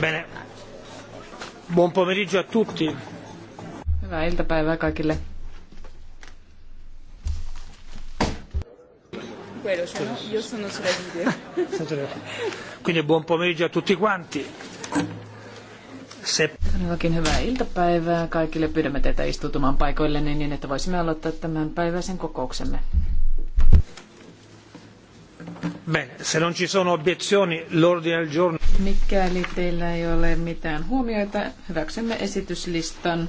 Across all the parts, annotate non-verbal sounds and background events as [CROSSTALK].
Bene. Buon pomeriggio a tutti. Hyvää iltapäivää kaikille. No, no se [LAUGHS] Quindi buon pomeriggio a tutti quanti. Todellakin hyvää iltapäivää kaikille. Pyydämme teitä istutumaan paikoillenne niin, että voisimme aloittaa tämän päiväisen kokouksemme. Bene, se non ci sono obiezioni, l'ordine del giorno... Mikäli teillä ei ole mitään huomioita, hyväksymme esityslistan.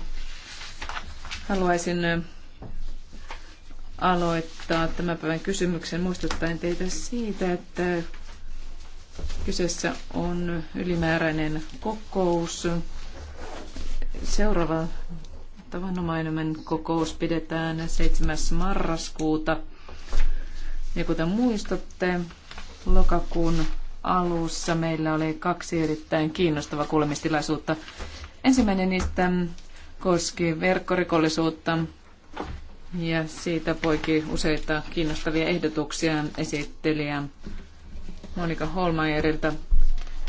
Haluaisin äh, aloittaa tämän päivän kysymyksen muistuttaen teitä siitä, että kyseessä on ylimääräinen kokous. Seuraava tavanomainen kokous pidetään 7. marraskuuta. Ja kuten muistatte, Lokakuun alussa meillä oli kaksi erittäin kiinnostavaa kuulemistilaisuutta. Ensimmäinen niistä koski verkkorikollisuutta ja siitä poiki useita kiinnostavia ehdotuksia esittelijä Monika Holmajerilta.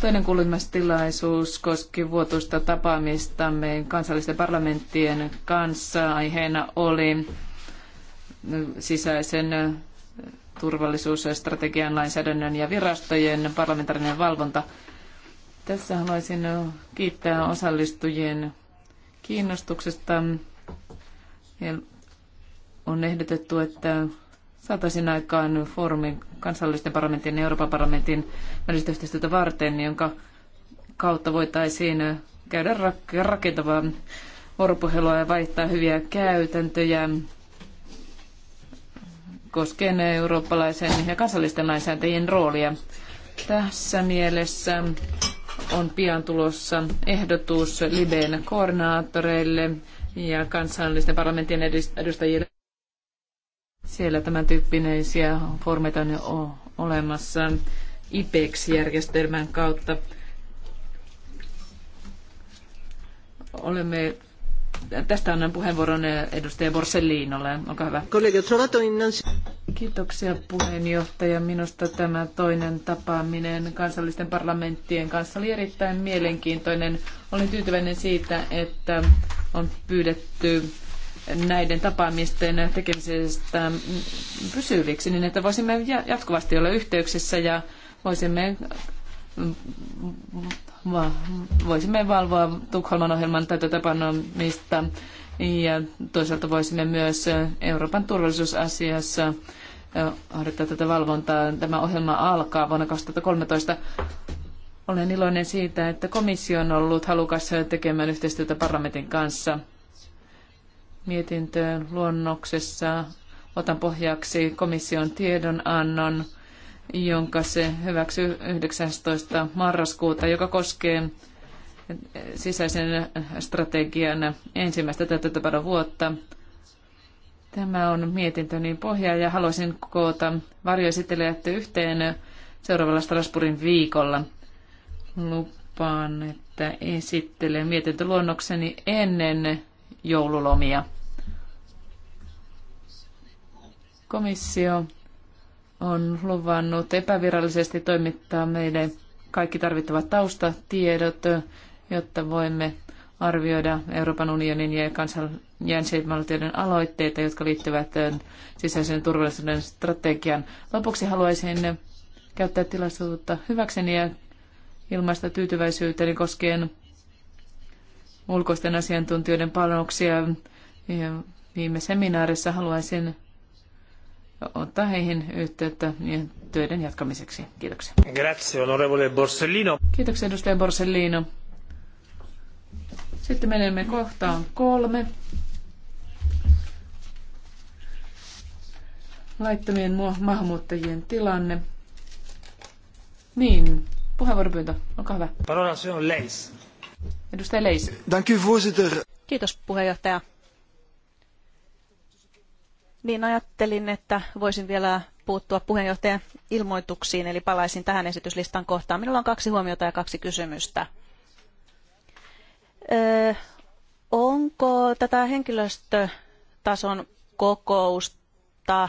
Toinen kuulemistilaisuus koski vuotuista meidän kansallisten parlamenttien kanssa. Aiheena oli sisäisen turvallisuusstrategian lainsäädännön ja virastojen parlamentaarinen valvonta. Tässä haluaisin kiittää osallistujien kiinnostuksesta. On ehdotettu, että saataisiin aikaan foorumi kansallisten parlamentin ja Euroopan parlamentin välistä yhteistyötä varten, jonka kautta voitaisiin käydä rakentavaa vuoropuhelua ja vaihtaa hyviä käytäntöjä koskien eurooppalaisen ja kansallisten lainsäätäjien roolia. Tässä mielessä on pian tulossa ehdotus Liben koordinaattoreille ja kansallisten parlamenttien edustajille. Siellä tämän tyyppisiä formeita on jo olemassa IPEX-järjestelmän kautta. Olemme Tästä annan puheenvuoron edustaja Borsellinolle. Olkaa hyvä. Kiitoksia puheenjohtaja. Minusta tämä toinen tapaaminen kansallisten parlamenttien kanssa oli erittäin mielenkiintoinen. Olen tyytyväinen siitä, että on pyydetty näiden tapaamisten tekemisestä pysyviksi, niin että voisimme jatkuvasti olla yhteyksissä ja voisimme voisimme valvoa Tukholman ohjelman täytäntöpanomista ja toisaalta voisimme myös Euroopan turvallisuusasiassa eh, harjoittaa tätä valvontaa. Tämä ohjelma alkaa vuonna 2013. Olen iloinen siitä, että komissio on ollut halukas tekemään yhteistyötä parlamentin kanssa. Mietintöön luonnoksessa otan pohjaksi komission tiedonannon – jonka se hyväksyi 19. marraskuuta, joka koskee sisäisen strategian ensimmäistä tätä vuotta. Tämä on mietintöni pohja ja haluaisin koota varjoesittelijät yhteen seuraavalla Strasbourgin viikolla. Lupaan, että esittelen mietintöluonnokseni ennen joululomia. Komissio on luvannut epävirallisesti toimittaa meille kaikki tarvittavat taustatiedot, jotta voimme arvioida Euroopan unionin ja kansanjäsenvaltioiden aloitteita, jotka liittyvät sisäisen turvallisuuden strategian. Lopuksi haluaisin käyttää tilaisuutta hyväkseni ja ilmaista tyytyväisyyteni koskien ulkoisten asiantuntijoiden panoksia. Viime seminaarissa haluaisin ottaa heihin yhteyttä töiden jatkamiseksi. Kiitoksia. Grazie, onorevole Borsellino. Kiitoksia, edustaja Borsellino. Sitten menemme kohtaan kolme. Laittomien maahanmuuttajien tilanne. Niin, puheenvuoropyyntö, olkaa hyvä. Parola on Leis. Edustaja Leis. Dank u, voorzitter. Kiitos puheenjohtaja. Niin ajattelin, että voisin vielä puuttua puheenjohtajan ilmoituksiin, eli palaisin tähän esityslistan kohtaan. Minulla on kaksi huomiota ja kaksi kysymystä. Öö, onko tätä henkilöstötason kokousta?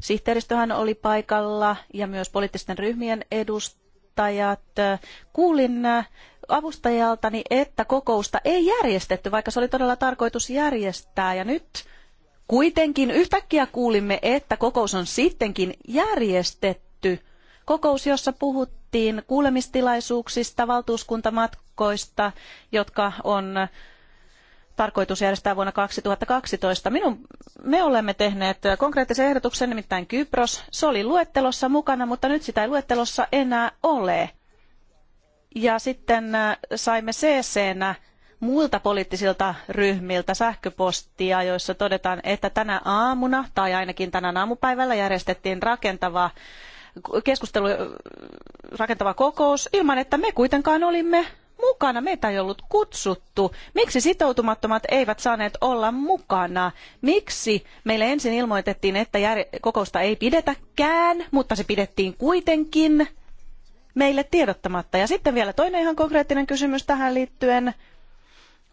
Sihteeristöhän oli paikalla ja myös poliittisten ryhmien edustajat. Kuulin avustajaltani, että kokousta ei järjestetty, vaikka se oli todella tarkoitus järjestää. Ja nyt Kuitenkin yhtäkkiä kuulimme, että kokous on sittenkin järjestetty. Kokous, jossa puhuttiin kuulemistilaisuuksista, valtuuskuntamatkoista, jotka on tarkoitus järjestää vuonna 2012. Minun, me olemme tehneet konkreettisen ehdotuksen, nimittäin Kypros. Se oli luettelossa mukana, mutta nyt sitä ei luettelossa enää ole. Ja sitten äh, saimme CC-nä muilta poliittisilta ryhmiltä sähköpostia, joissa todetaan, että tänä aamuna tai ainakin tänään aamupäivällä järjestettiin rakentava keskustelu, rakentava kokous ilman, että me kuitenkaan olimme mukana. Meitä ei ollut kutsuttu. Miksi sitoutumattomat eivät saaneet olla mukana? Miksi meille ensin ilmoitettiin, että kokousta ei pidetäkään, mutta se pidettiin kuitenkin meille tiedottamatta? Ja sitten vielä toinen ihan konkreettinen kysymys tähän liittyen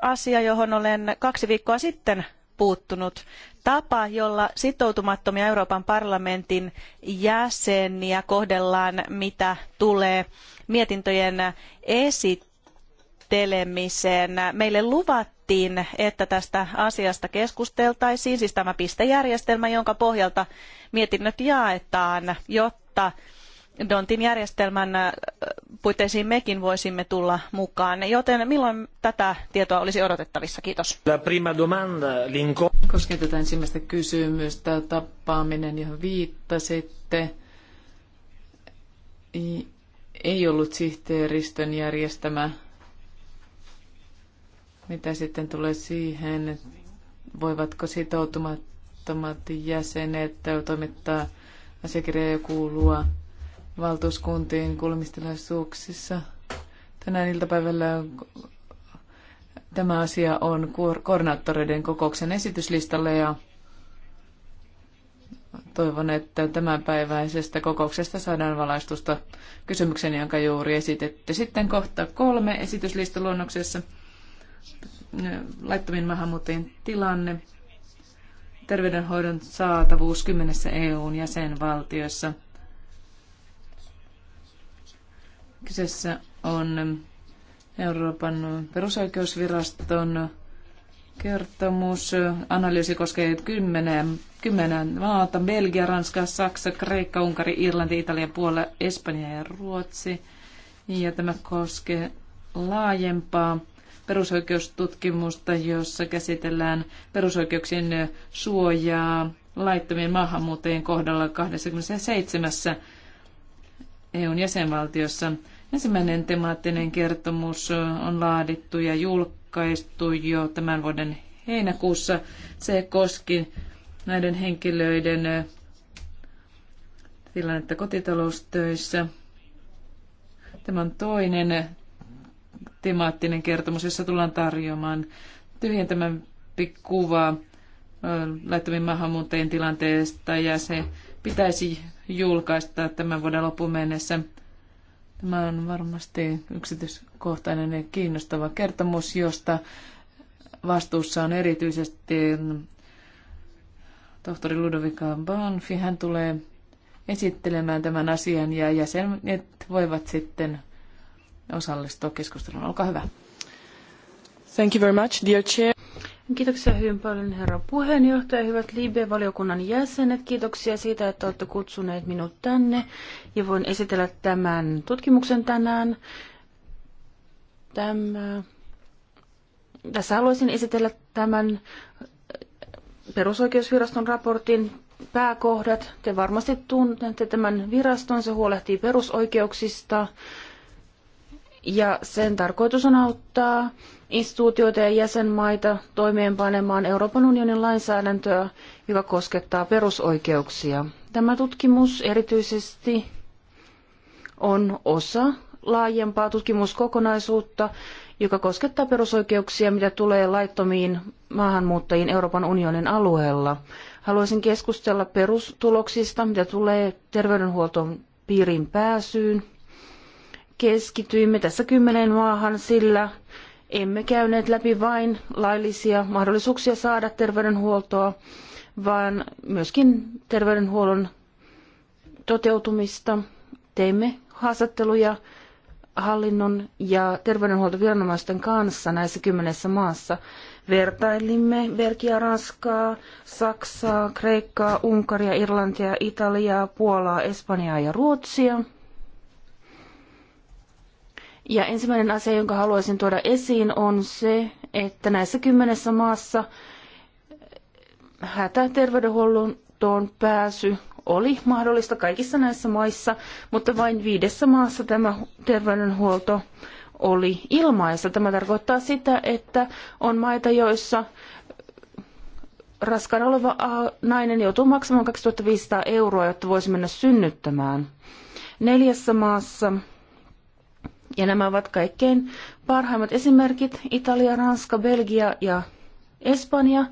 asia, johon olen kaksi viikkoa sitten puuttunut. Tapa, jolla sitoutumattomia Euroopan parlamentin jäseniä kohdellaan, mitä tulee mietintöjen esittelemiseen. Meille luvattiin, että tästä asiasta keskusteltaisiin, siis tämä pistejärjestelmä, jonka pohjalta mietinnöt jaetaan, jotta Dontin järjestelmän äh, puitteisiin mekin voisimme tulla mukaan. Joten milloin tätä tietoa olisi odotettavissa? Kiitos. La prima domanda, Koskien tätä ensimmäistä kysymystä, tapaaminen, johon viittasitte, ei ollut sihteeristön järjestämä. Mitä sitten tulee siihen, voivatko sitoutumattomat jäsenet toimittaa asiakirjoja kuulua valtuuskuntien kuulemistilaisuuksissa. Tänään iltapäivällä tämä asia on koordinaattoreiden kokouksen esityslistalle ja toivon, että tämänpäiväisestä kokouksesta saadaan valaistusta kysymykseen, jonka juuri esitette. Sitten kohta kolme esityslistaluonnoksessa laittomien maahanmuuttajien tilanne, terveydenhoidon saatavuus kymmenessä EUn jäsenvaltiossa – Kyseessä on Euroopan perusoikeusviraston kertomus. Analyysi koskee kymmenen, kymmenen maata. Belgia, Ranska, Saksa, Kreikka, Unkari, Irlanti, Italia, Puola, Espanja ja Ruotsi. Ja tämä koskee laajempaa perusoikeustutkimusta, jossa käsitellään perusoikeuksien suojaa laittomien maahanmuuttajien kohdalla 27 EUn jäsenvaltiossa. Ensimmäinen temaattinen kertomus on laadittu ja julkaistu jo tämän vuoden heinäkuussa. Se koski näiden henkilöiden tilannetta kotitaloustöissä. Tämä on toinen temaattinen kertomus, jossa tullaan tarjoamaan tyhjentämään kuva laittomien maahanmuuttajien tilanteesta ja se pitäisi julkaista tämän vuoden lopun mennessä. Tämä on varmasti yksityiskohtainen ja kiinnostava kertomus, josta vastuussa on erityisesti tohtori Ludovika Banfi. Hän tulee esittelemään tämän asian ja jäsenet voivat sitten osallistua keskusteluun. Olkaa hyvä. Thank you very much, dear chair. Kiitoksia hyvin paljon herra puheenjohtaja, hyvät Libe-valiokunnan jäsenet. Kiitoksia siitä, että olette kutsuneet minut tänne ja voin esitellä tämän tutkimuksen tänään. Tämä, tässä haluaisin esitellä tämän perusoikeusviraston raportin pääkohdat. Te varmasti tunnette tämän viraston, se huolehtii perusoikeuksista ja sen tarkoitus on auttaa instituutioita ja jäsenmaita toimeenpanemaan Euroopan unionin lainsäädäntöä, joka koskettaa perusoikeuksia. Tämä tutkimus erityisesti on osa laajempaa tutkimuskokonaisuutta, joka koskettaa perusoikeuksia, mitä tulee laittomiin maahanmuuttajiin Euroopan unionin alueella. Haluaisin keskustella perustuloksista, mitä tulee terveydenhuoltoon piiriin pääsyyn. Keskityimme tässä kymmeneen maahan, sillä emme käyneet läpi vain laillisia mahdollisuuksia saada terveydenhuoltoa, vaan myöskin terveydenhuollon toteutumista. Teimme haastatteluja hallinnon ja terveydenhuoltoviranomaisten kanssa näissä kymmenessä maassa. Vertailimme Belgiaa, Ranskaa, Saksaa, Kreikkaa, Unkaria, Irlantia, Italiaa, Puolaa, Espanjaa ja Ruotsia – ja ensimmäinen asia, jonka haluaisin tuoda esiin, on se, että näissä kymmenessä maassa hätäterveydenhuoltoon pääsy oli mahdollista kaikissa näissä maissa, mutta vain viidessä maassa tämä terveydenhuolto oli ilmaista. Tämä tarkoittaa sitä, että on maita, joissa raskaana oleva nainen joutuu maksamaan 2500 euroa, jotta voisi mennä synnyttämään. Neljässä maassa ja nämä ovat kaikkein parhaimmat esimerkit. Italia, Ranska, Belgia ja Espanja.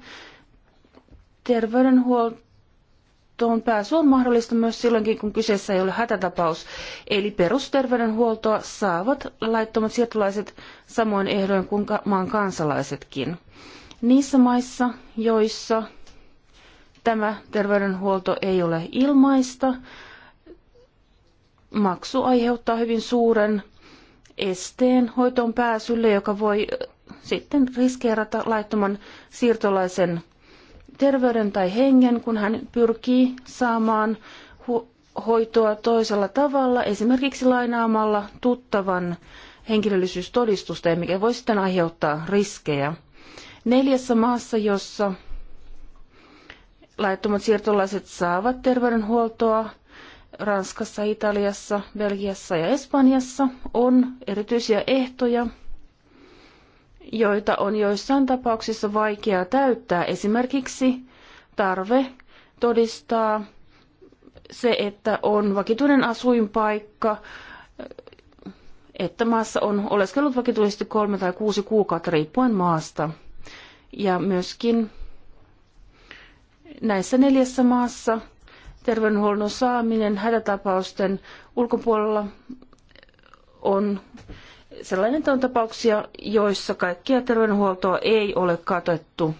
Terveydenhuoltoon pääsy on mahdollista myös silloinkin, kun kyseessä ei ole hätätapaus. Eli perusterveydenhuoltoa saavat laittomat siirtolaiset samoin ehdoin kuin maan kansalaisetkin. Niissä maissa, joissa tämä terveydenhuolto ei ole ilmaista, maksu aiheuttaa hyvin suuren esteen hoitoon pääsylle, joka voi sitten riskeerata laittoman siirtolaisen terveyden tai hengen, kun hän pyrkii saamaan hoitoa toisella tavalla, esimerkiksi lainaamalla tuttavan henkilöllisyystodistusta, mikä voi sitten aiheuttaa riskejä. Neljässä maassa, jossa laittomat siirtolaiset saavat terveydenhuoltoa, Ranskassa, Italiassa, Belgiassa ja Espanjassa on erityisiä ehtoja, joita on joissain tapauksissa vaikea täyttää. Esimerkiksi tarve todistaa se, että on vakituinen asuinpaikka, että maassa on oleskellut vakituisesti kolme tai kuusi kuukautta riippuen maasta. Ja myöskin näissä neljässä maassa terveydenhuollon saaminen hätätapausten ulkopuolella on sellainen, että on tapauksia, joissa kaikkia terveydenhuoltoa ei ole katettu.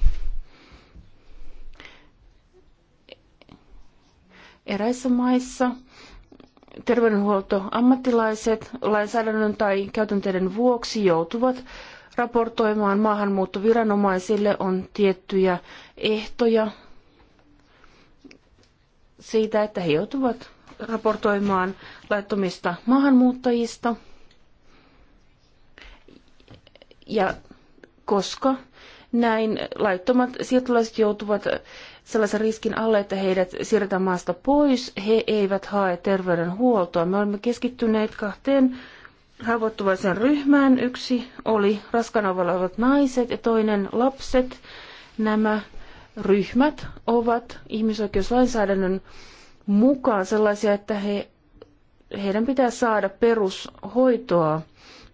Eräissä maissa terveydenhuoltoammattilaiset lainsäädännön tai käytänteiden vuoksi joutuvat raportoimaan maahanmuuttoviranomaisille on tiettyjä ehtoja siitä, että he joutuvat raportoimaan laittomista maahanmuuttajista. Ja koska näin laittomat siirtolaiset joutuvat sellaisen riskin alle, että heidät siirretään maasta pois, he eivät hae terveydenhuoltoa. Me olemme keskittyneet kahteen haavoittuvaisen ryhmään. Yksi oli raskaana olevat naiset ja toinen lapset. Nämä ryhmät ovat ihmisoikeuslainsäädännön mukaan sellaisia, että he, heidän pitää saada perushoitoa.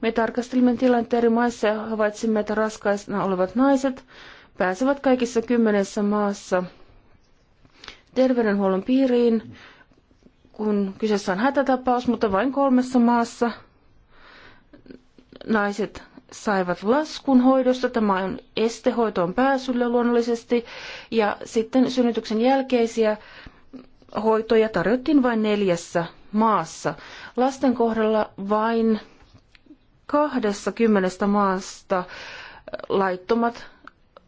Me tarkastelimme tilannetta eri maissa ja havaitsimme, että raskaisena olevat naiset pääsevät kaikissa kymmenessä maassa terveydenhuollon piiriin, kun kyseessä on hätätapaus, mutta vain kolmessa maassa naiset saivat laskun hoidosta. Tämä on este hoitoon pääsylle luonnollisesti. Ja sitten synnytyksen jälkeisiä hoitoja tarjottiin vain neljässä maassa. Lasten kohdalla vain kahdessa kymmenestä maasta laittomat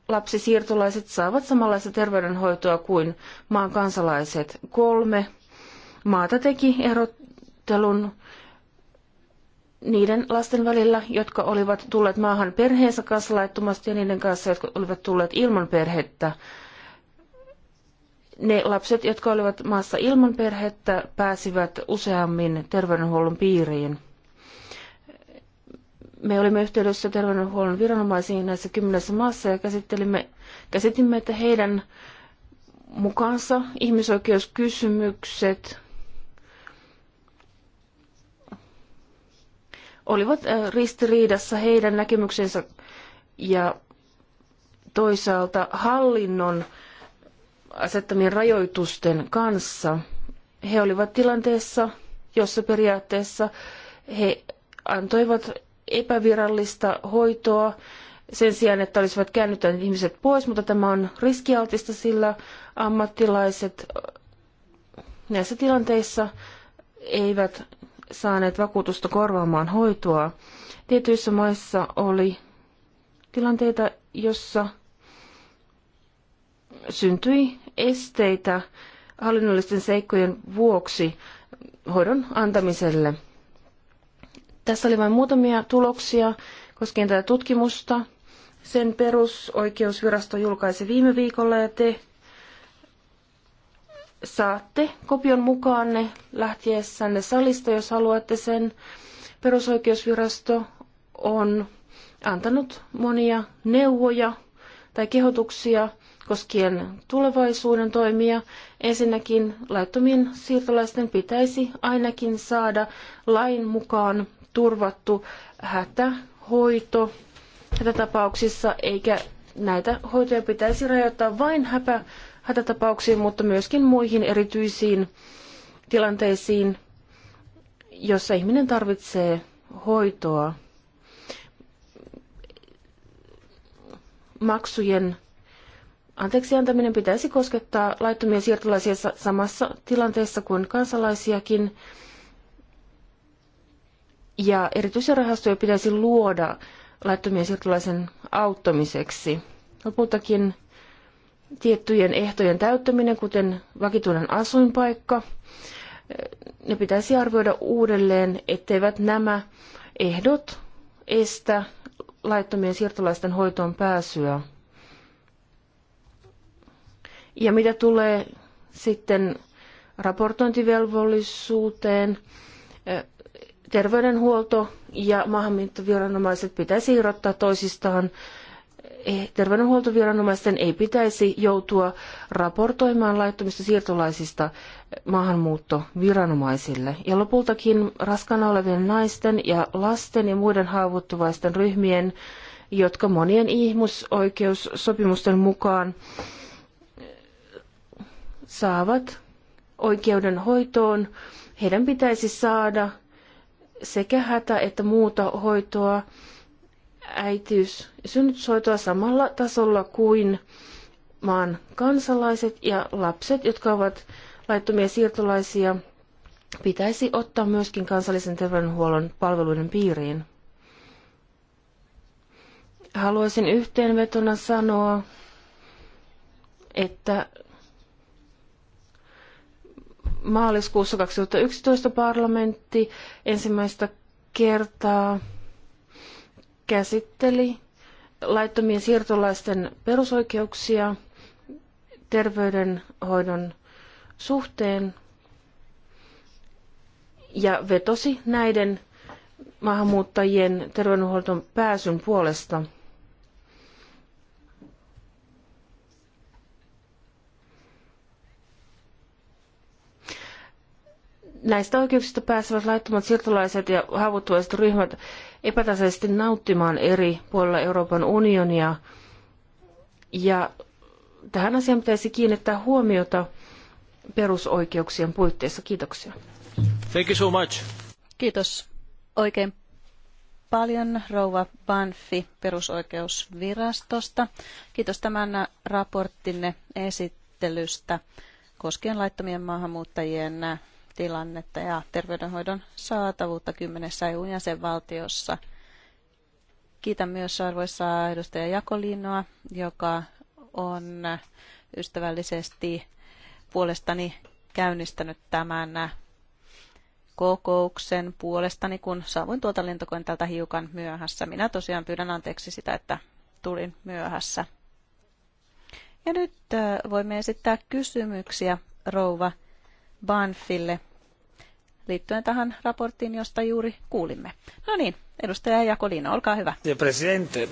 lapsisiirtolaiset saavat samanlaista terveydenhoitoa kuin maan kansalaiset. Kolme maata teki erottelun niiden lasten välillä, jotka olivat tulleet maahan perheensä kanssa laittomasti ja niiden kanssa, jotka olivat tulleet ilman perhettä. Ne lapset, jotka olivat maassa ilman perhettä, pääsivät useammin terveydenhuollon piiriin. Me olimme yhteydessä terveydenhuollon viranomaisiin näissä kymmenessä maassa ja käsittelimme, käsitimme, että heidän mukaansa ihmisoikeuskysymykset olivat äh, ristiriidassa heidän näkemyksensä ja toisaalta hallinnon asettamien rajoitusten kanssa. He olivat tilanteessa, jossa periaatteessa he antoivat epävirallista hoitoa sen sijaan, että olisivat käännyttäneet ihmiset pois, mutta tämä on riskialtista, sillä ammattilaiset näissä tilanteissa eivät saaneet vakuutusta korvaamaan hoitoa. Tietyissä maissa oli tilanteita, jossa syntyi esteitä hallinnollisten seikkojen vuoksi hoidon antamiselle. Tässä oli vain muutamia tuloksia koskien tätä tutkimusta. Sen perusoikeusvirasto julkaisi viime viikolla ja te saatte kopion mukaanne lähtiessänne salista, jos haluatte sen. Perusoikeusvirasto on antanut monia neuvoja tai kehotuksia koskien tulevaisuuden toimia. Ensinnäkin laittomien siirtolaisten pitäisi ainakin saada lain mukaan turvattu hätähoito hätätapauksissa, eikä näitä hoitoja pitäisi rajoittaa vain häpä hätätapauksiin, mutta myöskin muihin erityisiin tilanteisiin, jossa ihminen tarvitsee hoitoa. Maksujen anteeksi antaminen pitäisi koskettaa laittomia siirtolaisia samassa tilanteessa kuin kansalaisiakin. Ja erityisiä rahastoja pitäisi luoda laittomien siirtolaisen auttamiseksi. Lopultakin tiettyjen ehtojen täyttäminen, kuten vakituinen asuinpaikka, ne pitäisi arvioida uudelleen, etteivät nämä ehdot estä laittomien siirtolaisten hoitoon pääsyä. Ja mitä tulee sitten raportointivelvollisuuteen, terveydenhuolto ja maahanmuuttoviranomaiset pitäisi irrottaa toisistaan E, terveydenhuoltoviranomaisten ei pitäisi joutua raportoimaan laittomista siirtolaisista maahanmuuttoviranomaisille. Ja lopultakin raskaana olevien naisten ja lasten ja muiden haavoittuvaisten ryhmien, jotka monien ihmisoikeussopimusten mukaan saavat oikeuden hoitoon, heidän pitäisi saada sekä hätä että muuta hoitoa äitiys- ja synnytyshoitoa samalla tasolla kuin maan kansalaiset ja lapset, jotka ovat laittomia siirtolaisia, pitäisi ottaa myöskin kansallisen terveydenhuollon palveluiden piiriin. Haluaisin yhteenvetona sanoa, että maaliskuussa 2011 parlamentti ensimmäistä kertaa käsitteli laittomien siirtolaisten perusoikeuksia terveydenhoidon suhteen ja vetosi näiden maahanmuuttajien terveydenhuolton pääsyn puolesta. näistä oikeuksista pääsevät laittomat siirtolaiset ja haavoittuvaiset ryhmät epätasaisesti nauttimaan eri puolilla Euroopan unionia. Ja tähän asiaan pitäisi kiinnittää huomiota perusoikeuksien puitteissa. Kiitoksia. Thank you so much. Kiitos oikein paljon rouva Banfi perusoikeusvirastosta. Kiitos tämän raporttinne esittelystä koskien laittomien maahanmuuttajien tilannetta ja terveydenhoidon saatavuutta kymmenessä EUn jäsenvaltiossa. Kiitän myös arvoisa edustaja Jakolinoa, joka on ystävällisesti puolestani käynnistänyt tämän kokouksen puolestani, kun saavuin tuolta lentokentältä hiukan myöhässä. Minä tosiaan pyydän anteeksi sitä, että tulin myöhässä. Ja nyt voimme esittää kysymyksiä rouva Banfille liittyen tähän raporttiin, josta juuri kuulimme. No niin, edustaja Jakolina, olkaa hyvä. Presidente.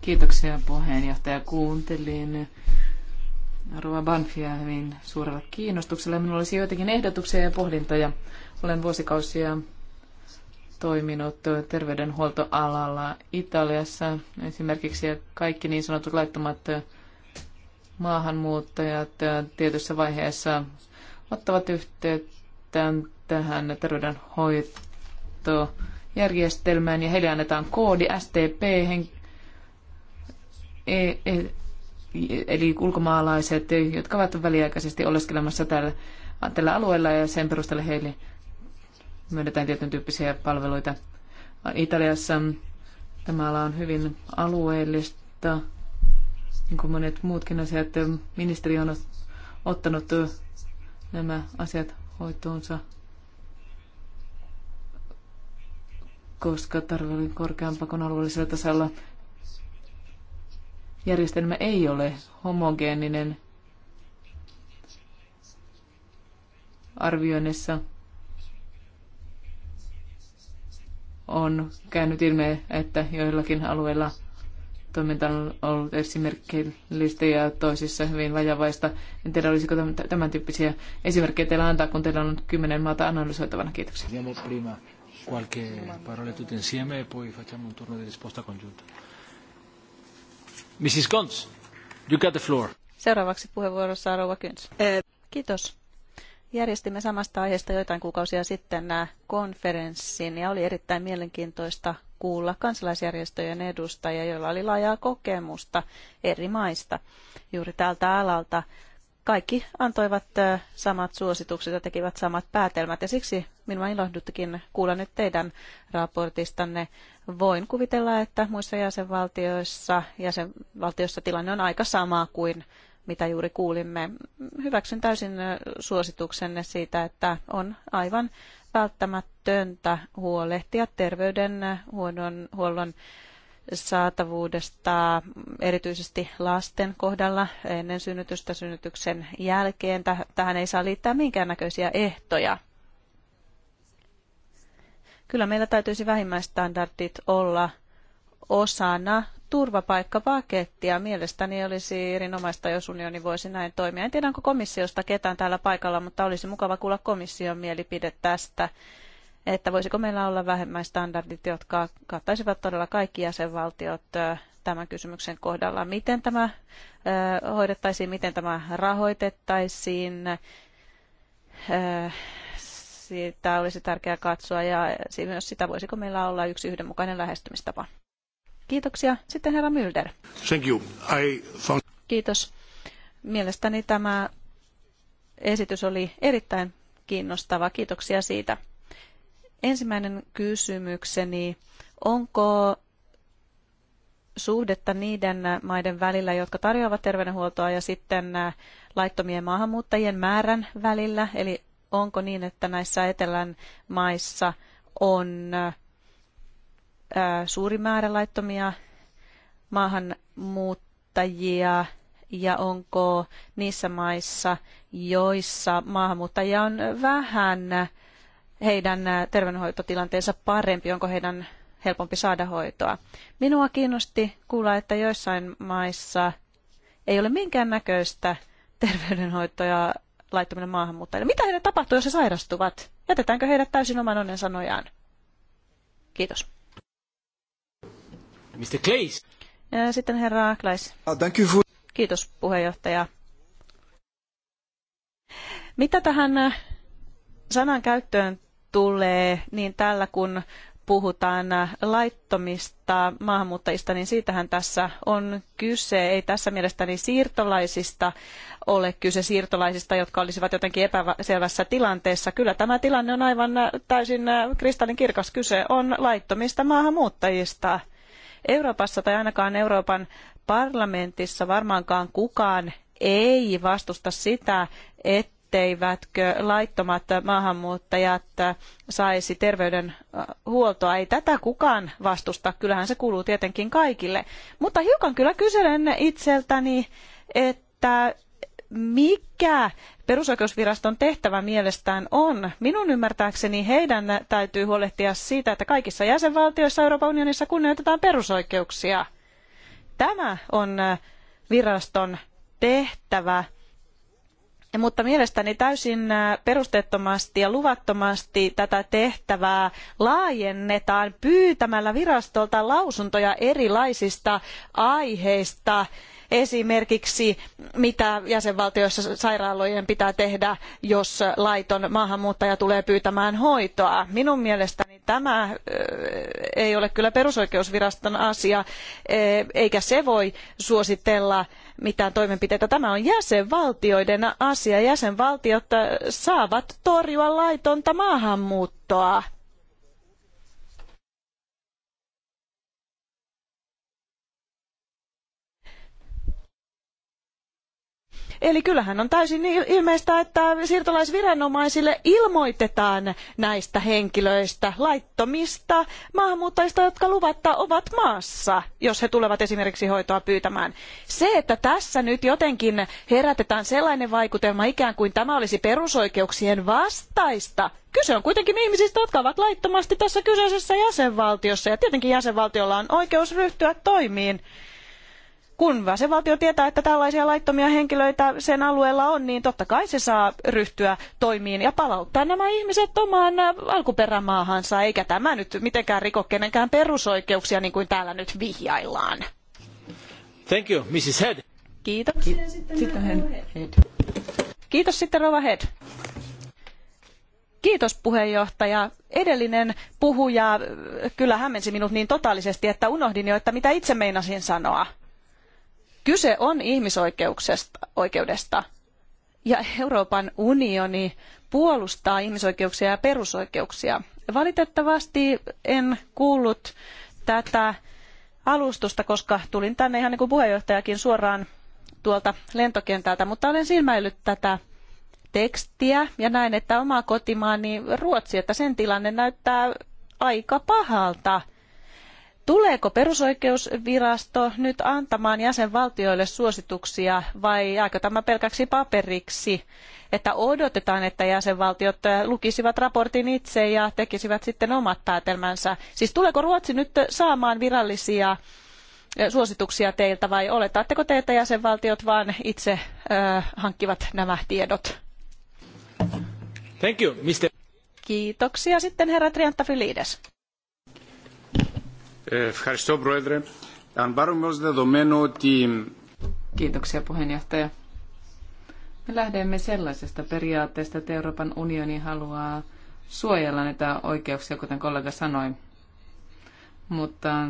Kiitoksia puheenjohtaja. Kuuntelin Rova Banfia hyvin suurella kiinnostuksella. Minulla olisi joitakin ehdotuksia ja pohdintoja. Olen vuosikausia toiminut terveydenhuoltoalalla Italiassa esimerkiksi ja kaikki niin sanotut laittomat maahanmuuttajat tietyssä vaiheessa ottavat yhteyttä tähän terveydenhoitojärjestelmään ja heille annetaan koodi STP, e- e- eli ulkomaalaiset, jotka ovat väliaikaisesti oleskelemassa täällä, tällä alueella ja sen perusteella heille myönnetään tietyn tyyppisiä palveluita. Italiassa tämä ala on hyvin alueellista, niin kuin monet muutkin asiat. Ministeri on ottanut nämä asiat hoitoonsa. koska tarve oli korkeampaa pakon alueellisella tasolla. Järjestelmä ei ole homogeeninen arvioinnissa. On käynyt ilme, että joillakin alueilla toiminta on ollut esimerkkeellistä ja toisissa hyvin vajavaista. En tiedä, olisiko tämän tyyppisiä esimerkkejä teillä antaa, kun teillä on kymmenen maata analysoitavana. Kiitoksia qualche parola tutte insieme e poi facciamo un turno di risposta congiunta. Mrs. Gons, you got the floor. Seuraavaksi puheenvuorossa Rouva Kyns. Eh. Kiitos. Järjestimme samasta aiheesta joitain kuukausia sitten äh, konferenssin ja oli erittäin mielenkiintoista kuulla kansalaisjärjestöjen edustajia, joilla oli laajaa kokemusta eri maista juuri tältä alalta kaikki antoivat samat suositukset ja tekivät samat päätelmät. Ja siksi minua ilahduttikin kuulla nyt teidän raportistanne. Voin kuvitella, että muissa jäsenvaltioissa, jäsenvaltioissa tilanne on aika sama kuin mitä juuri kuulimme. Hyväksyn täysin suosituksenne siitä, että on aivan välttämätöntä huolehtia terveydenhuollon huollon saatavuudesta erityisesti lasten kohdalla ennen synnytystä synnytyksen jälkeen. Tähän ei saa liittää minkäännäköisiä ehtoja. Kyllä meillä täytyisi vähimmäistandardit olla osana turvapaikkapakettia. Mielestäni olisi erinomaista, jos unioni voisi näin toimia. En tiedä, onko komissiosta ketään täällä paikalla, mutta olisi mukava kuulla komission mielipide tästä että voisiko meillä olla standardit, jotka kattaisivat todella kaikki jäsenvaltiot tämän kysymyksen kohdalla. Miten tämä hoidettaisiin, miten tämä rahoitettaisiin, sitä olisi tärkeää katsoa ja myös sitä, voisiko meillä olla yksi yhdenmukainen lähestymistapa. Kiitoksia. Sitten herra Mylder. Thank you. I found... Kiitos. Mielestäni tämä esitys oli erittäin kiinnostava. Kiitoksia siitä. Ensimmäinen kysymykseni, onko suhdetta niiden maiden välillä, jotka tarjoavat terveydenhuoltoa ja sitten äh, laittomien maahanmuuttajien määrän välillä? Eli onko niin, että näissä etelän maissa on äh, suuri määrä laittomia maahanmuuttajia ja onko niissä maissa, joissa maahanmuuttajia on vähän, heidän terveydenhoitotilanteensa parempi, onko heidän helpompi saada hoitoa. Minua kiinnosti kuulla, että joissain maissa ei ole minkäännäköistä terveydenhoitoa laittaminen maahanmuuttajille. Mitä heidän tapahtuu, jos he sairastuvat? Jätetäänkö heidät täysin oman onnen sanojaan? Kiitos. Mr. Kleis. Ja sitten herra Kleis. Ah, Kiitos puheenjohtaja. Mitä tähän sanan käyttöön tulee, niin tällä kun puhutaan laittomista maahanmuuttajista, niin siitähän tässä on kyse. Ei tässä mielestäni siirtolaisista ole kyse siirtolaisista, jotka olisivat jotenkin epäselvässä tilanteessa. Kyllä tämä tilanne on aivan täysin kristallinkirkas. Kyse on laittomista maahanmuuttajista. Euroopassa tai ainakaan Euroopan parlamentissa varmaankaan kukaan ei vastusta sitä, että etteivätkö laittomat maahanmuuttajat saisi terveydenhuoltoa. Äh, Ei tätä kukaan vastusta, kyllähän se kuuluu tietenkin kaikille. Mutta hiukan kyllä kyselen itseltäni, että mikä perusoikeusviraston tehtävä mielestään on. Minun ymmärtääkseni heidän täytyy huolehtia siitä, että kaikissa jäsenvaltioissa Euroopan unionissa kunnioitetaan perusoikeuksia. Tämä on äh, viraston tehtävä mutta mielestäni täysin äh, perusteettomasti ja luvattomasti tätä tehtävää laajennetaan pyytämällä virastolta lausuntoja erilaisista aiheista esimerkiksi mitä jäsenvaltioissa sairaaloiden pitää tehdä, jos laiton maahanmuuttaja tulee pyytämään hoitoa. Minun mielestäni tämä ei ole kyllä perusoikeusviraston asia, eikä se voi suositella mitään toimenpiteitä. Tämä on jäsenvaltioiden asia. Jäsenvaltiot saavat torjua laitonta maahanmuuttoa Eli kyllähän on täysin ilmeistä, että siirtolaisviranomaisille ilmoitetaan näistä henkilöistä, laittomista maahanmuuttajista, jotka luvatta ovat maassa, jos he tulevat esimerkiksi hoitoa pyytämään. Se, että tässä nyt jotenkin herätetään sellainen vaikutelma, ikään kuin tämä olisi perusoikeuksien vastaista, Kyse on kuitenkin ihmisistä, jotka ovat laittomasti tässä kyseisessä jäsenvaltiossa, ja tietenkin jäsenvaltiolla on oikeus ryhtyä toimiin kun jäsenvaltio tietää, että tällaisia laittomia henkilöitä sen alueella on, niin totta kai se saa ryhtyä toimiin ja palauttaa nämä ihmiset omaan äh, alkuperämaahansa, eikä tämä nyt mitenkään riko kenenkään perusoikeuksia, niin kuin täällä nyt vihjaillaan. Thank you, Mrs. Head. Kiitos. Ki- sitten Head. Kiitos sitten Rova Head. Kiitos puheenjohtaja. Edellinen puhuja äh, kyllä hämmensi minut niin totaalisesti, että unohdin jo, että mitä itse meinasin sanoa. Kyse on ihmisoikeudesta ja Euroopan unioni puolustaa ihmisoikeuksia ja perusoikeuksia. Valitettavasti en kuullut tätä alustusta, koska tulin tänne ihan niin kuin puheenjohtajakin suoraan tuolta lentokentältä, mutta olen silmäillyt tätä tekstiä ja näin, että oma kotimaani Ruotsi, että sen tilanne näyttää aika pahalta – Tuleeko perusoikeusvirasto nyt antamaan jäsenvaltioille suosituksia vai jääkö tämä pelkäksi paperiksi, että odotetaan, että jäsenvaltiot lukisivat raportin itse ja tekisivät sitten omat päätelmänsä? Siis tuleeko Ruotsi nyt saamaan virallisia eh, suosituksia teiltä vai oletatteko te, että jäsenvaltiot vaan itse äh, hankkivat nämä tiedot? Thank you, Mr. Kiitoksia sitten herra Triantafylides. Ευχαριστώ, Πρόεδρε. Αν πάρουμε ως δεδομένο ότι... Kiitoksia, puheenjohtaja. Me lähdemme sellaisesta periaatteesta, että Euroopan unioni haluaa suojella näitä oikeuksia, kuten kollega sanoi. Mutta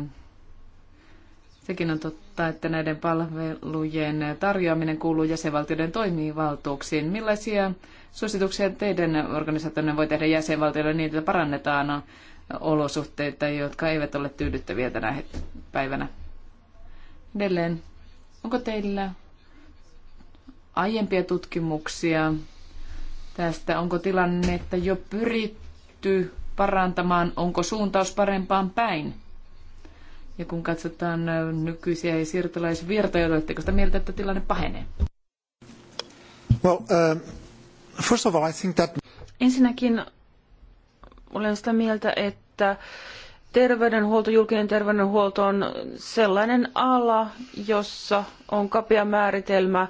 sekin on totta, että näiden palvelujen tarjoaminen kuuluu jäsenvaltioiden toimivaltuuksiin. Millaisia suosituksia teidän organisaationne voi tehdä jäsenvaltioille niin, että parannetaan olosuhteita, jotka eivät ole tyydyttäviä tänä päivänä. Edelleen, onko teillä aiempia tutkimuksia tästä? Onko tilanne, että jo pyritty parantamaan? Onko suuntaus parempaan päin? Ja kun katsotaan nykyisiä siirtolaisvirtoja, oletteko sitä mieltä, että tilanne pahenee? Well, uh, first of all, I think that... Ensinnäkin olen sitä mieltä, että terveydenhuolto, julkinen terveydenhuolto on sellainen ala, jossa on kapea määritelmä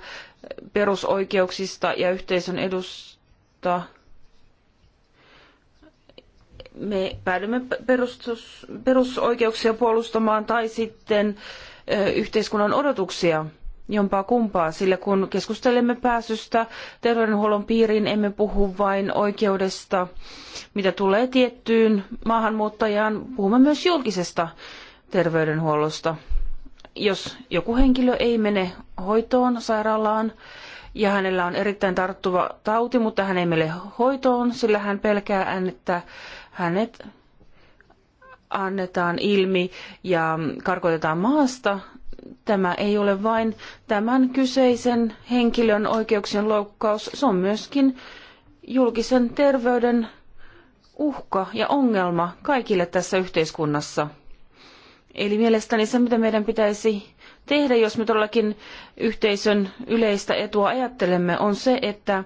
perusoikeuksista ja yhteisön edusta. Me päädymme perustus, perusoikeuksia puolustamaan tai sitten yhteiskunnan odotuksia jompaa kumpaa, sillä kun keskustelemme pääsystä terveydenhuollon piiriin, emme puhu vain oikeudesta, mitä tulee tiettyyn maahanmuuttajaan, puhumme myös julkisesta terveydenhuollosta. Jos joku henkilö ei mene hoitoon sairaalaan ja hänellä on erittäin tarttuva tauti, mutta hän ei mene hoitoon, sillä hän pelkää, että hänet annetaan ilmi ja karkotetaan maasta, tämä ei ole vain tämän kyseisen henkilön oikeuksien loukkaus, se on myöskin julkisen terveyden uhka ja ongelma kaikille tässä yhteiskunnassa. Eli mielestäni se, mitä meidän pitäisi tehdä, jos me todellakin yhteisön yleistä etua ajattelemme, on se, että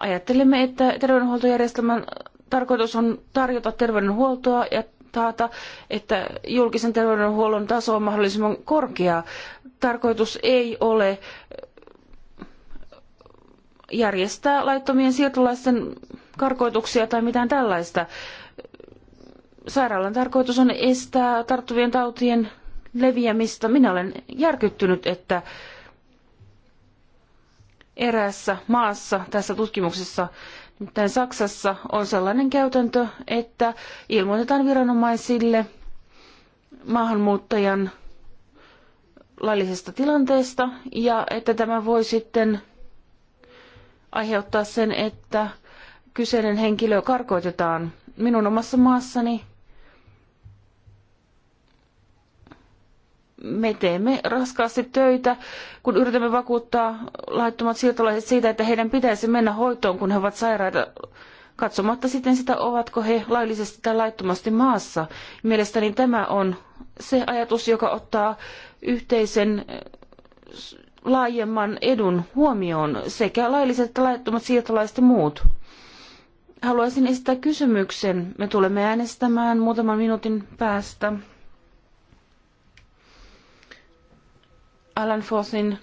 ajattelemme, että terveydenhuoltojärjestelmän tarkoitus on tarjota terveydenhuoltoa ja taata, että julkisen terveydenhuollon taso on mahdollisimman korkea. Tarkoitus ei ole järjestää laittomien siirtolaisten karkoituksia tai mitään tällaista. Sairaalan tarkoitus on estää tarttuvien tautien leviämistä. Minä olen järkyttynyt, että eräässä maassa tässä tutkimuksessa Nimittäin Saksassa on sellainen käytäntö, että ilmoitetaan viranomaisille maahanmuuttajan laillisesta tilanteesta ja että tämä voi sitten aiheuttaa sen, että kyseinen henkilö karkoitetaan. Minun omassa maassani me teemme raskaasti töitä, kun yritämme vakuuttaa laittomat siirtolaiset siitä, että heidän pitäisi mennä hoitoon, kun he ovat sairaita, katsomatta sitten sitä, ovatko he laillisesti tai laittomasti maassa. Mielestäni tämä on se ajatus, joka ottaa yhteisen laajemman edun huomioon sekä lailliset että laittomat siirtolaiset ja muut. Haluaisin esittää kysymyksen. Me tulemme äänestämään muutaman minuutin päästä. Alan Fossin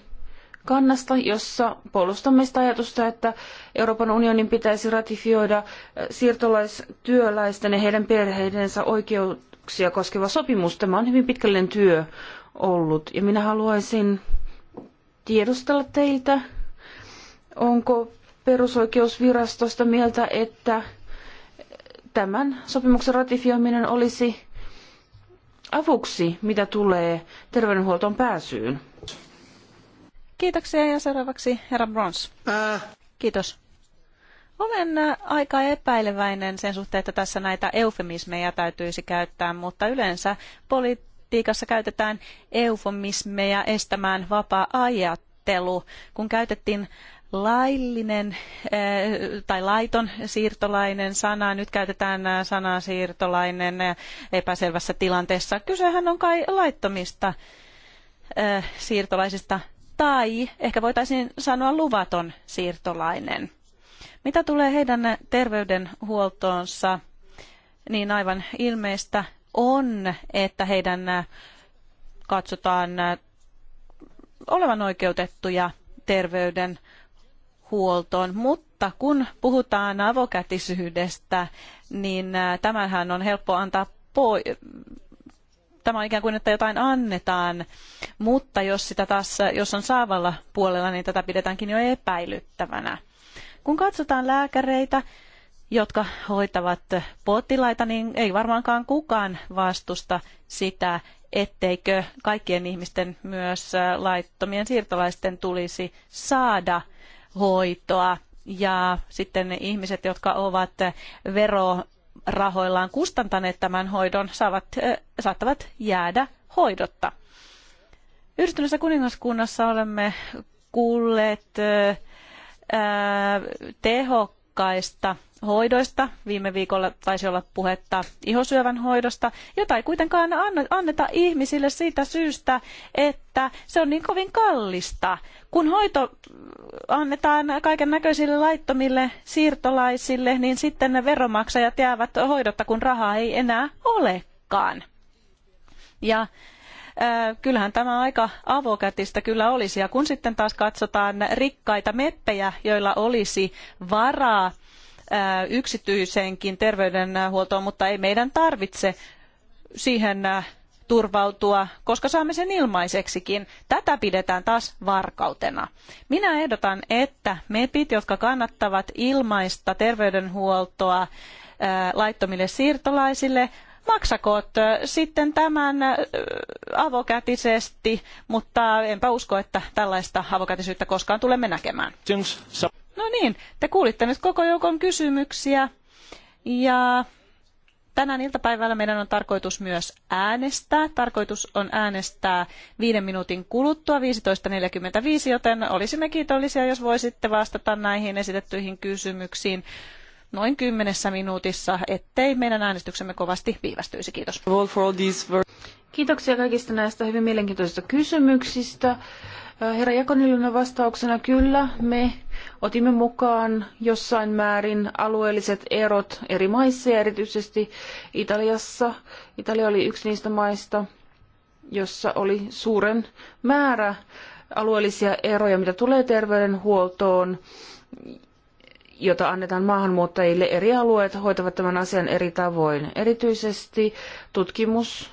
kannasta, jossa puolustamme sitä ajatusta, että Euroopan unionin pitäisi ratifioida äh, siirtolaistyöläisten ja heidän perheidensä oikeuksia koskeva sopimus. Tämä on hyvin pitkällinen työ ollut ja minä haluaisin tiedustella teiltä, onko perusoikeusvirastosta mieltä, että tämän sopimuksen ratifioiminen olisi avuksi, mitä tulee terveydenhuoltoon pääsyyn. Kiitoksia ja seuraavaksi herra Brons. Ää. Äh. Kiitos. Olen äh, aika epäileväinen sen suhteen, että tässä näitä eufemismeja täytyisi käyttää, mutta yleensä politiikassa käytetään eufemismeja estämään vapaa-ajattelu. Kun käytettiin laillinen eh, tai laiton siirtolainen sana. Nyt käytetään eh, sanaa siirtolainen eh, epäselvässä tilanteessa. Kysehän on kai laittomista siirtolaisista tai ehkä voitaisiin sanoa luvaton siirtolainen. Mitä tulee heidän terveydenhuoltoonsa, niin aivan ilmeistä on, että heidän katsotaan olevan oikeutettuja terveydenhuoltoon huoltoon, mutta kun puhutaan avokätisyydestä, niin äh, tämähän on helppo antaa pois. Tämä on ikään kuin, että jotain annetaan, mutta jos sitä taas, jos on saavalla puolella, niin tätä pidetäänkin jo epäilyttävänä. Kun katsotaan lääkäreitä, jotka hoitavat potilaita, niin ei varmaankaan kukaan vastusta sitä, etteikö kaikkien ihmisten, myös äh, laittomien siirtolaisten, tulisi saada – hoitoa. Ja sitten ne ihmiset, jotka ovat verorahoillaan kustantaneet tämän hoidon, saavat, saattavat jäädä hoidotta. Yhdistyneessä kuningaskunnassa olemme kuulleet tehokkaasti monimutkaista hoidoista. Viime viikolla taisi olla puhetta ihosyövän hoidosta, jota ei kuitenkaan anneta ihmisille siitä syystä, että se on niin kovin kallista. Kun hoito annetaan kaiken näköisille laittomille siirtolaisille, niin sitten ne veromaksajat jäävät hoidotta, kun rahaa ei enää olekaan. Ja Äh, kyllähän tämä aika avokätistä kyllä olisi. Ja kun sitten taas katsotaan rikkaita meppejä, joilla olisi varaa äh, yksityiseenkin terveydenhuoltoon, mutta ei meidän tarvitse siihen äh, turvautua, koska saamme sen ilmaiseksikin. Tätä pidetään taas varkautena. Minä ehdotan, että MEPit, jotka kannattavat ilmaista terveydenhuoltoa laittomille siirtolaisille, maksakoot sitten tämän avokätisesti, mutta enpä usko, että tällaista avokätisyyttä koskaan tulemme näkemään. No niin, te kuulitte nyt koko joukon kysymyksiä ja tänään iltapäivällä meidän on tarkoitus myös äänestää. Tarkoitus on äänestää viiden minuutin kuluttua 15.45, joten olisimme kiitollisia, jos voisitte vastata näihin esitettyihin kysymyksiin noin kymmenessä minuutissa, ettei meidän äänestyksemme kovasti viivästyisi. Kiitos. Kiitoksia kaikista näistä hyvin mielenkiintoisista kysymyksistä. Äh, herra Jakonilun vastauksena kyllä me otimme mukaan jossain määrin alueelliset erot eri maissa ja erityisesti Italiassa. Italia oli yksi niistä maista, jossa oli suuren määrä alueellisia eroja, mitä tulee terveydenhuoltoon jota annetaan maahanmuuttajille. Eri alueet hoitavat tämän asian eri tavoin. Erityisesti tutkimus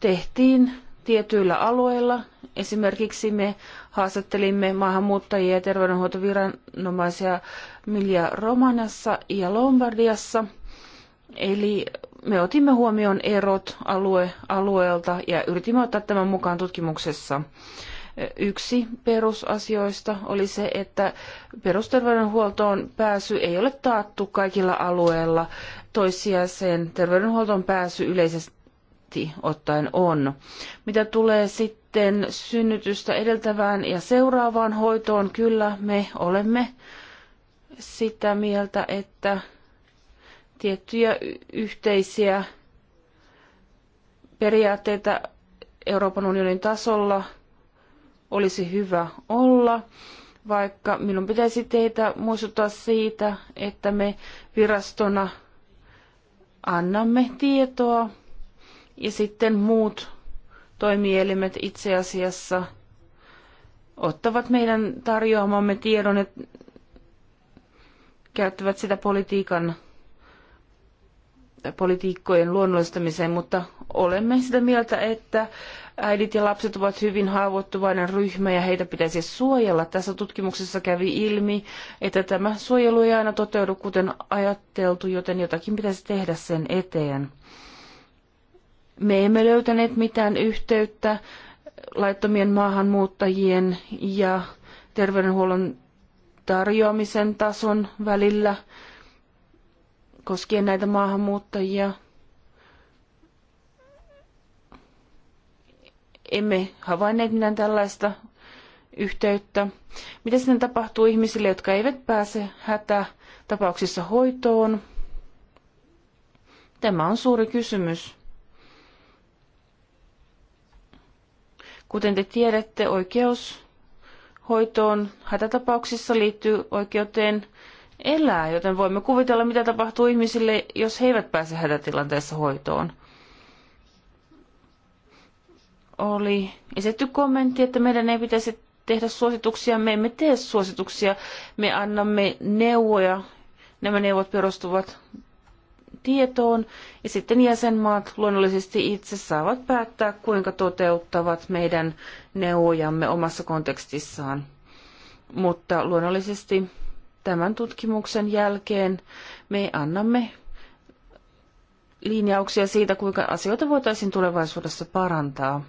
tehtiin tietyillä alueilla. Esimerkiksi me haastattelimme maahanmuuttajia ja terveydenhuoltoviranomaisia Milja Romanassa ja Lombardiassa. Eli me otimme huomioon erot alue alueelta ja yritimme ottaa tämän mukaan tutkimuksessa. Yksi perusasioista oli se, että perusterveydenhuoltoon pääsy ei ole taattu kaikilla alueilla. Toissijaiseen terveydenhuoltoon pääsy yleisesti ottaen on. Mitä tulee sitten synnytystä edeltävään ja seuraavaan hoitoon, kyllä me olemme sitä mieltä, että tiettyjä yhteisiä periaatteita Euroopan unionin tasolla – olisi hyvä olla, vaikka minun pitäisi teitä muistuttaa siitä, että me virastona annamme tietoa ja sitten muut toimielimet itse asiassa ottavat meidän tarjoamamme tiedon ja käyttävät sitä politiikan tai politiikkojen luonnollistamiseen, mutta olemme sitä mieltä, että Äidit ja lapset ovat hyvin haavoittuvainen ryhmä ja heitä pitäisi suojella. Tässä tutkimuksessa kävi ilmi, että tämä suojelu ei aina toteudu kuten ajatteltu, joten jotakin pitäisi tehdä sen eteen. Me emme löytäneet mitään yhteyttä laittomien maahanmuuttajien ja terveydenhuollon tarjoamisen tason välillä koskien näitä maahanmuuttajia. emme havainneet mitään tällaista yhteyttä. Mitä sitten tapahtuu ihmisille, jotka eivät pääse hätätapauksissa hoitoon? Tämä on suuri kysymys. Kuten te tiedätte, oikeus hoitoon hätätapauksissa liittyy oikeuteen elää, joten voimme kuvitella, mitä tapahtuu ihmisille, jos he eivät pääse hätätilanteessa hoitoon oli esitetty kommentti, että meidän ei pitäisi tehdä suosituksia. Me emme tee suosituksia, me annamme neuvoja. Nämä neuvot perustuvat tietoon ja sitten jäsenmaat luonnollisesti itse saavat päättää, kuinka toteuttavat meidän neuvojamme omassa kontekstissaan. Mutta luonnollisesti tämän tutkimuksen jälkeen me annamme linjauksia siitä, kuinka asioita voitaisiin tulevaisuudessa parantaa.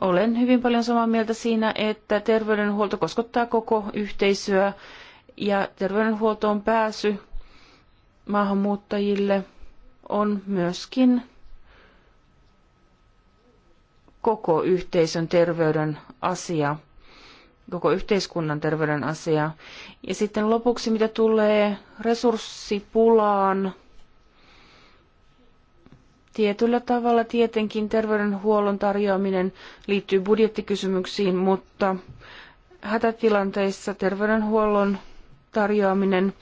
Olen hyvin paljon samaa mieltä siinä, että terveydenhuolto koskottaa koko yhteisöä ja terveydenhuoltoon pääsy maahanmuuttajille on myöskin koko yhteisön terveyden asia, koko yhteiskunnan terveyden asia. Ja sitten lopuksi, mitä tulee resurssipulaan, Tietyllä tavalla tietenkin terveydenhuollon tarjoaminen liittyy budjettikysymyksiin, mutta hätätilanteissa terveydenhuollon tarjoaminen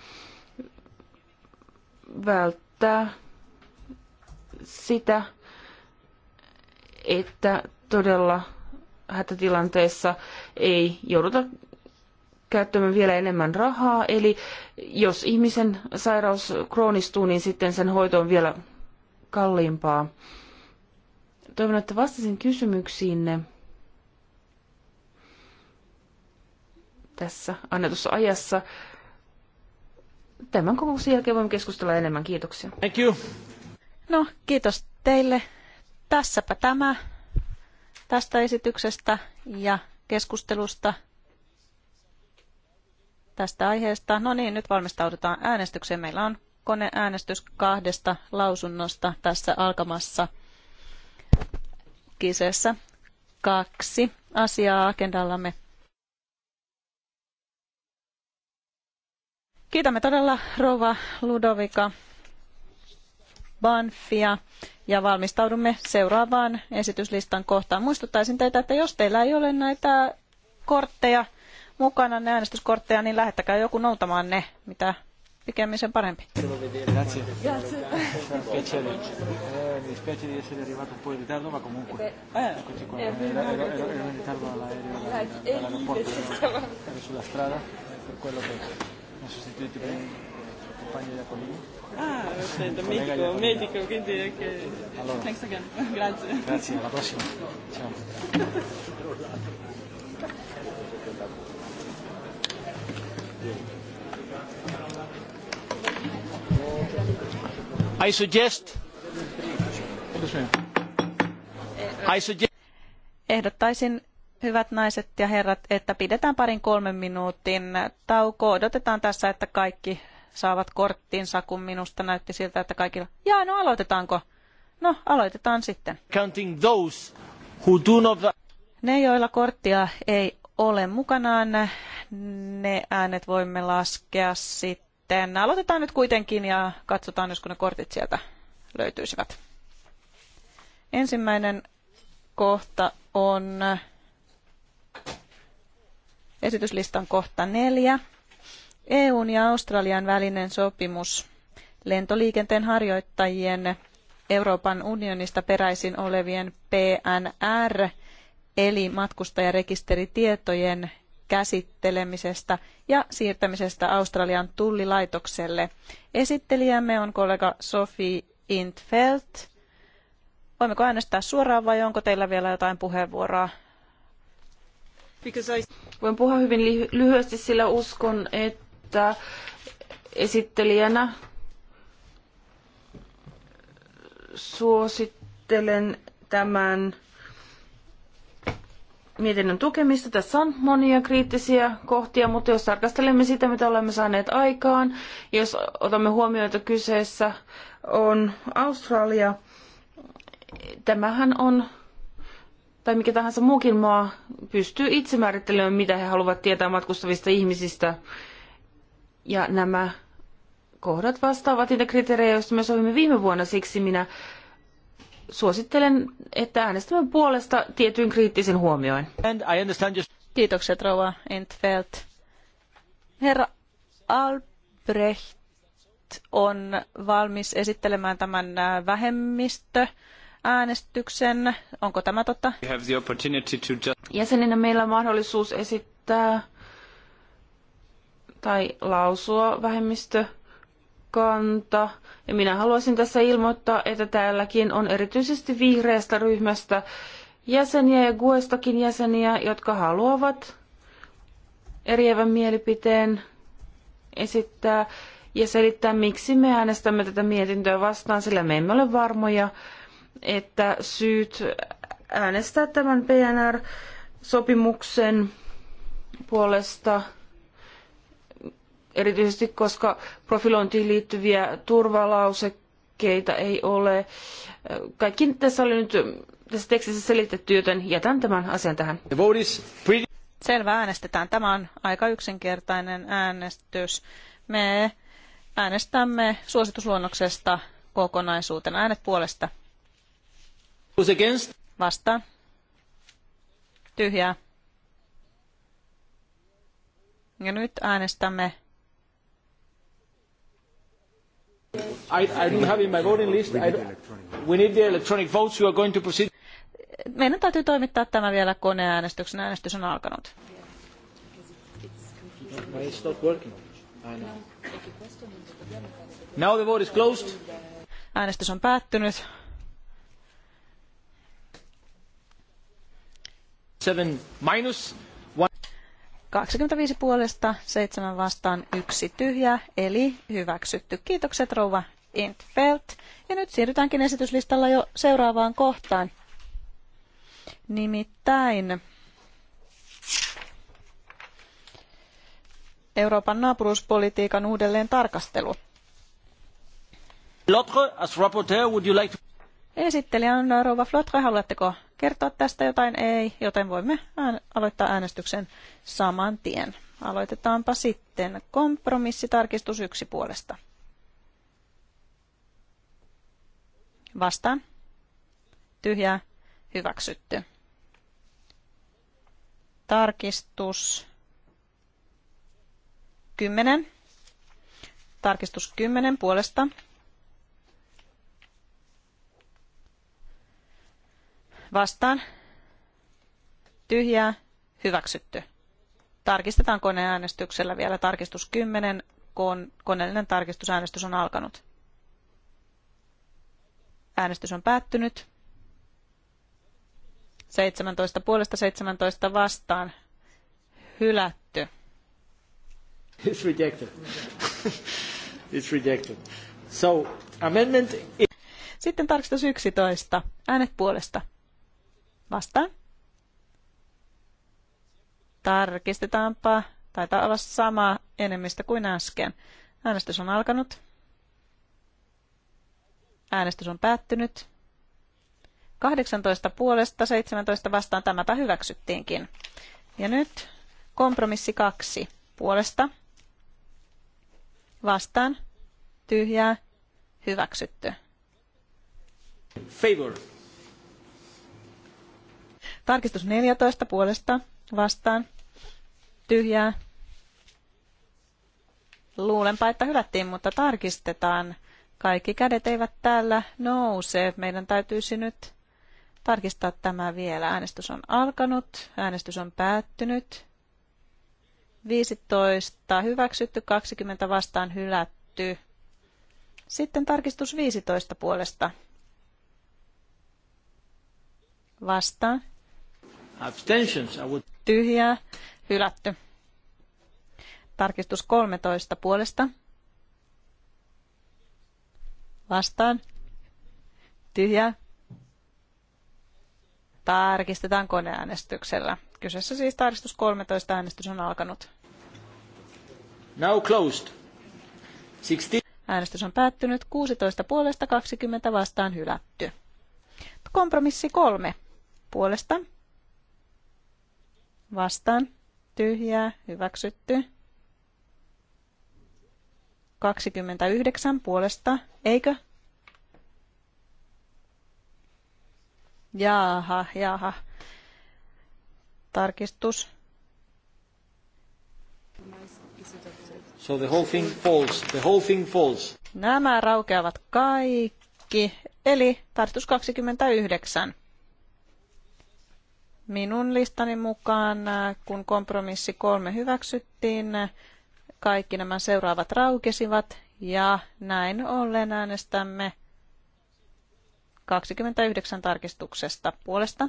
välttää sitä, että todella hätätilanteessa ei jouduta käyttämään vielä enemmän rahaa. Eli jos ihmisen sairaus kroonistuu, niin sitten sen hoito on vielä kalliimpaa. Toivon, että vastasin kysymyksiinne tässä annetussa ajassa. Tämän kokouksen jälkeen voimme keskustella enemmän. Kiitoksia. Thank you. No, kiitos teille. Tässäpä tämä tästä esityksestä ja keskustelusta tästä aiheesta. No niin, nyt valmistaudutaan äänestykseen. Meillä on koneäänestys kahdesta lausunnosta tässä alkamassa kisessä kaksi asiaa agendallamme. Kiitämme todella rouva Ludovika Banfia ja valmistaudumme seuraavaan esityslistan kohtaan. Muistuttaisin teitä, että jos teillä ei ole näitä kortteja mukana, ne äänestyskortteja, niin lähettäkää joku noutamaan ne, mitä pikemmin sen parempi. Grazie. Grazie. mi dispiace di essere arrivato un po' in ritardo, ma comunque eccoci qua. ero, in ritardo all'aereo dall'aeroporto, ero sulla strada, per quello che mi ha sostituito per il compagno Iacolini. Ah, sento, medico, medico, quindi anche... Allora, Thanks again. Grazie. Grazie, alla prossima. Ciao. I suggest, I suggest... Ehdottaisin, hyvät naiset ja herrat, että pidetään parin kolmen minuutin tauko. Odotetaan tässä, että kaikki saavat korttinsa, kun minusta näytti siltä, että kaikilla... Jaa, no aloitetaanko? No, aloitetaan sitten. Counting those who do not... Ne, joilla korttia ei ole mukanaan, ne äänet voimme laskea sitten sitten aloitetaan nyt kuitenkin ja katsotaan, josko ne kortit sieltä löytyisivät. Ensimmäinen kohta on esityslistan kohta neljä. EUn ja Australian välinen sopimus lentoliikenteen harjoittajien Euroopan unionista peräisin olevien PNR eli matkustajarekisteritietojen käsittelemisestä ja siirtämisestä Australian tullilaitokselle. Esittelijämme on kollega Sophie Intfeldt. Voimmeko äänestää suoraan vai onko teillä vielä jotain puheenvuoroa? I... Voin puhua hyvin lyhy lyhyesti, sillä uskon, että esittelijänä suosittelen tämän mietinnön tukemista. Tässä on monia kriittisiä kohtia, mutta jos tarkastelemme sitä, mitä olemme saaneet aikaan, jos otamme huomioon, että kyseessä on Australia, tämähän on tai mikä tahansa muukin maa pystyy itse määrittelemään, mitä he haluavat tietää matkustavista ihmisistä. Ja nämä kohdat vastaavat niitä kriteerejä, joista me sovimme viime vuonna, siksi minä suosittelen, että äänestämme puolesta tietyin kriittisen huomioin. Kiitokset rouva Entfeldt. Herra Albrecht on valmis esittelemään tämän äh, vähemmistö äänestyksen. Onko tämä totta? Jäsenenä Jäseninä meillä on mahdollisuus esittää tai lausua vähemmistö kanta. Ja minä haluaisin tässä ilmoittaa, että täälläkin on erityisesti vihreästä ryhmästä jäseniä ja Guestakin jäseniä, jotka haluavat eriävän mielipiteen esittää ja selittää, miksi me äänestämme tätä mietintöä vastaan, sillä me emme ole varmoja, että syyt äänestää tämän PNR-sopimuksen puolesta – erityisesti koska profilointiin liittyviä turvalausekkeita ei ole. Kaikki tässä oli nyt tässä tekstissä selitetty, joten jätän tämän asian tähän. Selvä, äänestetään. Tämä on aika yksinkertainen äänestys. Me äänestämme suositusluonnoksesta kokonaisuutena. Äänet puolesta. Vastaan. Tyhjää. Ja nyt äänestämme I, I don't have in my voting list. I we need the electronic votes. You are going to proceed. Meidän täytyy toimittaa tämä vielä koneäänestyksen. Äänestys on alkanut. Now the vote is closed. Äänestys on päättynyt. Seven minus 25 puolesta, 7 vastaan, yksi tyhjä, eli hyväksytty. Kiitokset rouva Intfeld. Ja nyt siirrytäänkin esityslistalla jo seuraavaan kohtaan. Nimittäin Euroopan naapuruuspolitiikan uudelleen tarkastelu. as rapporteur, would you like to... Esittelijä on Rouva Flotre, haluatteko kertoa tästä jotain? Ei, joten voimme aloittaa äänestyksen saman tien. Aloitetaanpa sitten kompromissitarkistus yksi puolesta Vastaan. Tyhjää. Hyväksytty. Tarkistus 10. Tarkistus 10 puolesta. Vastaan. Tyhjää. Hyväksytty. Tarkistetaan koneäänestyksellä vielä tarkistus 10. Koneellinen tarkistusäänestys on alkanut. Äänestys on päättynyt. 17 puolesta 17 vastaan. Hylätty. It's rejected. [LAUGHS] It's rejected. So, amendment... Sitten tarkistus 11. Äänet puolesta. Vastaan. Tarkistetaanpa. Taitaa olla sama enemmistö kuin äsken. Äänestys on alkanut. Äänestys on päättynyt. 18 puolesta, 17 vastaan tämäpä hyväksyttiinkin. Ja nyt kompromissi kaksi puolesta. Vastaan. Tyhjää. Hyväksytty. Favor. Tarkistus 14 puolesta. Vastaan. Tyhjää. Luulenpa, että hylättiin, mutta tarkistetaan kaikki kädet eivät täällä nouse. Meidän täytyisi nyt tarkistaa tämä vielä. Äänestys on alkanut, äänestys on päättynyt. 15 hyväksytty, 20 vastaan hylätty. Sitten tarkistus 15 puolesta. Vastaan. Tyhjää, hylätty. Tarkistus 13 puolesta Vastaan. Tyhjä. Tarkistetaan koneäänestyksellä. Kyseessä siis tarkistus 13. Äänestys on alkanut. Now closed. 16. Äänestys on päättynyt 16 puolesta 20 vastaan hylätty. Kompromissi kolme Puolesta. Vastaan. Tyhjää. Hyväksytty. 29 puolesta, eikö? Jaaha, jaaha. Tarkistus. So the whole thing falls. The whole thing falls. Nämä raukeavat kaikki, eli tarkistus 29. Minun listani mukaan, äh, kun kompromissi kolme hyväksyttiin, kaikki nämä seuraavat raukesivat ja näin ollen äänestämme 29 tarkistuksesta puolesta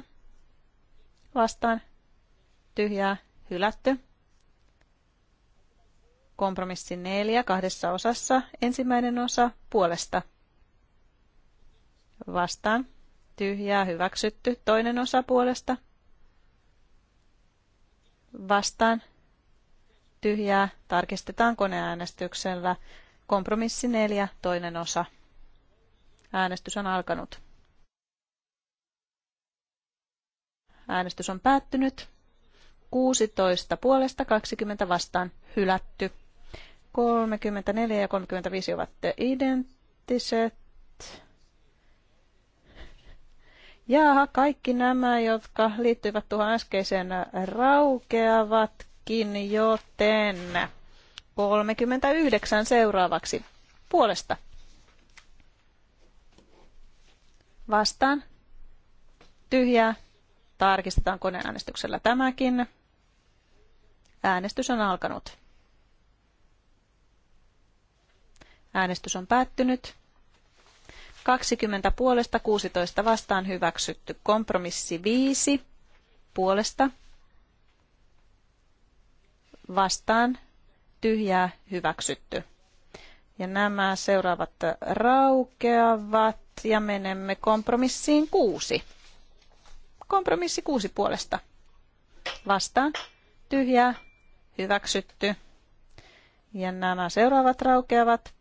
vastaan tyhjää hylätty. Kompromissi neljä kahdessa osassa. Ensimmäinen osa puolesta vastaan tyhjää hyväksytty. Toinen osa puolesta vastaan tyhjää, tarkistetaan koneäänestyksellä. Kompromissi 4, toinen osa. Äänestys on alkanut. Äänestys on päättynyt. 16 puolesta 20 vastaan hylätty. 34 ja 35 ovat identtiset. Jaaha, kaikki nämä, jotka liittyivät tuohon äskeiseen, raukeavat, äänestämmekin, joten 39 seuraavaksi puolesta. Vastaan. Tyhjää. Tarkistetaan koneäänestyksellä tämäkin. Äänestys on alkanut. Äänestys on päättynyt. 20 puolesta 16 vastaan hyväksytty. Kompromissi 5 puolesta vastaan tyhjää hyväksytty. Ja nämä seuraavat raukeavat ja menemme kompromissiin kuusi. Kompromissi kuusi puolesta. Vastaan. Tyhjää. Hyväksytty. Ja nämä seuraavat raukeavat.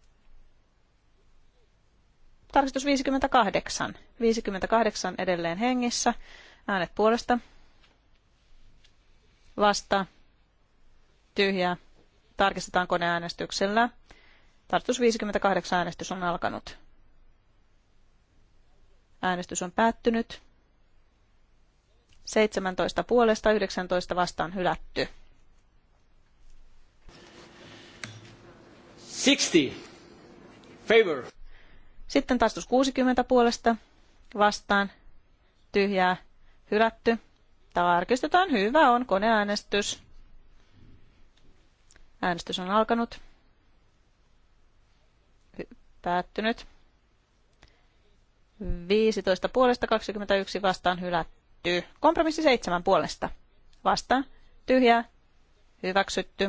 Tarkistus 58. 58 edelleen hengissä. Äänet puolesta. Vastaan tyhjää. Tarkistetaan koneäänestyksellä. Tartus 58 äänestys on alkanut. Äänestys on päättynyt. 17 puolesta 19 vastaan hylätty. 60. Favor. Sitten taas 60 puolesta vastaan tyhjää hylätty. Tarkistetaan hyvä on koneäänestys. Äänestys on alkanut. Päättynyt. 15 puolesta 21 vastaan hylätty. Kompromissi 7 puolesta. Vastaan. tyhjä, Hyväksytty.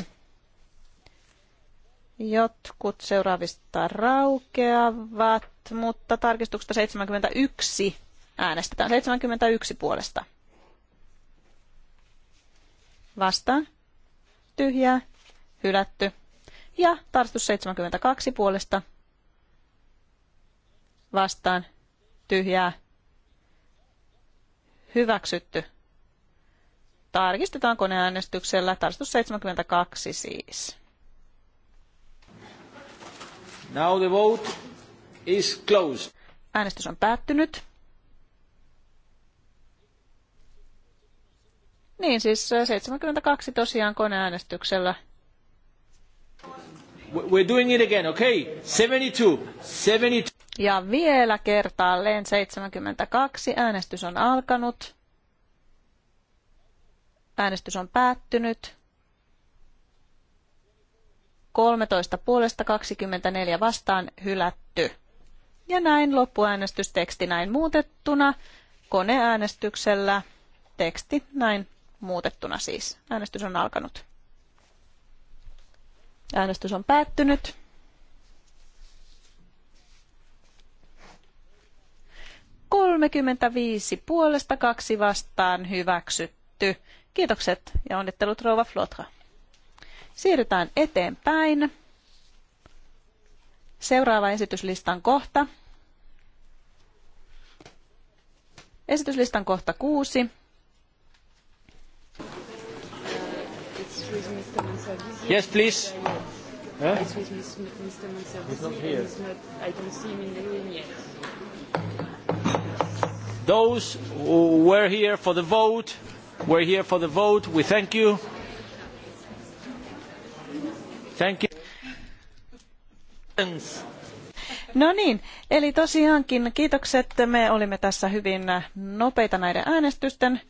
Jotkut seuraavista raukeavat, mutta tarkistuksesta 71 äänestetään. 71 puolesta. Vastaan. Tyhjää hylätty. Ja tarstus 72 puolesta vastaan tyhjää hyväksytty. Tarkistetaan koneäänestyksellä. Tarstus 72 siis. Now the vote is closed. Äänestys on päättynyt. Niin siis 72 tosiaan koneäänestyksellä We're doing it again, okay? 72. 72. Ja vielä kertaalleen 72. Äänestys on alkanut. Äänestys on päättynyt. 13 puolesta 24 vastaan hylätty. Ja näin loppuäänestysteksti näin muutettuna koneäänestyksellä. Teksti näin muutettuna siis. Äänestys on alkanut. Äänestys on päättynyt. Kolmekymmentäviisi puolesta kaksi vastaan hyväksytty. Kiitokset ja onnittelut rouva Flotra. Siirrytään eteenpäin. Seuraava esityslistan kohta. Esityslistan kohta kuusi. Mr. Yes, please. Huh? Mr. He's not here. not, I don't see him in the room yet. Those who were here for the vote, were here for the vote. We thank you. Thank you. No niin, eli tosiaankin kiitokset. Me olimme tässä hyvin nopeita näiden äänestysten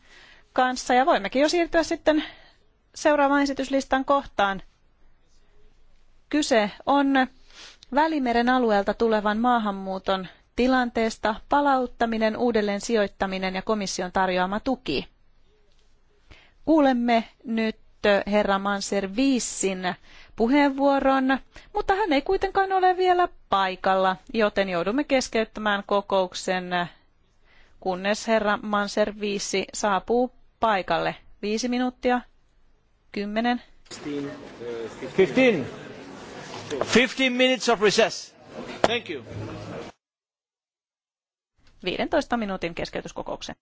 kanssa ja voimmekin jo siirtyä sitten seuraavaan esityslistan kohtaan. Kyse on Välimeren alueelta tulevan maahanmuuton tilanteesta, palauttaminen, uudelleen sijoittaminen ja komission tarjoama tuki. Kuulemme nyt eh, herra Manser Viissin puheenvuoron, mutta hän ei kuitenkaan ole vielä paikalla, joten joudumme keskeyttämään kokouksen, kunnes herra Manser Viissi saapuu paikalle. Viisi minuuttia 10. 15. 15 minutes of recess. Thank you. 15 minuutin keskeytyskokouksen.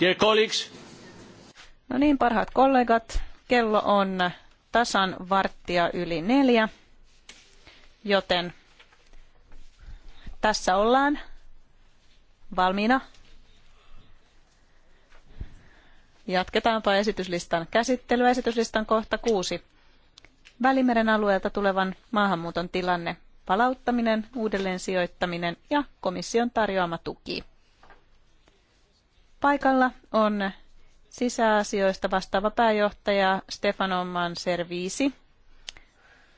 Dear colleagues. No niin, parhaat kollegat, kello on tasan varttia yli neljä, joten tässä ollaan valmiina. Jatketaanpa esityslistan käsittelyä. Esityslistan kohta kuusi. Välimeren alueelta tulevan maahanmuuton tilanne, palauttaminen, uudelleen sijoittaminen ja komission tarjoama tuki. Paikalla on sisäasioista vastaava pääjohtaja Stefano Servisi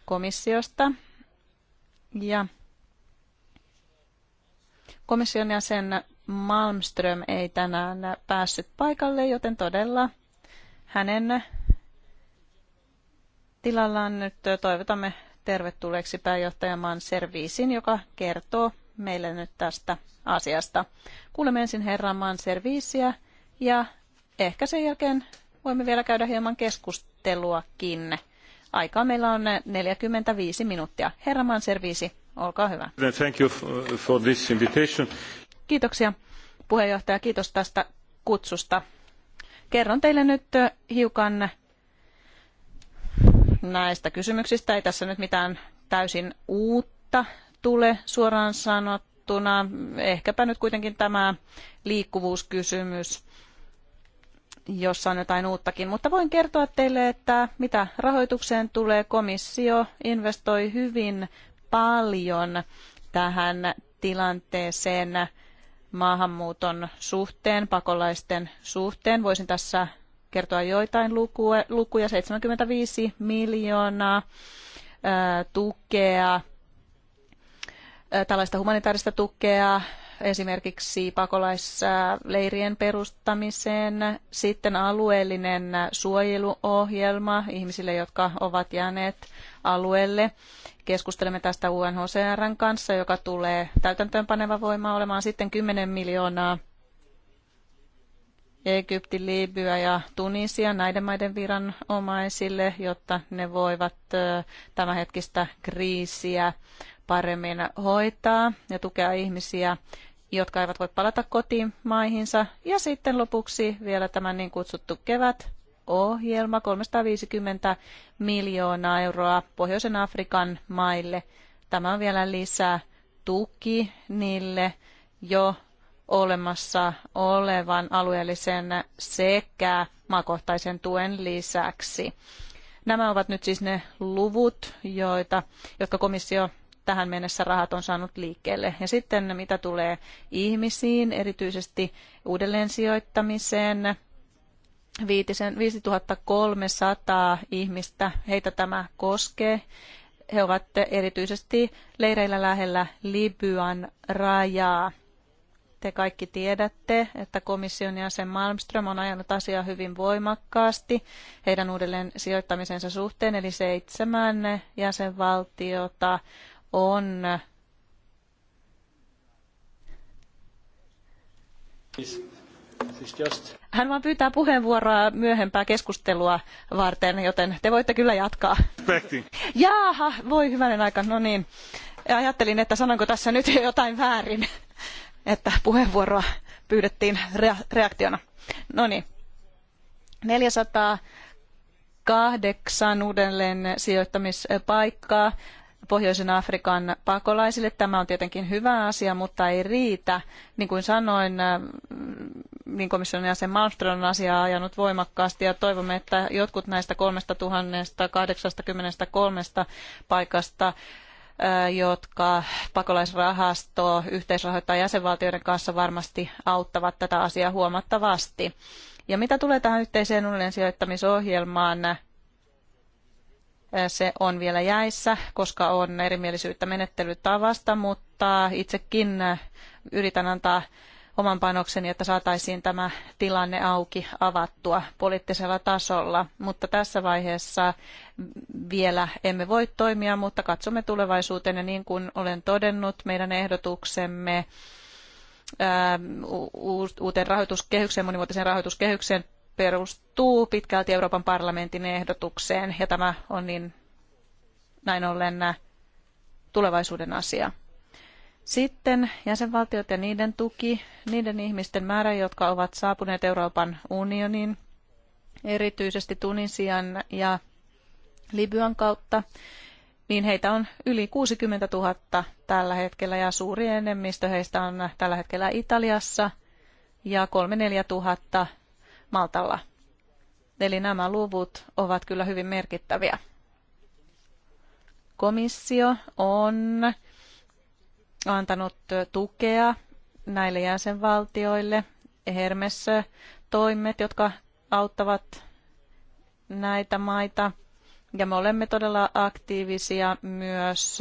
komissiosta. Ja komission jäsen Malmström ei tänään päässyt paikalle, joten todella hänen tilallaan nyt toivotamme tervetulleeksi pääjohtajamaan Servisin, joka kertoo meille nyt tästä asiasta. Kuulemme ensin herran Manserviisiä ja ehkä sen jälkeen voimme vielä käydä hieman keskusteluakin. Aikaa meillä on 45 minuuttia. Herra Manserviisi, olkaa hyvä. Thank you for this invitation. Kiitoksia puheenjohtaja, kiitos tästä kutsusta. Kerron teille nyt hiukan näistä kysymyksistä. Ei tässä nyt mitään täysin uutta uutta tule suoraan sanottuna. Ehkäpä nyt kuitenkin tämä liikkuvuuskysymys, jossa on jotain uuttakin. Mutta voin kertoa teille, että mitä rahoitukseen tulee, komissio investoi hyvin paljon tähän tilanteeseen maahanmuuton suhteen, pakolaisten suhteen. Voisin tässä kertoa joitain lukuja. 75 miljoonaa tukea tällaista humanitaarista tukea esimerkiksi pakolaisleirien perustamiseen, sitten alueellinen suojeluohjelma ihmisille, jotka ovat jääneet alueelle. Keskustelemme tästä UNHCRn kanssa, joka tulee täytäntöönpaneva voima olemaan sitten 10 miljoonaa Egypti, Libya ja Tunisia näiden maiden viranomaisille, jotta ne voivat tämänhetkistä kriisiä paremmin hoitaa ja tukea ihmisiä, jotka eivät voi palata kotiin maihinsa. Ja sitten lopuksi vielä tämä niin kutsuttu kevät ohjelma 350 miljoonaa euroa Pohjoisen Afrikan maille. Tämä on vielä lisää tuki niille jo olemassa olevan alueellisen sekä maakohtaisen tuen lisäksi. Nämä ovat nyt siis ne luvut, joita, jotka komissio tähän mennessä rahat on saanut liikkeelle. Ja sitten mitä tulee ihmisiin, erityisesti uudelleen sijoittamiseen, 5300 ihmistä, heitä tämä koskee. He ovat erityisesti leireillä lähellä Libyan rajaa. Te kaikki tiedätte, että komission jäsen Malmström on ajanut asiaa hyvin voimakkaasti heidän uudelleen sijoittamisensa suhteen, eli seitsemän jäsenvaltiota on Hän vaan pyytää puheenvuoroa myöhempää keskustelua varten, joten te voitte kyllä jatkaa. Jaaha, voi hyvänen aika, no niin. Ajattelin, että sanonko tässä nyt [LAUGHS] jotain väärin, että puheenvuoroa pyydettiin reaktiona. No niin. 408 uudelleen sijoittamispaikkaa Pohjoisen Afrikan pakolaisille. Tämä on tietenkin hyvä asia, mutta ei riitä. Niin kuin sanoin, äh, niin komission jäsen Malmström on asiaa ajanut voimakkaasti ja toivomme, että jotkut näistä 3083 paikasta äh, jotka pakolaisrahasto yhteisrahoittaa jäsenvaltioiden kanssa varmasti auttavat tätä asiaa huomattavasti. Ja mitä tulee tähän yhteiseen uudelleensijoittamisohjelmaan, se on vielä jäissä, koska on erimielisyyttä menettelytavasta, mutta itsekin yritän antaa oman panokseni, että saataisiin tämä tilanne auki avattua poliittisella tasolla. Mutta tässä vaiheessa vielä emme voi toimia, mutta katsomme tulevaisuuteen ja niin kuin olen todennut, meidän ehdotuksemme uuteen rahoituskehykseen, monivuotisen rahoituskehykseen perustuu pitkälti Euroopan parlamentin ehdotukseen ja tämä on niin näin ollen äh, tulevaisuuden asia. Sitten jäsenvaltiot ja niiden tuki, niiden ihmisten määrä, jotka ovat saapuneet Euroopan unioniin, erityisesti Tunisian ja Libyan kautta, niin heitä on yli 60 000 tällä hetkellä ja suuri enemmistö heistä on tällä hetkellä Italiassa ja 3-4 000 Maltalla. Eli nämä luvut ovat kyllä hyvin merkittäviä. Komissio on antanut tukea näille jäsenvaltioille Hermessä toimet, jotka auttavat näitä maita. Ja me olemme todella aktiivisia myös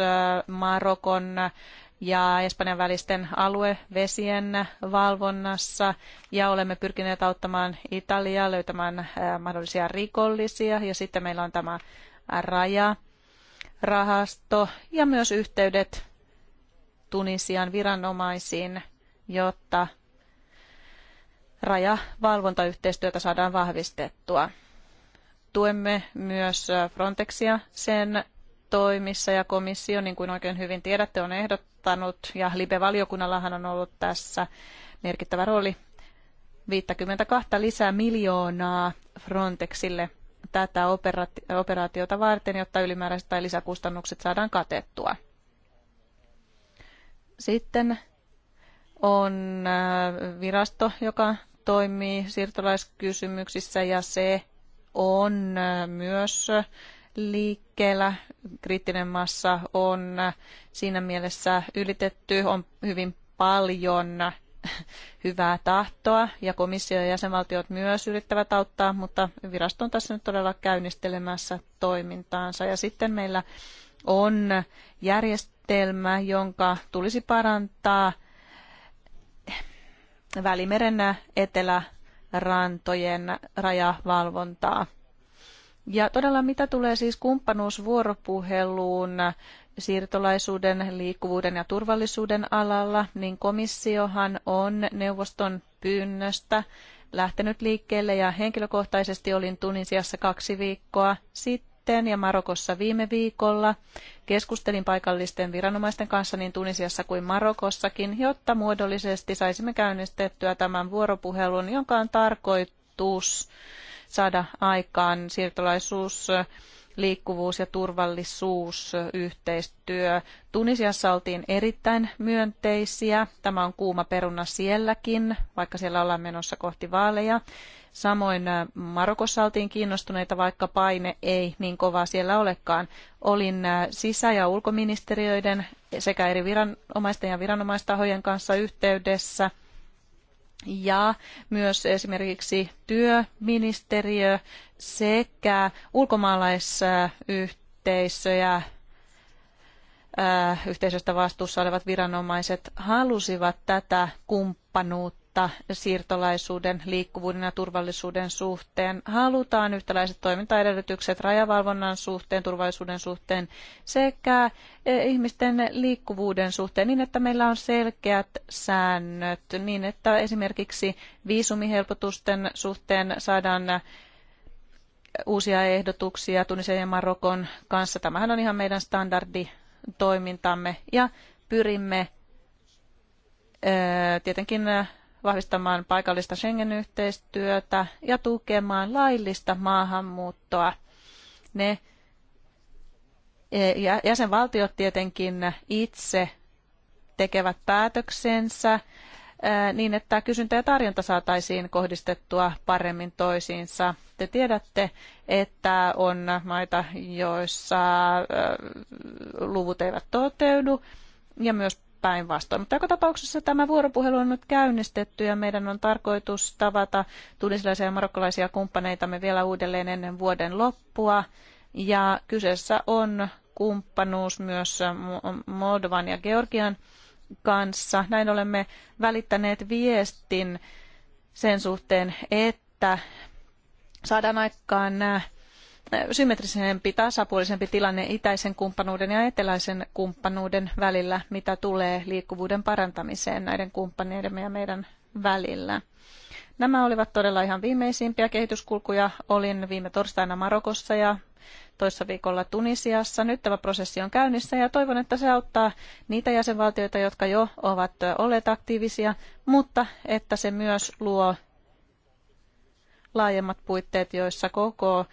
Marokon ja Espanjan välisten aluevesien valvonnassa ja olemme pyrkineet auttamaan Italiaa löytämään äh, mahdollisia rikollisia ja sitten meillä on tämä raja rahasto ja myös yhteydet Tunisian viranomaisiin, jotta rajavalvontayhteistyötä saadaan vahvistettua. Tuemme myös äh, Frontexia sen toimissa ja komissio, niin kuin oikein hyvin tiedätte, on ehdottanut, ehdottanut, ja Libe-valiokunnallahan on ollut tässä merkittävä rooli 52 lisää miljoonaa Frontexille tätä operaatiota varten, jotta ylimääräiset tai lisäkustannukset saadaan katettua. Sitten on äh, virasto, joka toimii siirtolaiskysymyksissä ja se on äh, myös liikkeellä. Kriittinen massa on siinä mielessä ylitetty, on hyvin paljon hyvää tahtoa ja komissio ja jäsenvaltiot myös yrittävät auttaa, mutta virasto on tässä nyt todella käynnistelemässä toimintaansa. Ja sitten meillä on järjestelmä, jonka tulisi parantaa Välimeren etelärantojen rajavalvontaa. Ja todella mitä tulee siis kumppanuusvuoropuheluun siirtolaisuuden, liikkuvuuden ja turvallisuuden alalla, niin komissiohan on neuvoston pyynnöstä lähtenyt liikkeelle ja henkilökohtaisesti olin Tunisiassa kaksi viikkoa sitten ja Marokossa viime viikolla. Keskustelin paikallisten viranomaisten kanssa niin Tunisiassa kuin Marokossakin, jotta muodollisesti saisimme käynnistettyä tämän vuoropuhelun, jonka on tarkoitus saada aikaan siirtolaisuus liikkuvuus ja turvallisuus, yhteistyö. Tunisiassa oltiin erittäin myönteisiä. Tämä on kuuma peruna sielläkin, vaikka siellä ollaan menossa kohti vaaleja. Samoin äh, Marokossa oltiin kiinnostuneita, vaikka paine ei niin kovaa siellä olekaan. Olin äh, sisä- ja ulkoministeriöiden sekä eri viranomaisten ja viranomaistahojen kanssa yhteydessä – ja myös esimerkiksi työministeriö sekä ulkomaalaisyhteisöjä äh, yhteisöstä vastuussa olevat viranomaiset halusivat tätä kumppanuutta uutta siirtolaisuuden, liikkuvuuden ja turvallisuuden suhteen. Halutaan yhtäläiset toimintaedellytykset rajavalvonnan suhteen, turvallisuuden suhteen sekä e, ihmisten liikkuvuuden suhteen niin, että meillä on selkeät säännöt, niin että esimerkiksi viisumihelpotusten suhteen saadaan uusia ehdotuksia Tunisian ja Marokon kanssa. Tämähän on ihan meidän toimintamme ja pyrimme e, tietenkin vahvistamaan paikallista Schengen-yhteistyötä ja tukemaan laillista maahanmuuttoa. Ne eh, jäsenvaltiot tietenkin itse tekevät päätöksensä eh, niin, että kysyntä ja tarjonta saataisiin kohdistettua paremmin toisiinsa. Te tiedätte, että on maita, joissa eh, luvut eivät toteudu ja myös päinvastoin. Mutta joka tapauksessa tämä vuoropuhelu on nyt käynnistetty ja meidän on tarkoitus tavata tunisilaisia ja marokkalaisia kumppaneitamme vielä uudelleen ennen vuoden loppua. Ja kyseessä on kumppanuus myös Moldovan ja Georgian kanssa. Näin olemme välittäneet viestin sen suhteen, että saadaan aikaan nämä symmetrisempi, tasapuolisempi tilanne itäisen kumppanuuden ja eteläisen kumppanuuden välillä, mitä tulee liikkuvuuden parantamiseen näiden kumppaneidemme ja meidän välillä. Nämä olivat todella ihan viimeisimpiä kehityskulkuja. Olin viime torstaina Marokossa ja toissa viikolla Tunisiassa. Nyt tämä prosessi on käynnissä ja toivon, että se auttaa niitä jäsenvaltioita, jotka jo ovat olleet aktiivisia, mutta että se myös luo laajemmat puitteet, joissa koko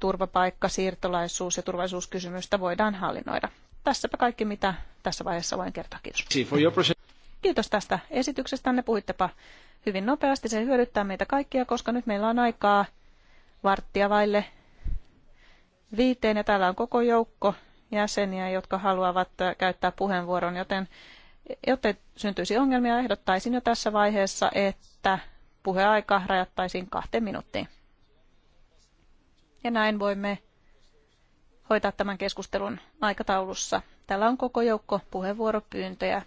turvapaikka, siirtolaisuus ja turvallisuuskysymystä voidaan hallinnoida. Tässäpä kaikki, mitä tässä vaiheessa voin kertoa. Kiitos. Kiitos tästä esityksestä. Ne puhuittepa hyvin nopeasti. Se hyödyttää meitä kaikkia, koska nyt meillä on aikaa varttia vaille viiteen ja täällä on koko joukko jäseniä, jotka haluavat käyttää puheenvuoron, joten jotta syntyisi ongelmia, ehdottaisin jo tässä vaiheessa, että puheaika rajattaisiin kahteen minuuttiin ja näin voimme hoitaa tämän keskustelun aikataulussa. Täällä on koko joukko puheenvuoropyyntöjä.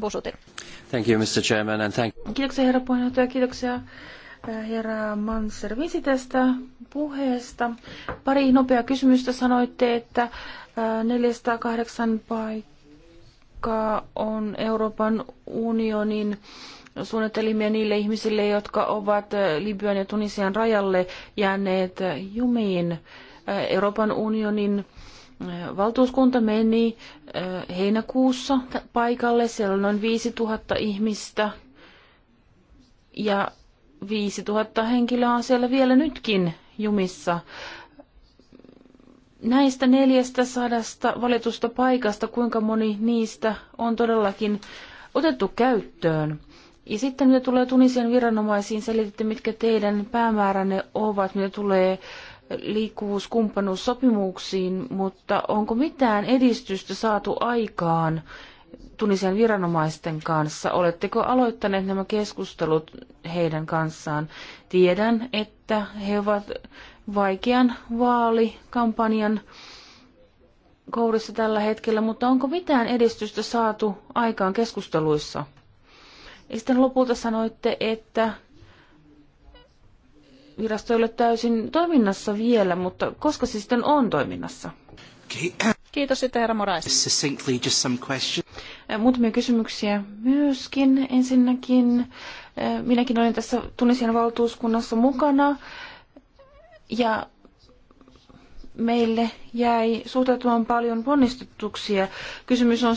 Busutin. Thank you, Mr. Chairman, and thank... Kiitoksia herra puheenjohtaja, kiitoksia eh, herra Manser, tästä puheesta. Pari nopeaa kysymystä sanoitte, että 408 eh, paikkaa on Euroopan unionin suunnitelmia niille ihmisille, jotka ovat eh, Libyan ja Tunisian rajalle jääneet eh, jumiin. Eh, Euroopan unionin valtuuskunta meni heinäkuussa paikalle. Siellä on noin 5000 ihmistä ja 5000 henkilöä on siellä vielä nytkin jumissa. Näistä neljästä sadasta valitusta paikasta, kuinka moni niistä on todellakin otettu käyttöön? Ja sitten mitä tulee Tunisian viranomaisiin, selititte, mitkä teidän päämääränne ovat, mitä tulee liikkuvuuskumppanuussopimuksiin, mutta onko mitään edistystä saatu aikaan Tunisian viranomaisten kanssa? Oletteko aloittaneet nämä keskustelut heidän kanssaan? Tiedän, että he ovat vaikean vaalikampanjan kourissa tällä hetkellä, mutta onko mitään edistystä saatu aikaan keskusteluissa? Ja sitten lopulta sanoitte, että virasto ei ole täysin toiminnassa vielä, mutta koska se sitten on toiminnassa? Kiitos sitten herra Morais. just some äh, Muutamia kysymyksiä myöskin. Ensinnäkin äh, minäkin olin tässä Tunisian valtuuskunnassa mukana ja meille jäi suhtautumaan paljon ponnistuksia. Kysymys on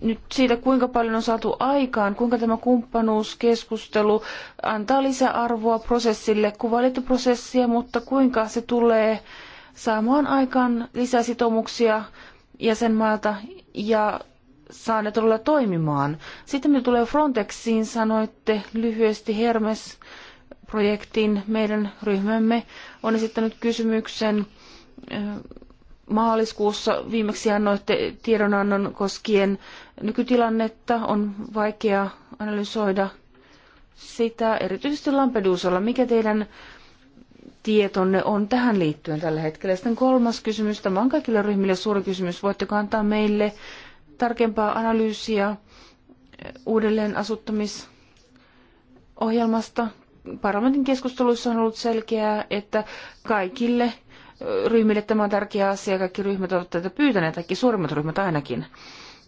nyt siitä, kuinka paljon on saatu aikaan, kuinka tämä kumppanuuskeskustelu antaa lisäarvoa prosessille, kuvailitte prosessia, mutta kuinka se tulee saamaan aikaan lisäsitoumuksia jäsenmaalta ja saa ne todella toimimaan. Sitten me tulee Frontexiin, sanoitte lyhyesti Hermes projektiin. Meidän ryhmämme on esittänyt kysymyksen eh, maaliskuussa viimeksi annoitte tiedonannon koskien nykytilannetta, on vaikea analysoida sitä, erityisesti Lampedusalla. Mikä teidän tietonne on tähän liittyen tällä hetkellä? Sitten kolmas kysymys, tämä on kaikille ryhmille suuri kysymys. Voitteko antaa meille tarkempaa analyysiä uudelleen asuttamisohjelmasta? Parlamentin keskusteluissa on ollut selkeää, että kaikille ryhmille tämä on tärkeä asia. Kaikki ryhmät ovat tätä pyytäneet, kaikki suurimmat ryhmät ainakin.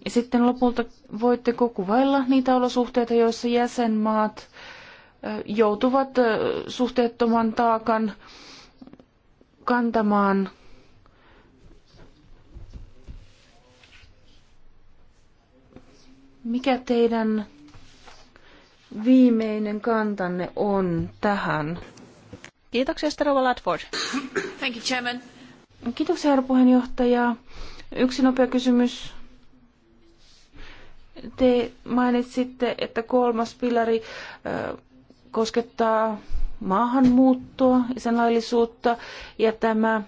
Ja sitten lopulta voitteko kuvailla niitä olosuhteita, joissa jäsenmaat joutuvat suhteettoman taakan kantamaan Mikä teidän viimeinen kantanne on tähän? Kiitoksia, Sterova Latford. Thank you, Chairman. Kiitoksia, herra puheenjohtaja. Yksi nopea kysymys te mainitsitte, että kolmas pilari koskettaa maahanmuuttoa ja sen laillisuutta, ja tämä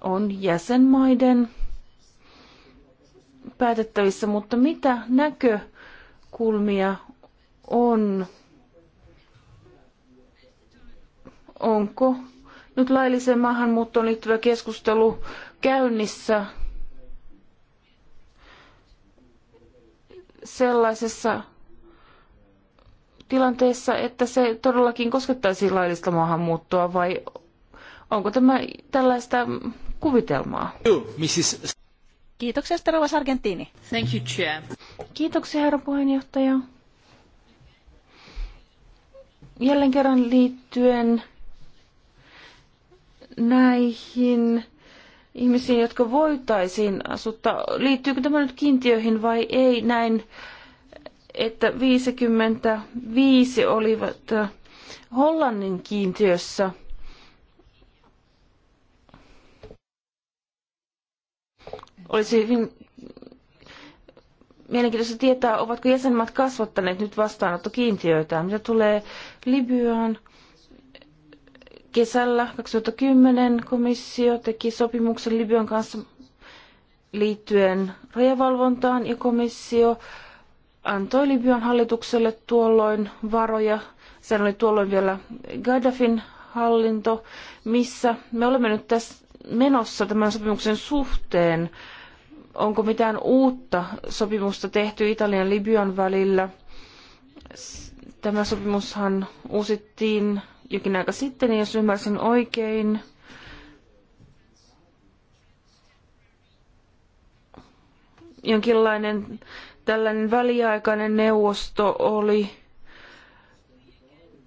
on jäsenmaiden päätettävissä, mutta mitä näkökulmia on? Onko nyt lailliseen maahanmuuttoon liittyvä keskustelu käynnissä sellaisessa tilanteessa, että se todellakin koskettaisi laillista maahanmuuttoa vai onko tämä tällaista kuvitelmaa? Kiitoksia, Sterova Sargentini. Thank you, Chair. Kiitoksia, herra puheenjohtaja. Jälleen kerran liittyen näihin ihmisiin, jotka voitaisiin asuttaa. Liittyykö tämä nyt kiintiöihin vai ei näin, että 55 olivat äh, Hollannin kiintiössä? Olisi hyvin mielenkiintoista tietää, ovatko jäsenmaat kasvattaneet nyt vastaanottokiintiöitä. Mitä tulee Libyaan, kesällä 2010 komissio teki sopimuksen Libyan kanssa liittyen rajavalvontaan ja komissio antoi Libyan hallitukselle tuolloin varoja. Se oli tuolloin vielä Gaddafin hallinto, missä me olemme nyt tässä menossa tämän sopimuksen suhteen. Onko mitään uutta sopimusta tehty Italian ja Libyan välillä? Tämä sopimushan uusittiin jokin aika sitten, niin jos ymmärsin oikein. Jonkinlainen tällainen väliaikainen neuvosto oli,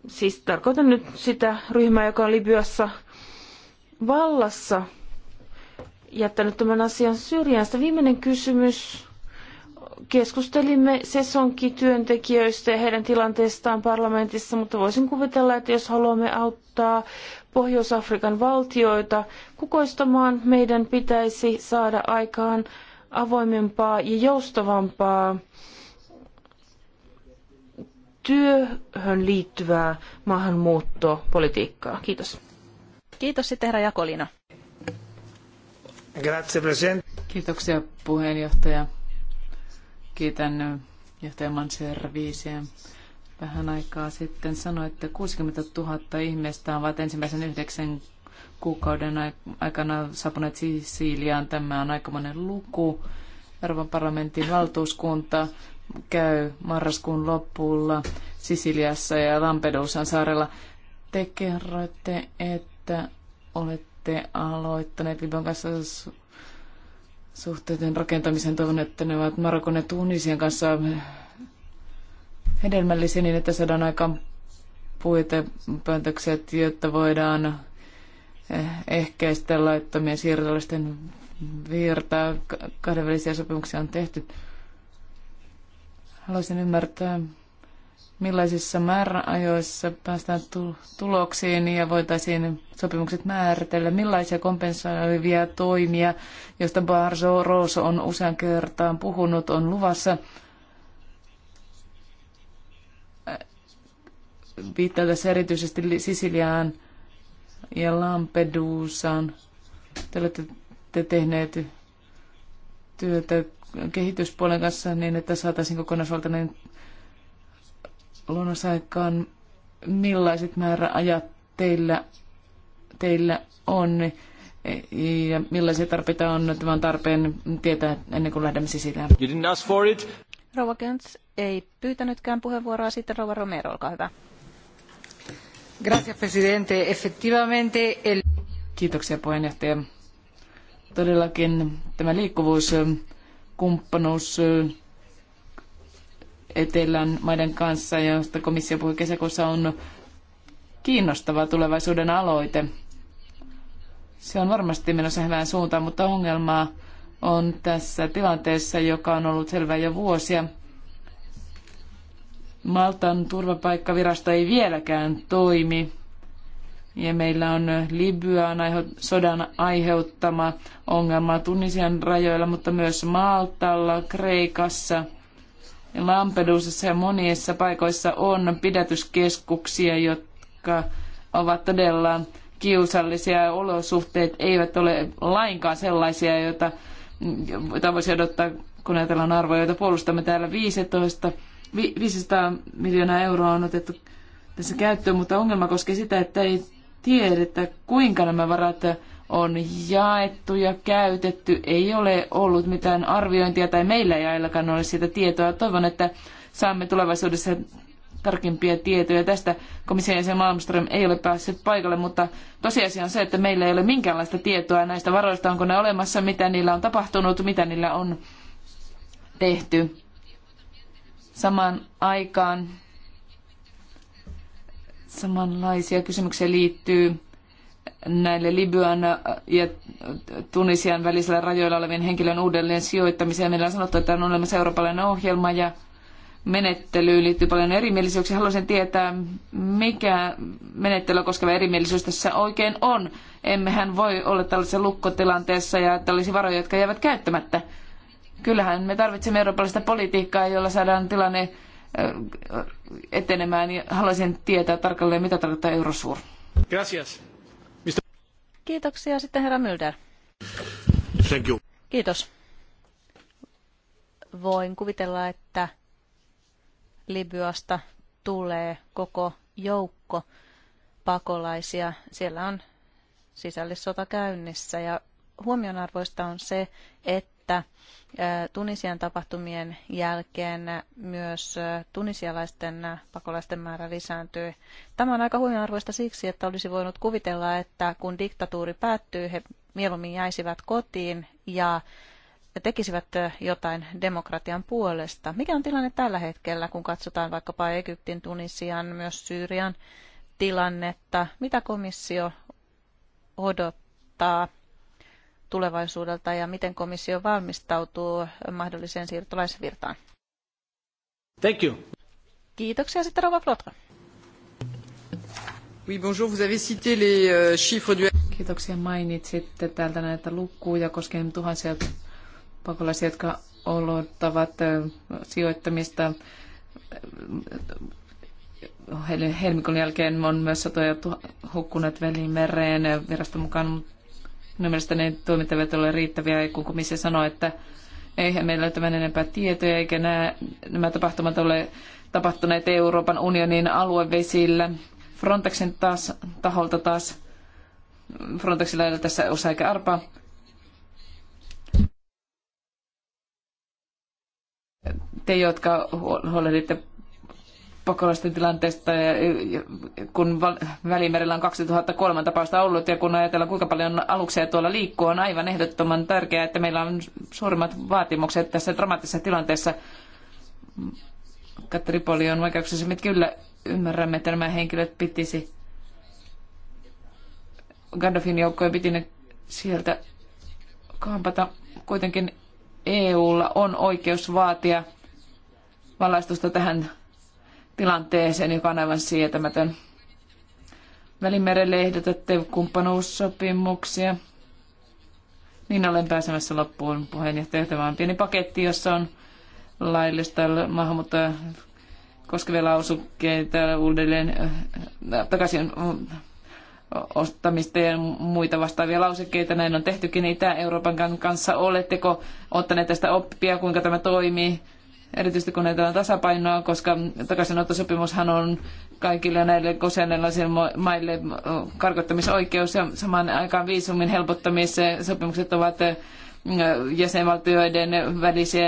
siis tarkoitan nyt sitä ryhmää, joka on Libyassa vallassa, jättänyt tämän asian syrjään. Sitä viimeinen kysymys keskustelimme sesonkityöntekijöistä ja heidän tilanteestaan parlamentissa, mutta voisin kuvitella, että jos haluamme auttaa Pohjois-Afrikan valtioita kukoistamaan, meidän pitäisi saada aikaan avoimempaa ja joustavampaa työhön liittyvää maahanmuuttopolitiikkaa. Kiitos. Kiitos sitten herra Jakolina. Grazie, Kiitoksia puheenjohtaja. Kiitän johtaja Manserviisiä. Vähän aikaa sitten sanoi, että 60 000 ihmistä ovat ensimmäisen yhdeksän kuukauden aikana saapuneet Siiliaan. Tämä on aikamoinen luku. Euroopan parlamentin valtuuskunta käy marraskuun lopulla Sisiliassa ja Lampedusan saarella. Te kerroitte, että olette aloittaneet Libyan kanssa suhteiden rakentamisen. Toivon, että ne ovat Marokon ja Tunisian kanssa hedelmällisiä niin, että saadaan aikaan puitepäätökset, jotta voidaan eh, ehkäistä laittomien siirtolaisten virtaa. Kahdenvälisiä sopimuksia on tehty. Haluaisin ymmärtää, millaisissa määräajoissa päästään tuloksiin ja voitaisiin sopimukset määritellä, millaisia kompensoivia toimia, joista Barzo Roso on usean kertaan puhunut, on luvassa. Viittaa tässä erityisesti Sisiliaan ja Lampedusaan. Te olette te tehneet työtä kehityspuolen kanssa niin, että saataisiin kokonaisvaltainen luonnosaikaan, millaiset määräajat teillä, teillä on ja millaisia tarpeita on tämän tarpeen tietää ennen kuin lähdemme sisään. You didn't ask for it. Rouva Kents ei pyytänytkään puheenvuoroa, sitten Rouva Romero, olkaa hyvä. Gracias, presidente. Efectivamente el... Kiitoksia puheenjohtaja. Todellakin tämä liikkuvuuskumppanuus etelän maiden kanssa, josta komissio puhui kesäkuussa, on kiinnostava tulevaisuuden aloite. Se on varmasti menossa hyvään suuntaan, mutta ongelmaa on tässä tilanteessa, joka on ollut selvä jo vuosia. Maltan turvapaikkavirasto ei vieläkään toimi. Ja meillä on Libyan sodan aiheuttama ongelma Tunisian rajoilla, mutta myös Maltalla, Kreikassa – Lampedusassa ja monissa paikoissa on pidätyskeskuksia, jotka ovat todella kiusallisia. ja Olosuhteet eivät ole lainkaan sellaisia, joita, joita voisi odottaa, kun ajatellaan arvoja, joita puolustamme täällä 15, 500 miljoonaa euroa on otettu tässä käyttöön, mutta ongelma koskee sitä, että ei tiedetä, kuinka nämä varat on jaettu ja käytetty. Ei ole ollut mitään arviointia tai meillä ei ainakaan ole siitä tietoa. Toivon, että saamme tulevaisuudessa tarkempia tietoja. Tästä komission jäsen Malmström ei ole päässyt paikalle, mutta tosiasia on se, että meillä ei ole minkäänlaista tietoa näistä varoista, onko ne olemassa, mitä niillä on tapahtunut, mitä niillä on tehty. Samaan aikaan samanlaisia kysymyksiä liittyy näille Libyan ja Tunisian välisillä rajoilla olevien henkilön uudelleen sijoittamiseen. Meillä on sanottu, että on olemassa eurooppalainen ohjelma ja menettelyyn liittyy paljon erimielisyyksiä. Haluaisin tietää, mikä menettelyä koskeva erimielisyys tässä oikein on. Emmehän voi olla tällaisessa lukkotilanteessa ja tällaisia varoja, jotka jäävät käyttämättä. Kyllähän me tarvitsemme eurooppalaista politiikkaa, jolla saadaan tilanne etenemään. Haluaisin tietää tarkalleen, mitä tarkoittaa eurosuur. Gracias. Kiitoksia sitten herra Mylder. Thank you. Kiitos. Voin kuvitella, että Libyasta tulee koko joukko pakolaisia. Siellä on sisällissota käynnissä ja huomionarvoista on se, että Tunisian tapahtumien jälkeen myös tunisialaisten pakolaisten määrä lisääntyi. Tämä on aika huomionarvoista siksi, että olisi voinut kuvitella, että kun diktatuuri päättyy, he mieluummin jäisivät kotiin ja tekisivät jotain demokratian puolesta. Mikä on tilanne tällä hetkellä, kun katsotaan vaikkapa Egyptin, Tunisian, myös Syyrian tilannetta? Mitä komissio odottaa? tulevaisuudelta ja miten komissio valmistautuu mahdolliseen siirtolaisvirtaan? Thank you. Kiitoksia sitten Rova Flotra. Oui, bonjour. Vous avez cité les euh, chiffres du... Kiitoksia mainitsitte täältä näitä lukuja koskien tuhansia pakolaisia, jotka olottavat sijoittamista. Helmikon jälkeen on myös satoja hukkunut Välimereen viraston mukaan Minun mielestäni ne toimittavat ole riittäviä, kun komissio sanoo, että eihän meillä ole tämän enempää tietoja, eikä nämä, nämä tapahtumat ole tapahtuneet Euroopan unionin aluevesillä. Frontexin taas, taholta taas, Frontexilla ei ole tässä osa eikä arpaa. Te, jotka huolehditte pakolaisten tilanteesta, kun Välimerellä on 2003 tapausta ollut ja kun ajatellaan kuinka paljon aluksia tuolla liikkuu, on aivan ehdottoman tärkeää, että meillä on suurimmat vaatimukset tässä dramaattisessa tilanteessa. Katripoli on vaikeuksissa, me kyllä ymmärrämme, että nämä henkilöt pitisi Gaddafin joukkoja piti ne sieltä kampata. Kuitenkin EUlla on oikeus vaatia valaistusta tähän tilanteeseen, joka on aivan sietämätön. Välimerelle ehdotatte kumppanuussopimuksia. Niin olen pääsemässä loppuun puheenjohtaja. Tämä on pieni paketti, jossa on laillista maahanmuuttoa koskevia lausukkeita, uudelleen äh, takaisin äh, ostamista ja muita vastaavia lausekkeita. Näin on tehtykin Itä-Euroopan kanssa. Oletteko ottaneet tästä oppia, kuinka tämä toimii? erityisesti kun näitä tasapainoa, koska takaisinottosopimushan on kaikille näille koseanelaisille maille karkottamisoikeus ja samaan aikaan viisumin helpottamissopimukset ovat äh, jäsenvaltioiden välisiä,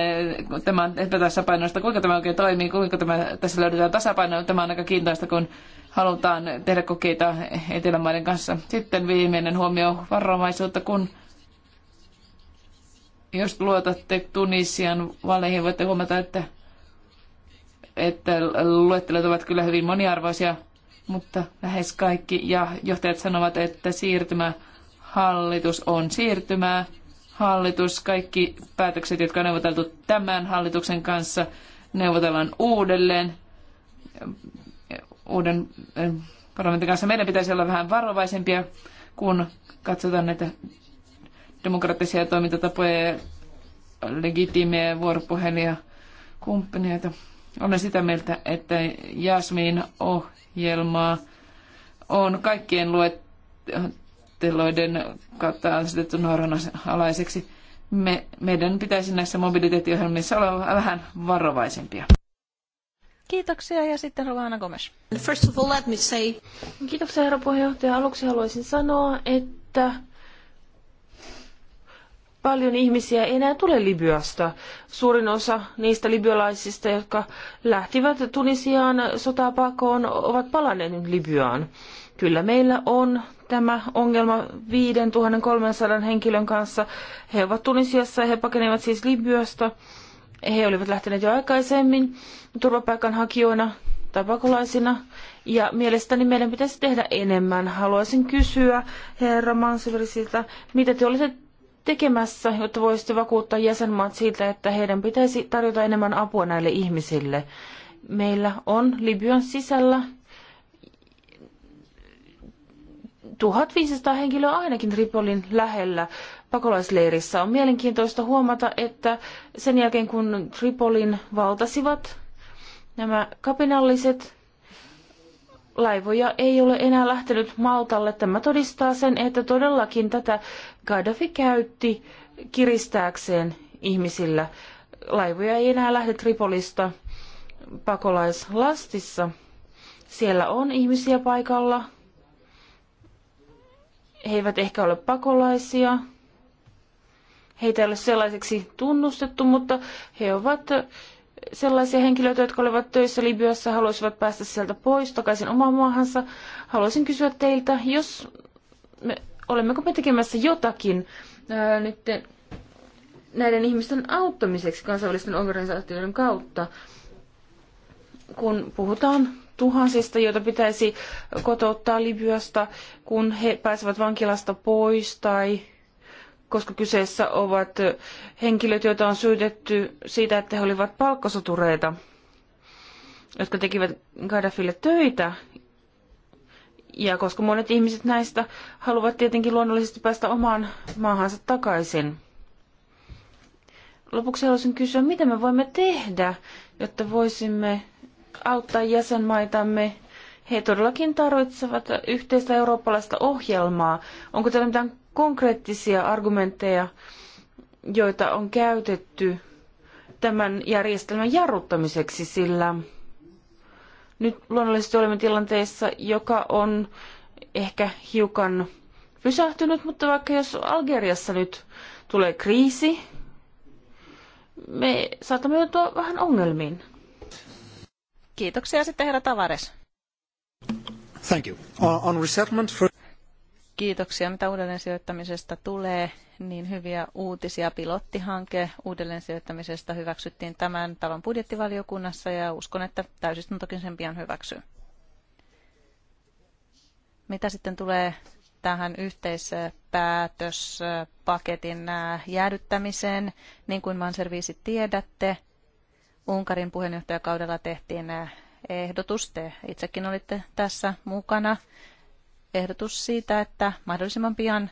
tämä on epätasapainoista, kuinka tämä oikein toimii, kuinka tämä, tässä löydetään tasapaino, tämä on aika kiintoista, kun halutaan tehdä kokeita etelämaiden kanssa. Sitten viimeinen huomio varovaisuutta, kun jos luotatte Tunisian valeihin, voitte huomata, että, että luettelut ovat kyllä hyvin moniarvoisia, mutta lähes kaikki. Ja johtajat sanovat, että siirtymä hallitus on siirtymää. Hallitus, kaikki päätökset, jotka on neuvoteltu tämän hallituksen kanssa, neuvotellaan uudelleen uuden eh, parlamentin kanssa. Meidän pitäisi olla vähän varovaisempia, kun katsotaan näitä demokraattisia toimintatapoja ja legitiimejä vuoropuhelia kumppaneita. Olen sitä mieltä, että Jasmin ohjelmaa on kaikkien luetteloiden kautta asetettu Norran alaiseksi. Me, meidän pitäisi näissä mobiliteettiohjelmissa olla vähän varovaisempia. Kiitoksia ja sitten Rovana Gomes. First of all, let me say... Kiitoksia herra puheenjohtaja. Aluksi haluaisin sanoa, että paljon ihmisiä ei enää tule Libyasta. Suurin osa niistä libyalaisista, jotka lähtivät Tunisiaan sotapakoon, pakoon, ovat palanneet nyt Libyaan. Kyllä meillä on tämä ongelma 5300 henkilön kanssa. He ovat Tunisiassa ja he pakenevat siis Libyasta. He olivat lähteneet jo aikaisemmin turvapaikanhakijoina tai pakolaisina. Ja mielestäni meidän pitäisi tehdä enemmän. Haluaisin kysyä herra Mansiverisilta, mitä te olette tekemässä, jotta voisitte vakuuttaa jäsenmaat siitä, että heidän pitäisi tarjota enemmän apua näille ihmisille? Meillä on Libyan sisällä 1500 henkilöä ainakin Tripolin lähellä pakolaisleirissä. On mielenkiintoista huomata, että sen jälkeen kun Tripolin valtasivat nämä kapinalliset, laivoja ei ole enää lähtenyt Maltalle. Tämä todistaa sen, että todellakin tätä Gaddafi käytti kiristääkseen ihmisillä. Laivoja ei enää lähde Tripolista pakolaislastissa. Siellä on ihmisiä paikalla. He eivät ehkä ole pakolaisia. Heitä ei ole sellaiseksi tunnustettu, mutta he ovat sellaisia henkilöitä, jotka olivat töissä Libyassa, haluaisivat päästä sieltä pois takaisin omaan maahansa. Haluaisin kysyä teiltä, jos me, olemmeko me tekemässä jotakin ää, nyt näiden ihmisten auttamiseksi kansainvälisten organisaatioiden kautta, kun puhutaan tuhansista, joita pitäisi kotouttaa Libyasta, kun he pääsevät vankilasta pois tai koska kyseessä ovat henkilöt, joita on syytetty siitä, että he olivat palkkasotureita, jotka tekivät Gaddafille töitä. Ja koska monet ihmiset näistä haluavat tietenkin luonnollisesti päästä omaan maahansa takaisin. Lopuksi haluaisin kysyä, mitä me voimme tehdä, jotta voisimme auttaa jäsenmaitamme he todellakin tarvitsevat yhteistä eurooppalaista ohjelmaa. Onko teillä mitään konkreettisia argumentteja, joita on käytetty tämän järjestelmän jarruttamiseksi, sillä nyt luonnollisesti olemme tilanteessa, joka on ehkä hiukan pysähtynyt, mutta vaikka jos Algeriassa nyt tulee kriisi, me saatamme joutua vähän ongelmiin. Kiitoksia sitten herra Tavares. Thank you. on resettlement for... Kiitoksia. Mitä uudelleen sijoittamisesta tulee, niin hyviä uutisia. Pilottihanke uudelleen sijoittamisesta hyväksyttiin tämän talon budjettivaliokunnassa ja uskon, että täysistuntokin sen pian hyväksyy. Mitä sitten tulee tähän yhteispäätöspaketin äh, jäädyttämiseen, niin kuin Manserviisi tiedätte, Unkarin puheenjohtajakaudella tehtiin äh, ehdotus, te itsekin olitte tässä mukana, ehdotus siitä, että mahdollisimman pian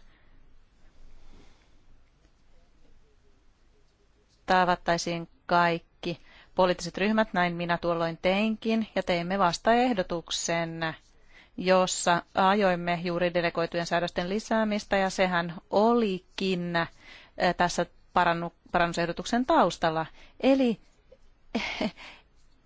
tavattaisiin kaikki poliittiset ryhmät, näin minä tuolloin teinkin, ja teimme vastaehdotuksen, jossa ajoimme juuri delegoitujen säädösten lisäämistä, ja sehän olikin eh, tässä parannusehdotuksen taustalla. Eli eh, eh,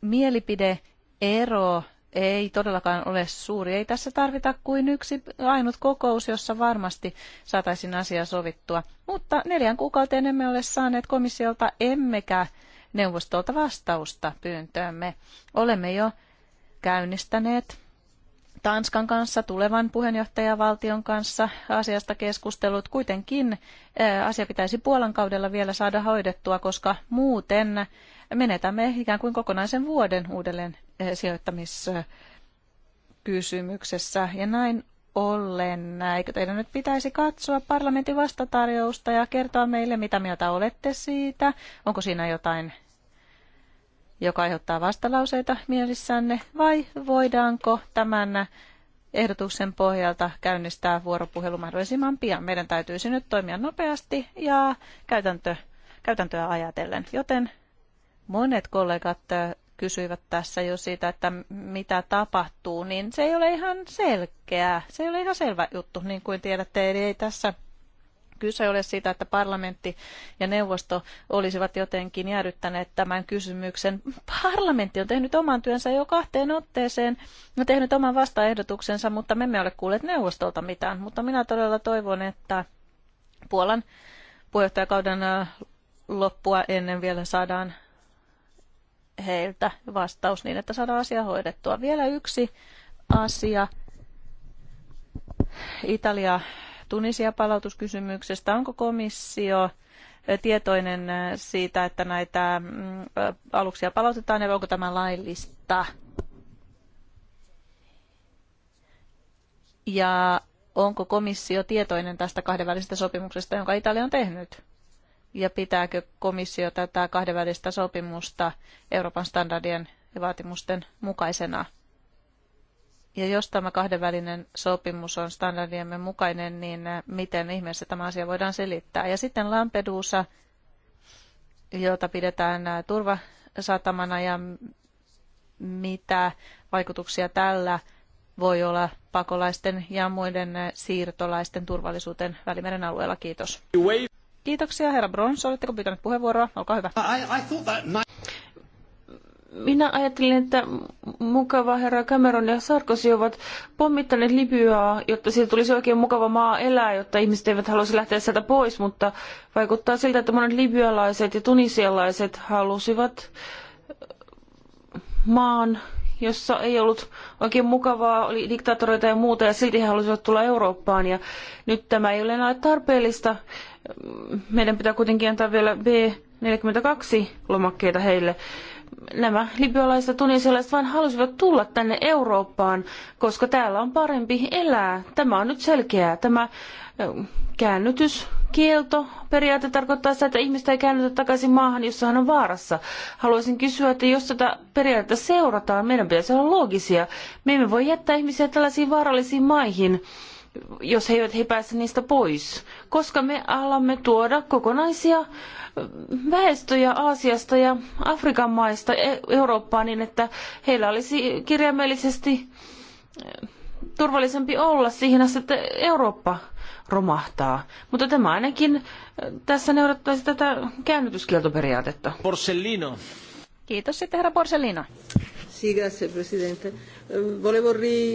mielipide ero ei todellakaan ole suuri. Ei tässä tarvita kuin yksi ainut kokous, jossa varmasti saataisiin asia sovittua. Mutta neljän kuukauteen emme ole saaneet komissiolta emmekä neuvostolta vastausta pyyntöömme. Olemme jo käynnistäneet Tanskan kanssa, tulevan puheenjohtajavaltion kanssa asiasta keskustelut. Kuitenkin eh, asia pitäisi Puolan kaudella vielä saada hoidettua, koska muuten menetämme ikään kuin kokonaisen vuoden uudelleen eh, sijoittamiskysymyksessä. Ja näin ollen, eh, eikö teidän nyt pitäisi katsoa parlamentin vastatarjousta ja kertoa meille, mitä mieltä olette siitä? Onko siinä jotain, joka aiheuttaa vastalauseita mielissänne, vai voidaanko tämän ehdotuksen pohjalta käynnistää vuoropuhelu mahdollisimman pian. Meidän täytyisi nyt toimia nopeasti ja käytäntö, käytäntöä ajatellen, joten Monet kollegat äh, kysyivät tässä jo siitä, että mitä tapahtuu, niin se ei ole ihan selkeää. Se ei ole ihan selvä juttu, niin kuin tiedätte. Eli ei tässä kyse ole siitä, että parlamentti ja neuvosto olisivat jotenkin jäädyttäneet tämän kysymyksen. Parlamentti on tehnyt oman työnsä jo kahteen otteeseen ja no, tehnyt oman vastaehdotuksensa, mutta me emme ole kuulleet neuvostolta mitään. Mutta minä todella toivon, että Puolan puheenjohtajakauden äh, loppua ennen vielä saadaan heiltä vastaus niin, että saadaan asia hoidettua. Vielä yksi asia Italia-Tunisia-palautuskysymyksestä. Onko komissio tietoinen siitä, että näitä mm, aluksia palautetaan ja onko tämä laillista? Ja onko komissio tietoinen tästä kahdenvälisestä sopimuksesta, jonka Italia on tehnyt? ja pitääkö komissio tätä kahdenvälistä sopimusta Euroopan standardien ja vaatimusten mukaisena. Ja jos tämä kahdenvälinen sopimus on standardiemme mukainen, niin äh, miten ihmeessä tämä asia voidaan selittää? Ja sitten Lampedusa, jota pidetään äh, turvasatamana ja mitä vaikutuksia tällä voi olla pakolaisten ja muiden äh, siirtolaisten turvallisuuteen Välimeren alueella. Kiitos. Kiitoksia, herra Brons. Oletteko pyytänyt puheenvuoroa? Olkaa hyvä. I, I Minä ajattelin, että mukava herra Cameron ja Sarkozy ovat pommittaneet Libyaa, jotta siitä tulisi oikein mukava maa elää, jotta ihmiset eivät halusi lähteä sieltä pois, mutta vaikuttaa siltä, että monet libyalaiset ja tunisialaiset halusivat maan, jossa ei ollut oikein mukavaa, oli diktaattoreita ja muuta, ja silti he halusivat tulla Eurooppaan, ja nyt tämä ei ole enää tarpeellista meidän pitää kuitenkin antaa vielä B42 lomakkeita heille. Nämä libyalaiset ja tunisialaiset vain halusivat tulla tänne Eurooppaan, koska täällä on parempi elää. Tämä on nyt selkeää. Tämä käännytys kielto periaate tarkoittaa sitä, että ihmistä ei käännytä takaisin maahan, jossa hän on vaarassa. Haluaisin kysyä, että jos tätä periaatetta seurataan, meidän pitäisi olla loogisia. Me emme voi jättää ihmisiä tällaisiin vaarallisiin maihin jos he eivät he pääse niistä pois, koska me alamme tuoda kokonaisia väestöjä Aasiasta ja Afrikan maista e-, Eurooppaan niin, että heillä olisi kirjaimellisesti turvallisempi olla siihen asti, että Eurooppa romahtaa. Mutta tämä ainakin tässä noudattaisi tätä käännytyskieltoperiaatetta. Porcellino. Kiitos sitten herra Borsellino.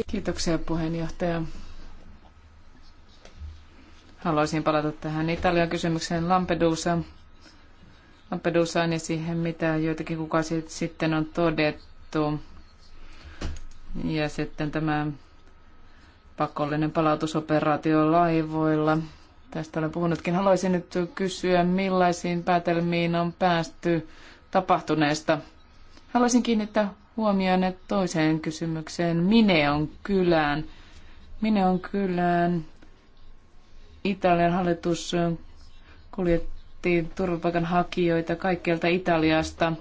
Kiitoksia puheenjohtaja. Haluaisin palata tähän Italian kysymykseen Lampedusa. Lampedusaan ja siihen, mitä joitakin kuukausi sitten on todettu. Ja sitten tämä pakollinen palautusoperaatio laivoilla. Tästä olen puhunutkin. Haluaisin nyt kysyä, millaisiin päätelmiin on päästy tapahtuneesta. Haluaisin kiinnittää huomioon toiseen kysymykseen Mineon kylään. Mineon kylään Italian hallitus kuljetti turvapaikanhakijoita kaikkialta Italiasta.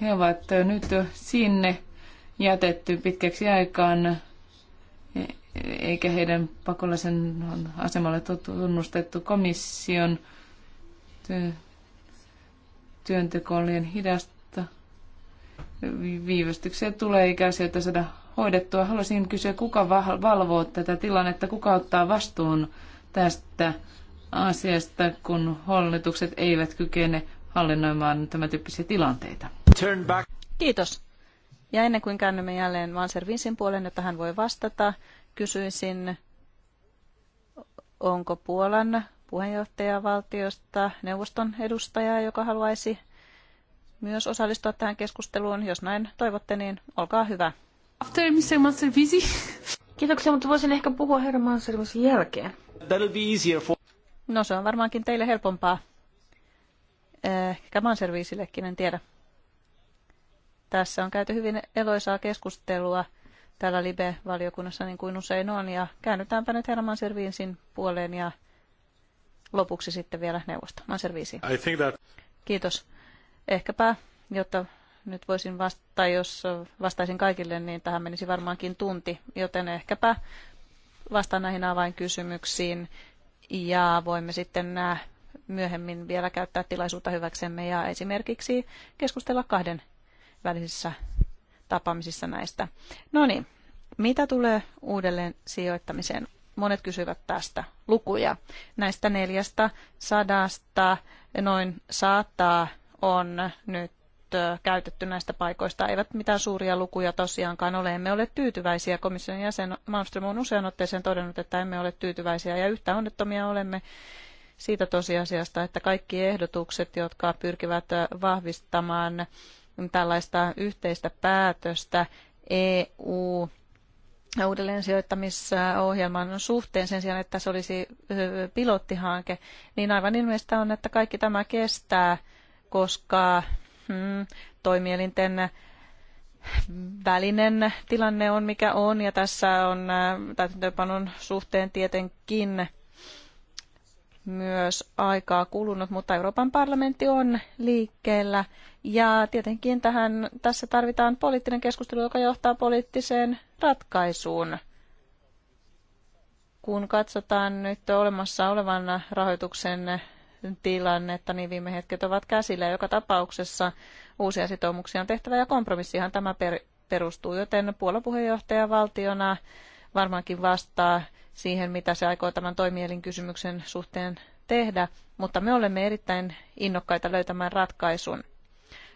He ovat nyt sinne jätetty pitkäksi aikaan, eikä heidän pakolaisen asemalle tunnustettu komission työnteko on liian hidasta. Viivästyksiä tulee eikä asioita saada hoidettua. Haluaisin kysyä, kuka valvoo tätä tilannetta, kuka ottaa vastuun tästä asiasta, kun hallitukset eivät kykene hallinnoimaan tämän tyyppisiä tilanteita. Turn back. Kiitos. Ja ennen kuin käännymme jälleen Vanservinsin puolen, jotta hän voi vastata, kysyisin, onko Puolan puheenjohtajavaltiosta neuvoston edustajaa, joka haluaisi myös osallistua tähän keskusteluun. Jos näin toivotte, niin olkaa hyvä. After Mr. Manservisi. Kiitoksia, mutta voisin ehkä puhua herra Manservin jälkeen. That'll be easier for... No se on varmaankin teille helpompaa. Eh, ehkä Manserviisillekin, en tiedä. Tässä on käyty hyvin eloisaa keskustelua täällä Libe-valiokunnassa niin kuin usein on. Ja käännytäänpä nyt herra Manserviisin puoleen ja lopuksi sitten vielä neuvosto. Manserviisi. That... Kiitos. Ehkäpä, jotta nyt voisin vastata, jos vastaisin kaikille, niin tähän menisi varmaankin tunti, joten ehkäpä vastaan näihin avainkysymyksiin ja voimme sitten myöhemmin vielä käyttää tilaisuutta hyväksemme ja esimerkiksi keskustella kahden välisissä tapaamisissa näistä. No niin, mitä tulee uudelleen sijoittamiseen? Monet kysyvät tästä lukuja. Näistä neljästä sadasta noin saattaa on nyt käytetty näistä paikoista. Eivät mitään suuria lukuja tosiaankaan ole. Emme ole tyytyväisiä. Komission jäsen Malmström on usean otteeseen todennut, että emme ole tyytyväisiä. Ja yhtä onnettomia olemme siitä tosiasiasta, että kaikki ehdotukset, jotka pyrkivät vahvistamaan tällaista yhteistä päätöstä EU uudelleen sijoittamisohjelman suhteen sen sijaan, että se olisi pilottihanke, niin aivan ilmeistä on, että kaikki tämä kestää, koska mm, toimielinten välinen tilanne on mikä on ja tässä on äh, täytäntöönpanon suhteen tietenkin myös aikaa kulunut, mutta Euroopan parlamentti on liikkeellä ja tietenkin tähän, tässä tarvitaan poliittinen keskustelu, joka johtaa poliittiseen ratkaisuun. Kun katsotaan nyt olemassa olevan rahoituksen tilannetta, niin viime hetket ovat käsillä. Joka tapauksessa uusia sitoumuksia on tehtävä ja kompromissihan tämä per, perustuu, joten puoluepuheenjohtaja valtiona varmaankin vastaa siihen, mitä se aikoo tämän toimielin kysymyksen suhteen tehdä, mutta me olemme erittäin innokkaita löytämään ratkaisun.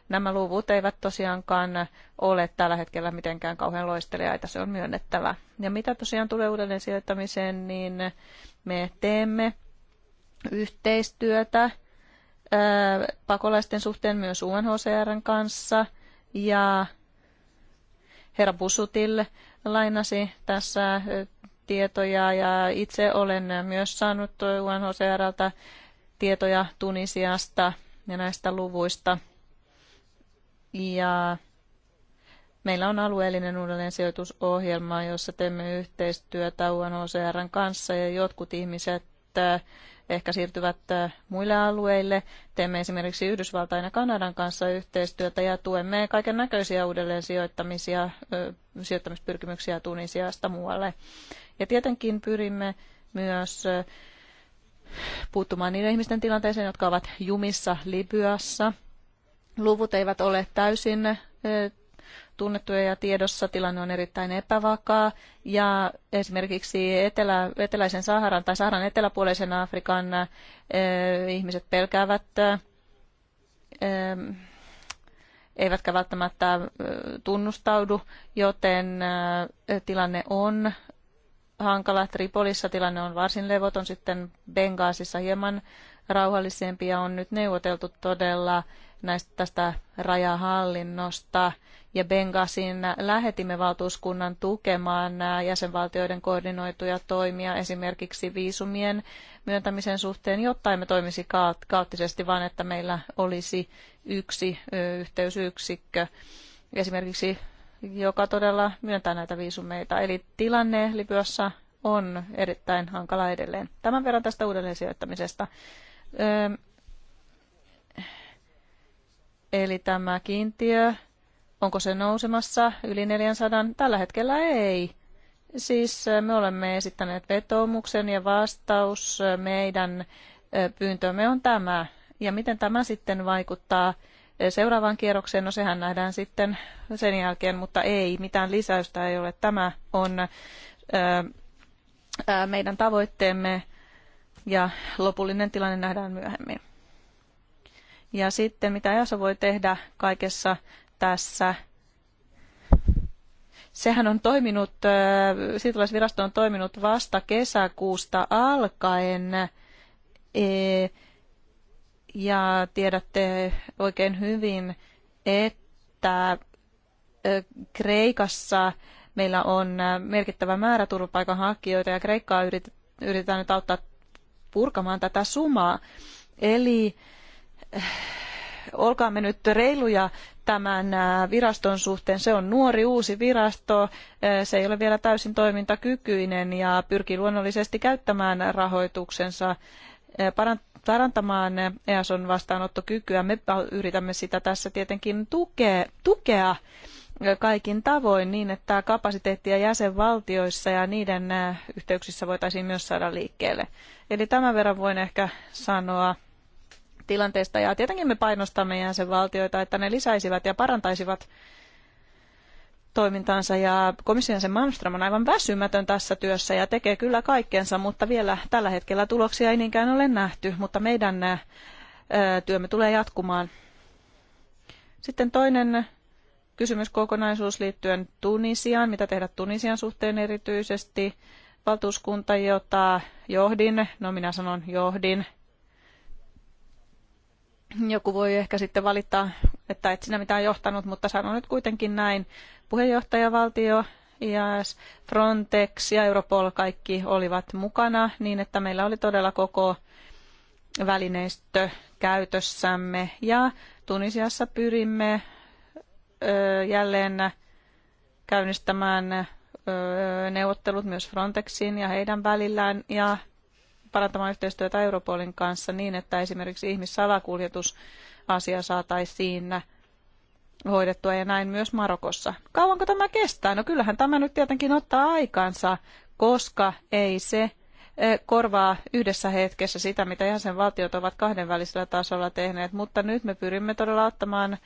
Nämä luvut eivät tosiaankaan ole tällä hetkellä mitenkään kauhean loisteliaita, se on myönnettävä. Ja mitä tosiaan tulee uudelleen sijoittamiseen, niin me teemme yhteistyötä pakolaisten suhteen myös UNHCRn kanssa ja herra Busutil lainasi tässä tietoja ja itse olen myös saanut UNHCRltä tietoja Tunisiasta ja näistä luvuista. Ja meillä on alueellinen uudelleensijoitusohjelma, jossa teemme yhteistyötä UNHCRn kanssa ja jotkut ihmiset ehkä siirtyvät muille alueille. Teemme esimerkiksi Yhdysvaltain ja Kanadan kanssa yhteistyötä ja tuemme kaiken näköisiä uudelleen sijoittamisia, sijoittamispyrkimyksiä Tunisiasta muualle. Ja tietenkin pyrimme myös puuttumaan niiden ihmisten tilanteeseen, jotka ovat jumissa Libyassa. Luvut eivät ole täysin tunnettuja ja tiedossa. Tilanne on erittäin epävakaa ja esimerkiksi etelä, eteläisen Saharan tai Saharan eteläpuoleisen Afrikan eh, ihmiset pelkäävät eh, eivätkä välttämättä äh, tunnustaudu, joten tilanne on hankala. Tripolissa tilanne on varsin levoton, sitten Bengaasissa hieman rauhallisempi ja on nyt neuvoteltu todella näistä tästä rajahallinnosta ja Bengasin lähetimme valtuuskunnan tukemaan jäsenvaltioiden koordinoituja toimia esimerkiksi viisumien myöntämisen suhteen, jotta emme toimisi kaoottisesti, vaan että meillä olisi yksi yhteysyksikkö esimerkiksi, joka todella myöntää näitä viisumeita. Eli tilanne Libyassa on erittäin hankala edelleen. Tämän verran tästä uudelleen sijoittamisesta. Eli tämä kiintiö Onko se nousemassa yli 400? Tällä hetkellä ei. Siis me olemme esittäneet vetoomuksen ja vastaus meidän pyyntömme on tämä. Ja miten tämä sitten vaikuttaa seuraavaan kierrokseen, no sehän nähdään sitten sen jälkeen, mutta ei, mitään lisäystä ei ole. Tämä on meidän tavoitteemme ja lopullinen tilanne nähdään myöhemmin. Ja sitten mitä EASA voi tehdä kaikessa tässä. Sehän on toiminut, siirtolaisvirasto on toiminut vasta kesäkuusta alkaen. E, ja tiedätte oikein hyvin, että Kreikassa meillä on merkittävä määrä turvapaikanhakijoita ja Kreikkaa yritetään nyt auttaa purkamaan tätä sumaa. Eli olkaamme nyt reiluja tämän viraston suhteen. Se on nuori uusi virasto, se ei ole vielä täysin toimintakykyinen ja pyrkii luonnollisesti käyttämään rahoituksensa parantamaan EASON vastaanottokykyä. Me yritämme sitä tässä tietenkin tukea, tukea kaikin tavoin niin, että kapasiteettia jäsenvaltioissa ja niiden yhteyksissä voitaisiin myös saada liikkeelle. Eli tämän verran voin ehkä sanoa tilanteesta. Ja tietenkin me painostamme jäsenvaltioita, että ne lisäisivät ja parantaisivat toimintaansa ja komission sen Malmström on aivan väsymätön tässä työssä ja tekee kyllä kaikkensa, mutta vielä tällä hetkellä tuloksia ei niinkään ole nähty, mutta meidän työmme tulee jatkumaan. Sitten toinen kysymyskokonaisuus liittyen Tunisiaan, mitä tehdä Tunisian suhteen erityisesti. Valtuuskunta, jota johdin, no minä sanon johdin, joku voi ehkä sitten valittaa, että et sinä mitään johtanut, mutta sanon nyt kuitenkin näin. Puheenjohtajavaltio IAS, Frontex ja Europol kaikki olivat mukana niin, että meillä oli todella koko välineistö käytössämme ja Tunisiassa pyrimme jälleen käynnistämään neuvottelut myös Frontexin ja heidän välillään ja parantamaan yhteistyötä Europolin kanssa niin, että esimerkiksi ihmissalakuljetusasia saataisiin hoidettua ja näin myös Marokossa. Kauanko tämä kestää? No kyllähän tämä nyt tietenkin ottaa aikansa, koska ei se eh, korvaa yhdessä hetkessä sitä, mitä jäsenvaltiot ovat kahdenvälisellä tasolla tehneet, mutta nyt me pyrimme todella ottamaan eh,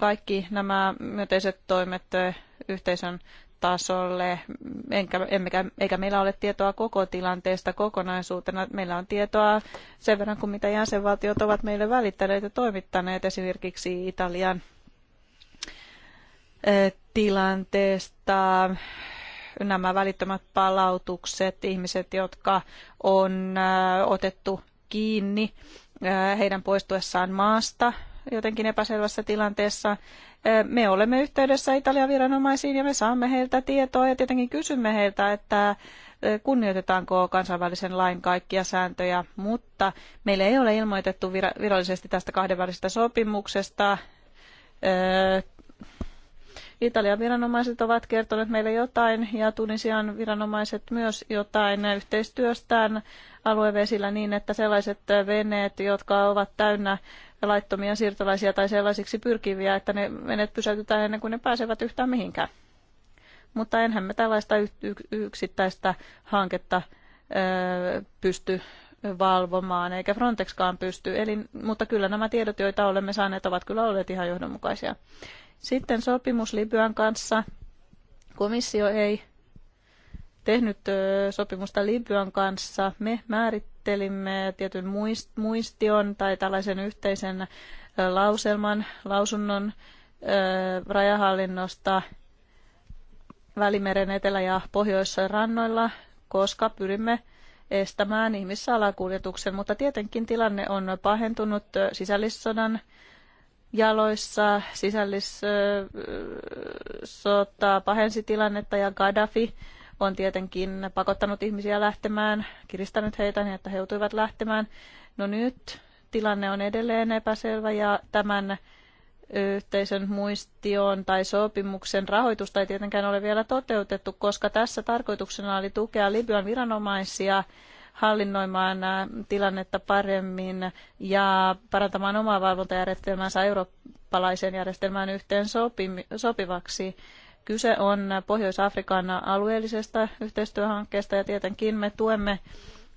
kaikki nämä myönteiset toimet eh, yhteisön tasolle, enkä, emmekä, eikä meillä ole tietoa koko tilanteesta kokonaisuutena. Meillä on tietoa sen verran kuin mitä jäsenvaltiot ovat meille välittäneet ja toimittaneet esimerkiksi Italian tilanteesta. Nämä välittömät palautukset, ihmiset, jotka on otettu kiinni heidän poistuessaan maasta, jotenkin epäselvässä tilanteessa. Me olemme yhteydessä Italian viranomaisiin ja me saamme heiltä tietoa ja tietenkin kysymme heiltä, että kunnioitetaanko kansainvälisen lain kaikkia sääntöjä, mutta meille ei ole ilmoitettu virallisesti tästä kahdenvälisestä sopimuksesta Italian viranomaiset ovat kertoneet meille jotain ja Tunisian viranomaiset myös jotain yhteistyöstään aluevesillä niin, että sellaiset veneet, jotka ovat täynnä laittomia siirtolaisia tai sellaisiksi pyrkiviä, että ne veneet pysäytetään ennen kuin ne pääsevät yhtään mihinkään. Mutta enhän me tällaista yksittäistä hanketta pysty valvomaan, eikä Frontexkaan pysty. Eli, mutta kyllä nämä tiedot, joita olemme saaneet, ovat kyllä olleet ihan johdonmukaisia. Sitten sopimus Libyan kanssa. Komissio ei tehnyt sopimusta Libyan kanssa. Me määrittelimme tietyn muistion tai tällaisen yhteisen lauselman, lausunnon rajahallinnosta Välimeren etelä- ja pohjoissojen rannoilla, koska pyrimme estämään ihmissalakuljetuksen, mutta tietenkin tilanne on pahentunut sisällissodan jaloissa sisällissota pahensi tilannetta ja Gaddafi on tietenkin pakottanut ihmisiä lähtemään, kiristänyt heitä niin, että he joutuivat lähtemään. No nyt tilanne on edelleen epäselvä ja tämän yhteisön muistioon tai sopimuksen rahoitusta ei tietenkään ole vielä toteutettu, koska tässä tarkoituksena oli tukea Libyan viranomaisia hallinnoimaan äh, tilannetta paremmin ja parantamaan omaa valvontajärjestelmäänsä eurooppalaisen järjestelmään yhteen sopivaksi. Kyse on Pohjois-Afrikan alueellisesta yhteistyöhankkeesta ja tietenkin me tuemme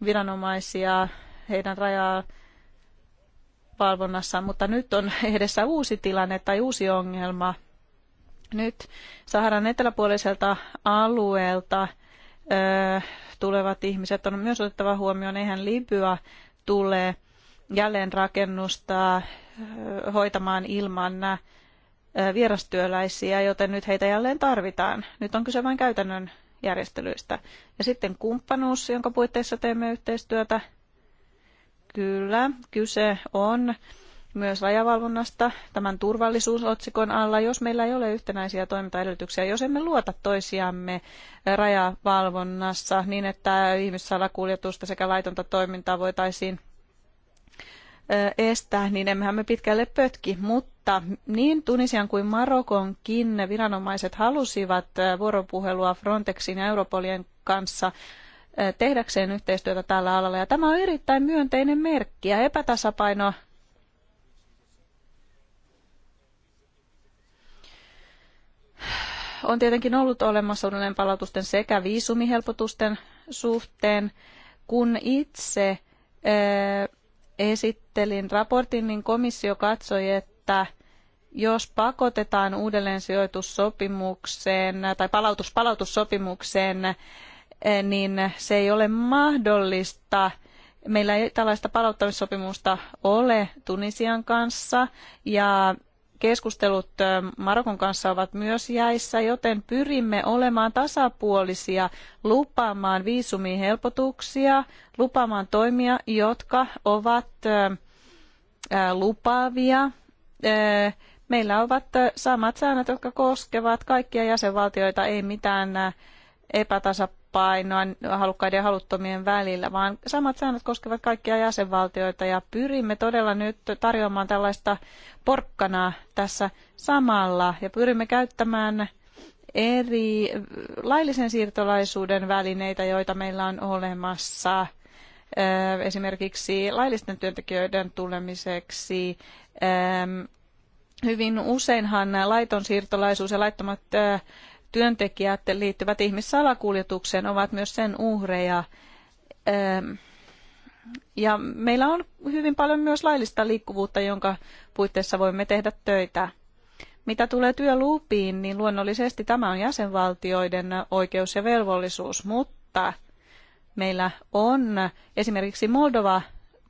viranomaisia heidän rajaa valvonnassa, mutta nyt on edessä uusi tilanne tai uusi ongelma. Nyt Saharan eteläpuoliselta alueelta tulevat ihmiset on myös otettava huomioon. Eihän Libya tule jälleenrakennusta hoitamaan ilman vierastyöläisiä, joten nyt heitä jälleen tarvitaan. Nyt on kyse vain käytännön järjestelyistä. Ja sitten kumppanuus, jonka puitteissa teemme yhteistyötä. Kyllä, kyse on myös rajavalvonnasta tämän turvallisuusotsikon alla, jos meillä ei ole yhtenäisiä toimintaedellytyksiä, jos emme luota toisiamme rajavalvonnassa niin, että ihmissalakuljetusta sekä laitonta toimintaa voitaisiin estää, niin emmehän me pitkälle pötki, mutta niin Tunisian kuin Marokonkin viranomaiset halusivat vuoropuhelua Frontexin ja Europolien kanssa tehdäkseen yhteistyötä tällä alalla. Ja tämä on erittäin myönteinen merkki ja epätasapaino on tietenkin ollut olemassa uudelleenpalautusten sekä viisumihelpotusten suhteen. Kun itse esittelin raportin, niin komissio katsoi, että jos pakotetaan uudelleen sijoitussopimukseen tai palautus, palautussopimukseen, niin se ei ole mahdollista. Meillä ei tällaista palauttamissopimusta ole Tunisian kanssa ja keskustelut Marokon kanssa ovat myös jäissä, joten pyrimme olemaan tasapuolisia, lupaamaan viisumihelpotuksia, lupaamaan toimia, jotka ovat lupaavia. Meillä ovat samat säännöt, jotka koskevat kaikkia jäsenvaltioita, ei mitään epätasapuolisia tasapainoa halukkaiden ja haluttomien välillä, vaan samat säännöt koskevat kaikkia jäsenvaltioita ja pyrimme todella nyt tarjoamaan tällaista porkkanaa tässä samalla ja pyrimme käyttämään eri laillisen siirtolaisuuden välineitä, joita meillä on olemassa eh, esimerkiksi laillisten työntekijöiden tulemiseksi. Hyvin useinhan laiton siirtolaisuus ja laittomat eh, työntekijät liittyvät ihmissalakuljetukseen, ovat myös sen uhreja. Ehm, ja meillä on hyvin paljon myös laillista liikkuvuutta, jonka puitteissa voimme tehdä töitä. Mitä tulee työlupiin, niin luonnollisesti tämä on jäsenvaltioiden oikeus ja velvollisuus, mutta meillä on esimerkiksi Moldova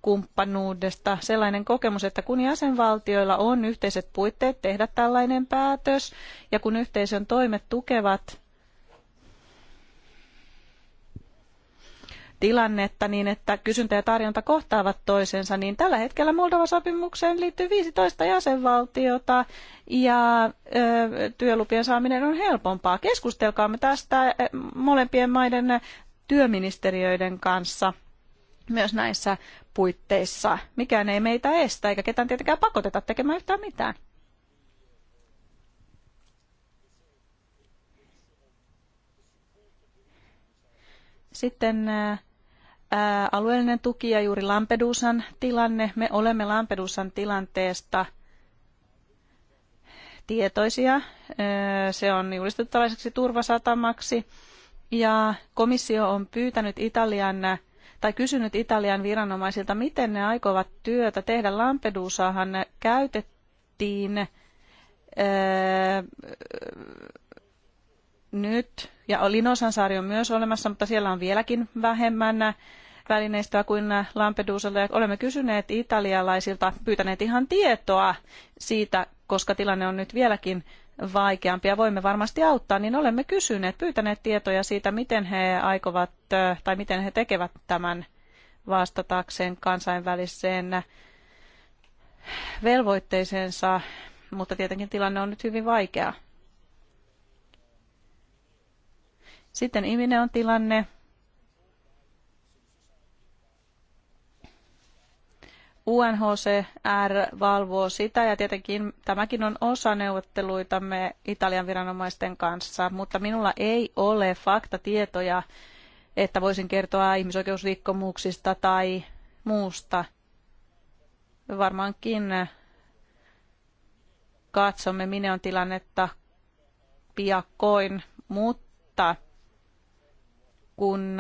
kumppanuudesta sellainen kokemus, että kun jäsenvaltioilla on yhteiset puitteet tehdä tällainen päätös ja kun yhteisön toimet tukevat tilannetta niin, että kysyntä ja tarjonta kohtaavat toisensa, niin tällä hetkellä Moldova-sopimukseen liittyy 15 jäsenvaltiota ja ö, työlupien saaminen on helpompaa. Keskustelkaamme tästä molempien maiden työministeriöiden kanssa – myös näissä puitteissa. Mikään ei meitä estä, eikä ketään tietenkään pakoteta tekemään yhtään mitään. Sitten ää, alueellinen tuki ja juuri Lampedusan tilanne. Me olemme Lampedusan tilanteesta tietoisia. Se on julistettu turvasatamaksi ja komissio on pyytänyt Italian tai kysynyt Italian viranomaisilta, miten ne aikovat työtä tehdä. Lampedusahan käytettiin öö, nyt, ja Linosan saari on myös olemassa, mutta siellä on vieläkin vähemmän välineistöä kuin Lampedusalla. Ja olemme kysyneet italialaisilta, pyytäneet ihan tietoa siitä, koska tilanne on nyt vieläkin vaikeampia voimme varmasti auttaa, niin olemme kysyneet, pyytäneet tietoja siitä, miten he aikovat tai miten he tekevät tämän vastatakseen kansainväliseen velvoitteeseensa, mutta tietenkin tilanne on nyt hyvin vaikea. Sitten ihminen on tilanne, UNHCR valvoo sitä ja tietenkin tämäkin on osa neuvotteluitamme Italian viranomaisten kanssa, mutta minulla ei ole faktatietoja, että voisin kertoa ihmisoikeusrikkomuksista tai muusta. Varmaankin katsomme on tilannetta piakkoin, mutta kun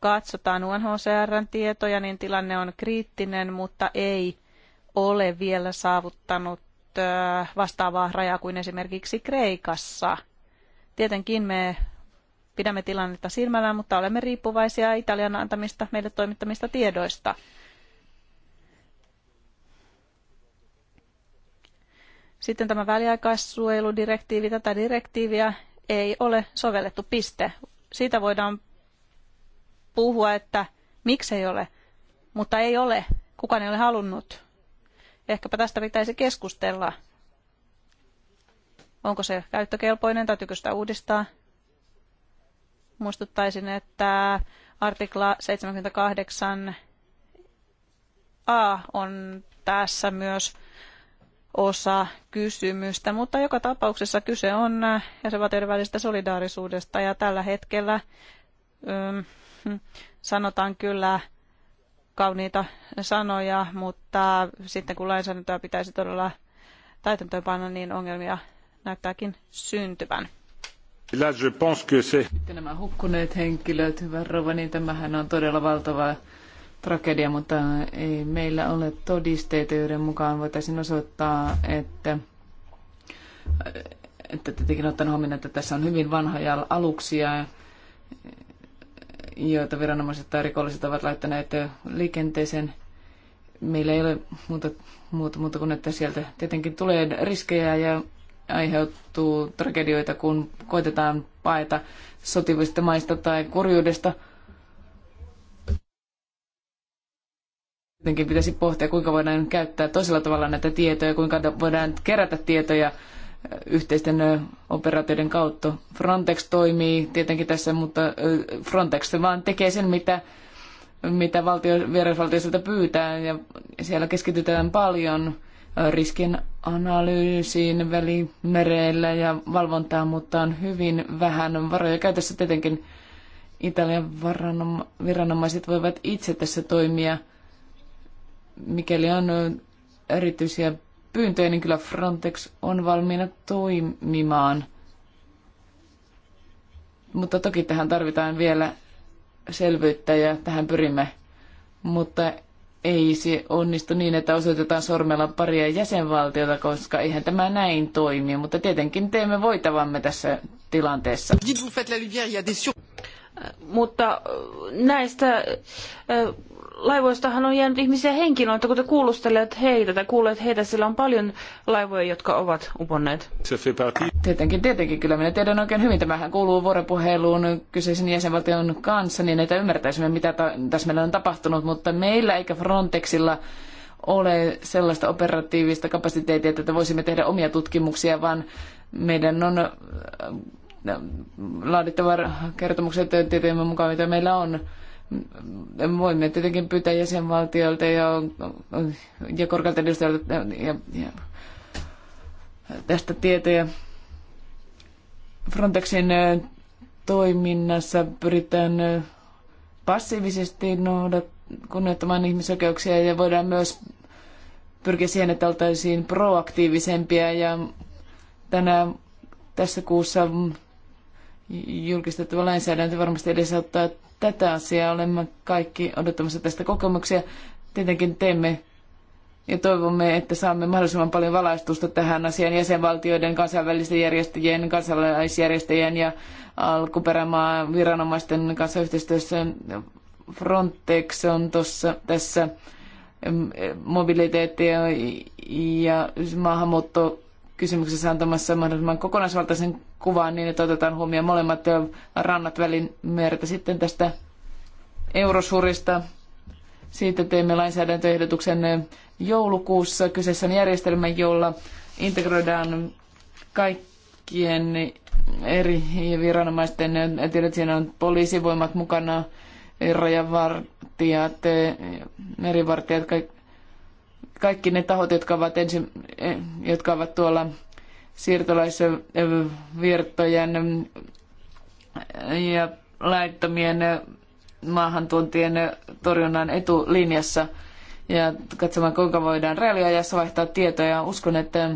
katsotaan UNHCRn tietoja, niin tilanne on kriittinen, mutta ei ole vielä saavuttanut äh, vastaavaa rajaa kuin esimerkiksi Kreikassa. Tietenkin me pidämme tilannetta silmällä, mutta olemme riippuvaisia Italian antamista meille toimittamista tiedoista. Sitten tämä väliaikaissuojeludirektiivi, tätä direktiiviä ei ole sovellettu piste. Siitä voidaan puhua, että miksei ole, mutta ei ole. Kukaan ei ole halunnut. Ehkäpä tästä pitäisi keskustella. Onko se käyttökelpoinen, täytyykö sitä uudistaa? Muistuttaisin, että artikla 78 A on tässä myös osa kysymystä, mutta joka tapauksessa kyse on jäsenvaltioiden välisestä solidaarisuudesta ja tällä hetkellä mm, sanotaan kyllä kauniita sanoja, mutta sitten kun lainsäädäntöä pitäisi todella täytäntöönpanna, niin ongelmia näyttääkin syntyvän. Là, je pense que Nämä hukkuneet henkilöt, hyvä rouva, niin tämähän on todella valtava tragedia, mutta ei meillä ole todisteita, joiden mukaan voitaisiin osoittaa, että, että tietenkin ottanut huomioon, että tässä on hyvin vanhoja aluksia, joita viranomaiset tai rikolliset ovat laittaneet liikenteeseen. Meillä ei ole muuta, muuta, muuta kuin, että sieltä tietenkin tulee riskejä ja aiheutuu tragedioita, kun koitetaan paeta sotivista maista tai kurjuudesta. tietenkin pitäisi pohtia, kuinka voidaan käyttää toisella tavalla näitä tietoja, kuinka voidaan kerätä tietoja yhteisten operaatioiden kautta. Frontex toimii tietenkin tässä, mutta Frontex vaan tekee sen, mitä, mitä valtio, pyytää ja siellä keskitytään paljon riskien analyysiin välimereillä ja valvontaan, mutta on hyvin vähän varoja käytössä tietenkin. Italian viranomaiset voivat itse tässä toimia, mikäli on erityisiä pyyntöjä, niin kyllä Frontex on valmiina toimimaan. Mutta toki tähän tarvitaan vielä selvyyttä ja tähän pyrimme. Mutta ei se onnistu niin, että osoitetaan sormella paria jäsenvaltiota, koska eihän tämä näin toimi. Mutta tietenkin teemme voitavamme tässä tilanteessa. Mutta näistä laivoistahan on jäänyt ihmisiä henkiloin, kun te kuulustelet heitä tai kuulet heitä, sillä on paljon laivoja, jotka ovat uponneet. Tietenkin, tietenkin. Kyllä minä tiedän oikein hyvin. Tämähän kuuluu vuoropuheluun kyseisen jäsenvaltion kanssa, niin että ymmärtäisimme, mitä ta- tässä meillä on tapahtunut. Mutta meillä eikä Frontexilla ole sellaista operatiivista kapasiteettia, että voisimme tehdä omia tutkimuksia, vaan meidän on äh, laadittava kertomukset tietojemme mukaan, mitä meillä on voimme tietenkin pyytää jäsenvaltioilta ja, ja korkealta edustajalta ja, ja, tästä tietoja. Frontexin toiminnassa pyritään passiivisesti noudat, kunnioittamaan ihmisoikeuksia ja voidaan myös pyrkiä siihen, että oltaisiin proaktiivisempia ja tänä tässä kuussa julkistettava lainsäädäntö varmasti edesauttaa tätä asiaa olemme kaikki odottamassa tästä kokemuksia. Tietenkin teemme ja toivomme, että saamme mahdollisimman paljon valaistusta tähän asiaan jäsenvaltioiden, kansainvälisten järjestöjen, kansalaisjärjestöjen ja alkuperämaa viranomaisten kanssa yhteistyössä. Frontex on tuossa tässä mm, mobiliteetti ja, ja maahanmuutto kysymyksessä antamassa mahdollisimman kokonaisvaltaisen kuvan niin, että otetaan huomioon molemmat rannat välin merta. Sitten tästä eurosurista. Siitä teimme lainsäädäntöehdotuksen joulukuussa. Kyseessä on järjestelmä, jolla integroidaan kaikkien eri viranomaisten tiedot. Siinä on poliisivoimat mukana, rajavartijat, merivartijat, kaikki kaikki ne tahot, jotka ovat, ensin, eh, jotka ovat tuolla siirtolaisvirtojen eh, eh, ja laittomien maahantuontien torjunnan etulinjassa ja katsomaan, kuinka voidaan reaaliajassa vaihtaa tietoja. Uskon, että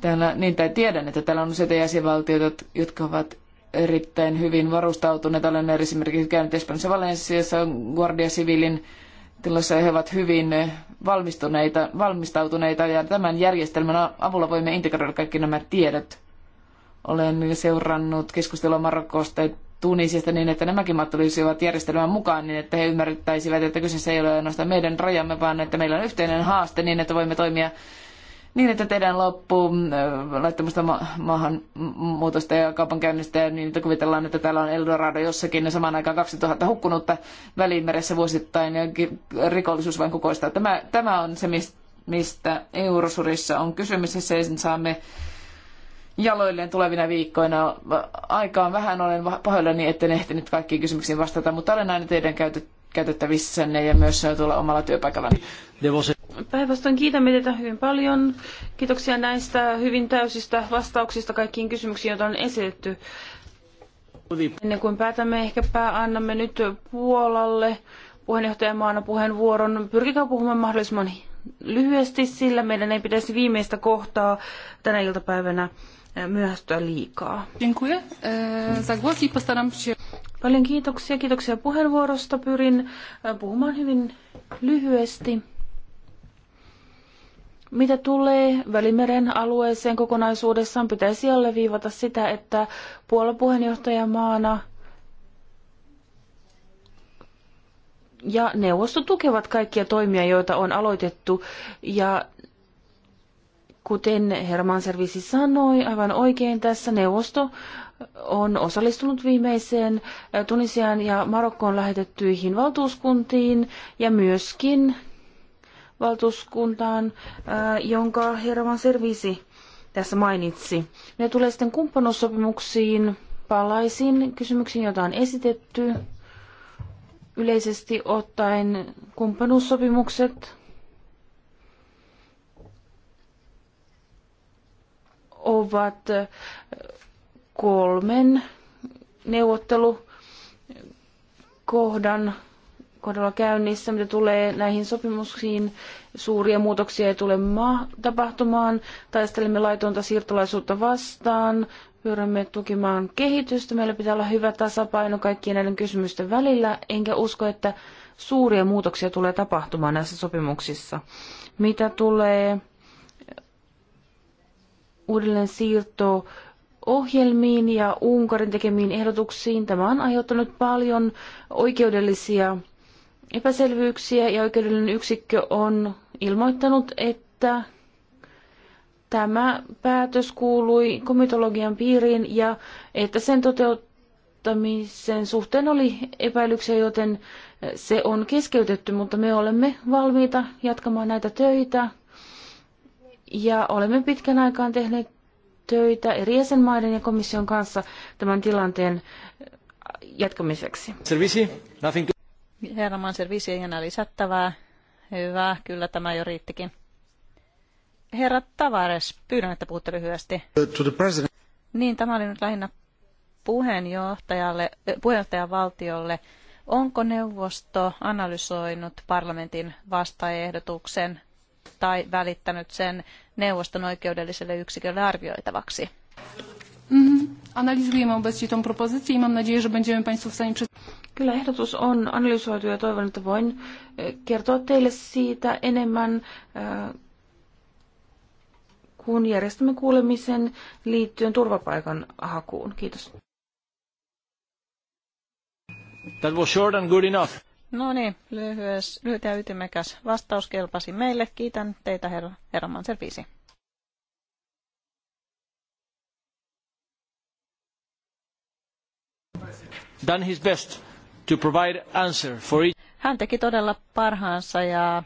täällä, niin tai tiedän, että täällä on useita jäsenvaltioita, jotka ovat erittäin hyvin varustautuneet. Olen esimerkiksi käynyt Espanjassa Valensiassa Guardia Civilin tilassa he ovat hyvin valmistuneita, valmistautuneita ja tämän järjestelmän avulla voimme integroida kaikki nämä tiedot. Olen seurannut keskustelua Marokosta ja Tunisiasta niin, että nämäkin maat tulisivat järjestelmän mukaan niin, että he ymmärtäisivät, että kyseessä ei ole ainoastaan meidän rajamme, vaan että meillä on yhteinen haaste niin, että voimme toimia niin, että tehdään loppu äh, laittamusta ma- maahanmuutosta ja kaupankäynnistä ja niin, että kuvitellaan, että täällä on Eldorado jossakin ja samaan aikaan 2000 hukkunutta välimeressä vuosittain ja rikollisuus vain kukoistaa. Tämä, tämä on se, mistä Eurosurissa on kysymys ja sen saamme jaloilleen tulevina viikkoina. Aikaan vähän olen pahoillani, etten ehtinyt kaikkiin kysymyksiin vastata, mutta olen aina teidän käytettävissänne ja myös tuolla omalla työpaikallani. Päinvastoin kiitämme teitä hyvin paljon. Kiitoksia näistä hyvin täysistä vastauksista kaikkiin kysymyksiin, joita on esitetty. Ennen kuin päätämme, ehkäpä annamme nyt Puolalle puheenjohtajamaana puheenvuoron. Pyrkikää puhumaan mahdollisimman lyhyesti, sillä meidän ei pitäisi viimeistä kohtaa tänä iltapäivänä myöhästyä liikaa. E, paljon kiitoksia, kiitoksia puheenvuorosta. Pyrin puhumaan hyvin lyhyesti. Mitä tulee Välimeren alueeseen kokonaisuudessaan, pitäisi alleviivata sitä, että Puola puheenjohtajamaana ja neuvosto tukevat kaikkia toimia, joita on aloitettu. Ja kuten Herman Servisi sanoi, aivan oikein tässä neuvosto on osallistunut viimeiseen äh, Tunisiaan ja Marokkoon lähetettyihin valtuuskuntiin ja myöskin valtuuskuntaan, äh, jonka Herman Servisi tässä mainitsi. Ne tulee sitten kumppanuussopimuksiin, palaisin kysymyksiin, joita on esitetty. Yleisesti ottaen kumppanuussopimukset ovat äh, kolmen neuvottelukohdan kohdan kohdalla käynnissä, mitä tulee näihin sopimuksiin. Suuria muutoksia ei tule tapahtumaan. Taistelemme laitonta siirtolaisuutta vastaan. Pyörämme tukemaan kehitystä. Meillä pitää olla hyvä tasapaino kaikkien näiden kysymysten välillä. Enkä usko, että suuria muutoksia tulee tapahtumaan näissä sopimuksissa. Mitä tulee uudelleen siirto ohjelmiin ja Unkarin tekemiin ehdotuksiin. Tämä on aiheuttanut paljon oikeudellisia epäselvyyksiä ja oikeudellinen yksikkö on ilmoittanut, että tämä päätös kuului komitologian piiriin ja että sen toteuttamisen suhteen oli epäilyksiä, joten se on keskeytetty, mutta me olemme valmiita jatkamaan näitä töitä ja olemme pitkän aikaan tehneet töitä eri jäsenmaiden ja komission kanssa tämän tilanteen jatkamiseksi. Servisi, nothing Herra Manservisi ei enää lisättävää. Hyvä, kyllä tämä jo riittikin. Herra Tavares, pyydän, että puhutte lyhyesti. Niin, tämä oli nyt lähinnä puheenjohtajalle, eh, puheenjohtajan valtiolle. Onko neuvosto analysoinut parlamentin vastaehdotuksen tai välittänyt sen neuvoston oikeudelliselle yksikölle arvioitavaksi? Mm-hmm. Analysoimme obecnie tą propozycję i mam nadzieję, że będziemy Państwu w stanie przedstawić. Kyllä ehdotus on analysoitu ja toivon, että voin eh, kertoa teille siitä enemmän, eh, kun järjestämme kuulemisen liittyen turvapaikan hakuun. Kiitos. That was short and good enough. No niin, lyhyes, lyhyt ja ytimekäs vastaus kelpasi meille. Kiitän teitä, herra, herra Manserviisi. Done his best to provide answer for it. Hän teki todella parhaansa ja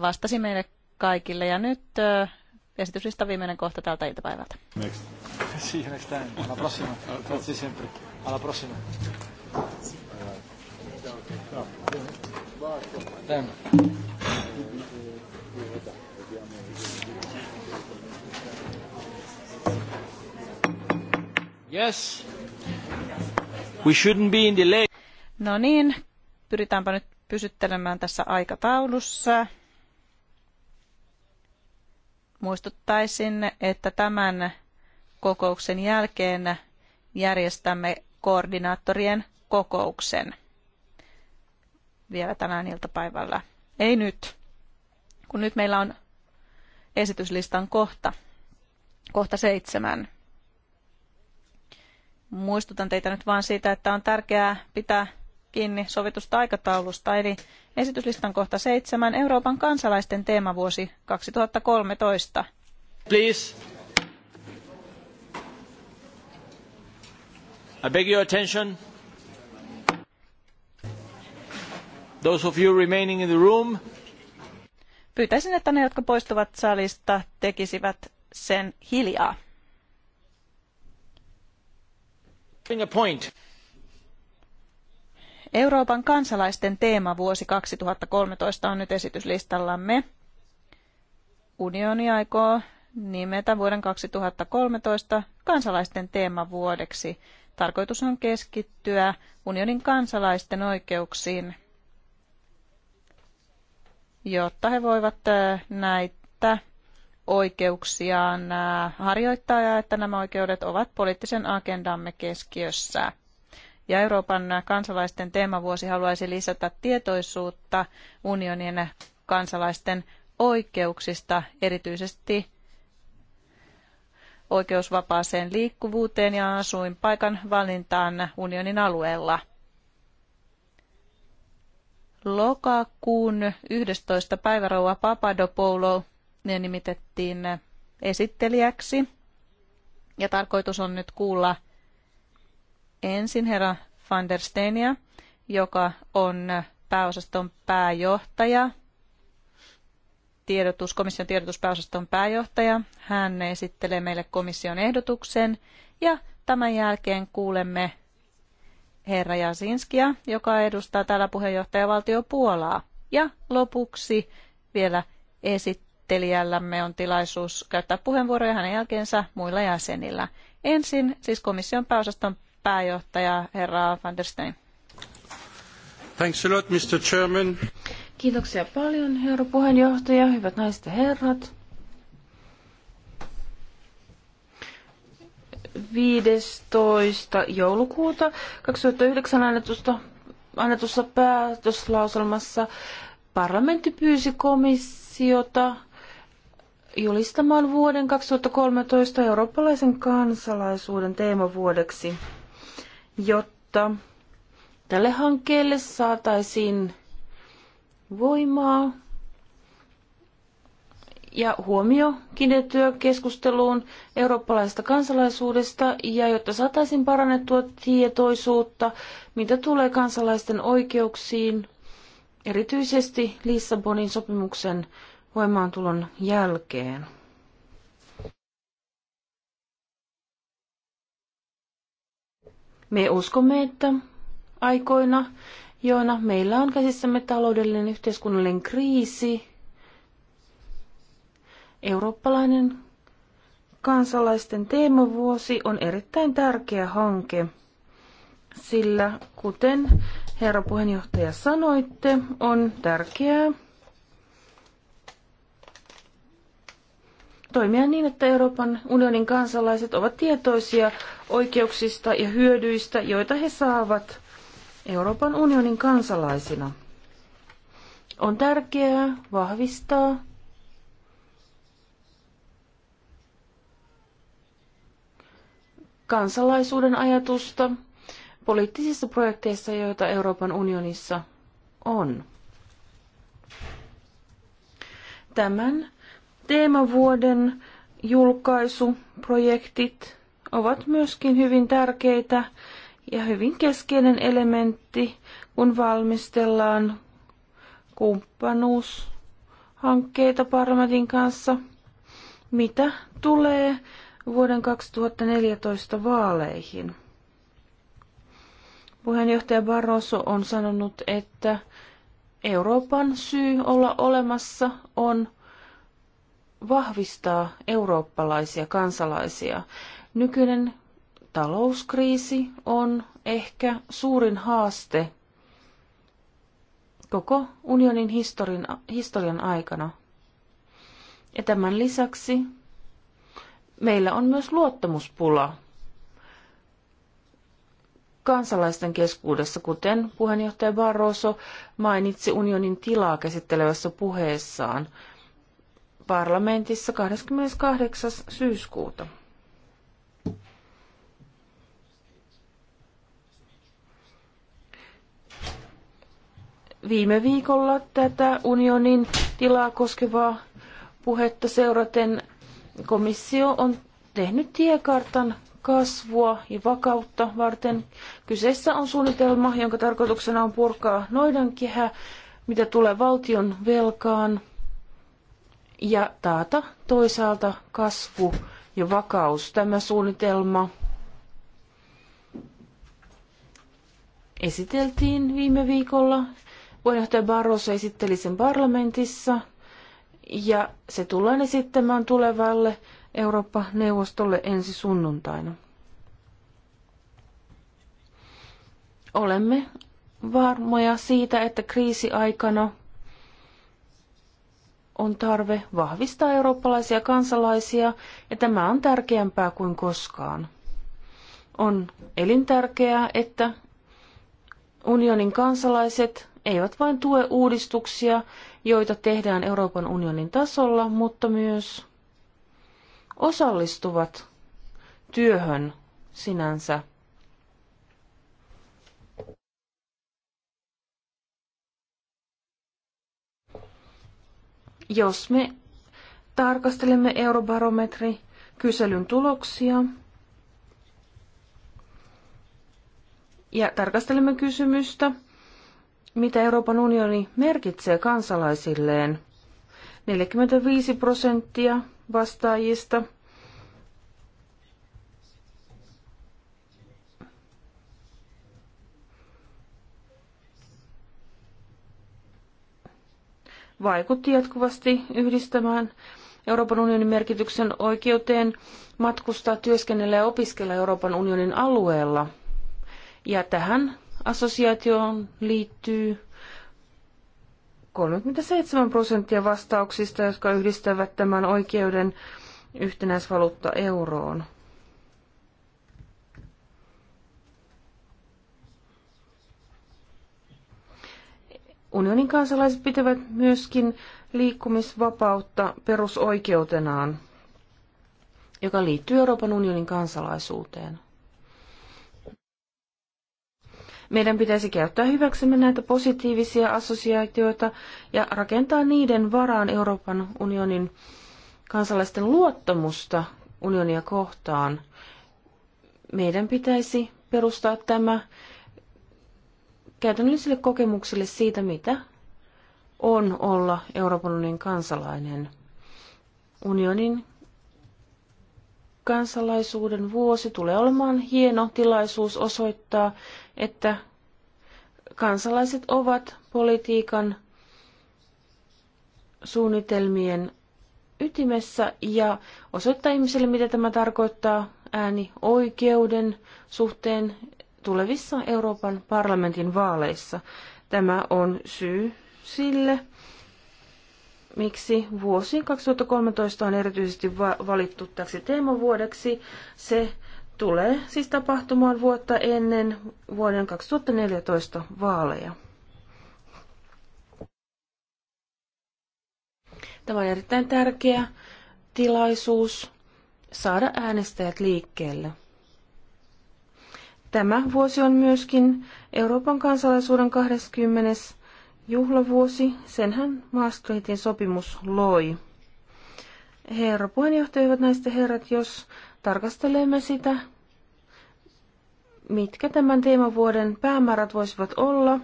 vastasi meille kaikille. Ja nyt esityslista viimeinen kohta tältä iltapäivältä. Next. See you next time. Alla prossima. Grazie sempre. Alla prossima. Then. Yes. We shouldn't be in delay. No niin, pyritäänpä nyt pysyttelemään tässä aikataulussa. Muistuttaisin, että tämän kokouksen jälkeen järjestämme koordinaattorien kokouksen vielä tänään iltapäivällä. Ei nyt, kun nyt meillä on esityslistan kohta, kohta seitsemän. Muistutan teitä nyt vaan siitä, että on tärkeää pitää kiinni sovitusta aikataulusta, eli esityslistan kohta 7, Euroopan kansalaisten teemavuosi 2013. Please. I beg your attention. Those of you remaining in the room. Pyytäisin, että ne, jotka poistuvat salista, tekisivät sen hiljaa. A point. Euroopan kansalaisten teema vuosi 2013 on nyt esityslistallamme. Unioni aikoo nimetä vuoden 2013 kansalaisten teemavuodeksi. Tarkoitus on keskittyä unionin kansalaisten oikeuksiin, jotta he voivat näitä oikeuksiaan harjoittaa ja että nämä oikeudet ovat poliittisen agendamme keskiössä ja Euroopan kansalaisten teemavuosi haluaisi lisätä tietoisuutta unionin kansalaisten oikeuksista, erityisesti oikeus vapaaseen liikkuvuuteen ja asuinpaikan valintaan unionin alueella. Lokakuun 11. päivä rouva Papadopoulou nimitettiin esittelijäksi ja tarkoitus on nyt kuulla ensin herra van der Stenia, joka on pääosaston pääjohtaja, tiedotus, komission tiedotuspääosaston pääjohtaja. Hän esittelee meille komission ehdotuksen ja tämän jälkeen kuulemme herra Jasinskia, joka edustaa täällä puheenjohtajavaltio Puolaa. Ja lopuksi vielä esittelijällämme on tilaisuus käyttää puheenvuoroja hänen jälkeensä muilla jäsenillä. Ensin siis komission pääosaston pääjohtaja herra van der Steen. Thanks a lot, Mr. Chairman. Kiitoksia paljon, herra puheenjohtaja, hyvät naiset ja herrat. Viidestoista joulukuuta 2009 annetusta, annetussa päätöslauselmassa parlamentti pyysi komissiota julistamaan vuoden 2013 eurooppalaisen kansalaisuuden teemavuodeksi jotta tälle hankkeelle saataisiin voimaa ja huomio kiinnitettyä keskusteluun eurooppalaisesta kansalaisuudesta ja jotta saataisiin parannettua tietoisuutta, mitä tulee kansalaisten oikeuksiin, erityisesti Lissabonin sopimuksen voimaantulon jälkeen. Me uskomme, että aikoina, joina meillä on käsissämme taloudellinen yhteiskunnallinen kriisi, eurooppalainen kansalaisten teemavuosi on erittäin tärkeä hanke, sillä kuten herra puheenjohtaja sanoitte, on tärkeää, toimia niin, että Euroopan unionin kansalaiset ovat tietoisia oikeuksista ja hyödyistä, joita he saavat Euroopan unionin kansalaisina. On tärkeää vahvistaa kansalaisuuden ajatusta poliittisissa projekteissa, joita Euroopan unionissa on. Tämän Teemavuoden julkaisuprojektit ovat myöskin hyvin tärkeitä ja hyvin keskeinen elementti, kun valmistellaan kumppanuushankkeita Parmatin kanssa, mitä tulee vuoden 2014 vaaleihin. Puheenjohtaja Barroso on sanonut, että Euroopan syy olla olemassa on vahvistaa eurooppalaisia kansalaisia. Nykyinen talouskriisi on ehkä suurin haaste koko unionin historian, historian aikana. Ja tämän lisäksi meillä on myös luottamuspula kansalaisten keskuudessa, kuten puheenjohtaja Barroso mainitsi unionin tilaa käsittelevässä puheessaan – parlamentissa 28. syyskuuta. Viime viikolla tätä unionin tilaa koskevaa puhetta seuraten komissio on tehnyt tiekartan kasvua ja vakautta varten. Kyseessä on suunnitelma, jonka tarkoituksena on purkaa noidankehä, mitä tulee valtion velkaan – ja taata toisaalta kasvu ja vakaus. Tämä suunnitelma esiteltiin viime viikolla. Puheenjohtaja Barroso esitteli sen parlamentissa ja se tullaan esittämään tulevalle Eurooppa-neuvostolle ensi sunnuntaina. Olemme varmoja siitä, että kriisiaikana – on tarve vahvistaa eurooppalaisia kansalaisia, ja tämä on tärkeämpää kuin koskaan. On elintärkeää, että unionin kansalaiset eivät vain tue uudistuksia, joita tehdään Euroopan unionin tasolla, mutta myös osallistuvat työhön sinänsä. Jos me tarkastelemme eurobarometri kyselyn tuloksia ja tarkastelemme kysymystä, mitä Euroopan unioni merkitsee kansalaisilleen. 45 prosenttia vastaajista – vaikutti jatkuvasti yhdistämään Euroopan unionin merkityksen oikeuteen matkustaa, työskennellä ja opiskella Euroopan unionin alueella. Ja tähän assosiaatioon liittyy 37 prosenttia vastauksista, jotka yhdistävät tämän oikeuden yhtenäisvaluutta euroon. Unionin kansalaiset pitävät myöskin liikkumisvapautta perusoikeutenaan, joka liittyy Euroopan unionin kansalaisuuteen. Meidän pitäisi käyttää hyväksemme näitä positiivisia assosiaatioita ja rakentaa niiden varaan Euroopan unionin kansalaisten luottamusta unionia kohtaan. Meidän pitäisi perustaa tämä käytännöllisille kokemuksille siitä, mitä on olla Euroopan unionin kansalainen. Unionin kansalaisuuden vuosi tulee olemaan hieno tilaisuus osoittaa, että kansalaiset ovat politiikan suunnitelmien ytimessä ja osoittaa ihmisille, mitä tämä tarkoittaa ääni oikeuden suhteen tulevissa Euroopan parlamentin vaaleissa. Tämä on syy sille, miksi vuosi 2013 on erityisesti valittu täksi teemavuodeksi. Se tulee siis tapahtumaan vuotta ennen vuoden 2014 vaaleja. Tämä on erittäin tärkeä tilaisuus saada äänestäjät liikkeelle. Tämä vuosi on myöskin Euroopan kansalaisuuden 20. juhlavuosi. Senhän Maastrichtin sopimus loi. Herra puheenjohtaja, hyvät naiset herrat, jos tarkastelemme sitä, mitkä tämän teemavuoden päämäärät voisivat olla.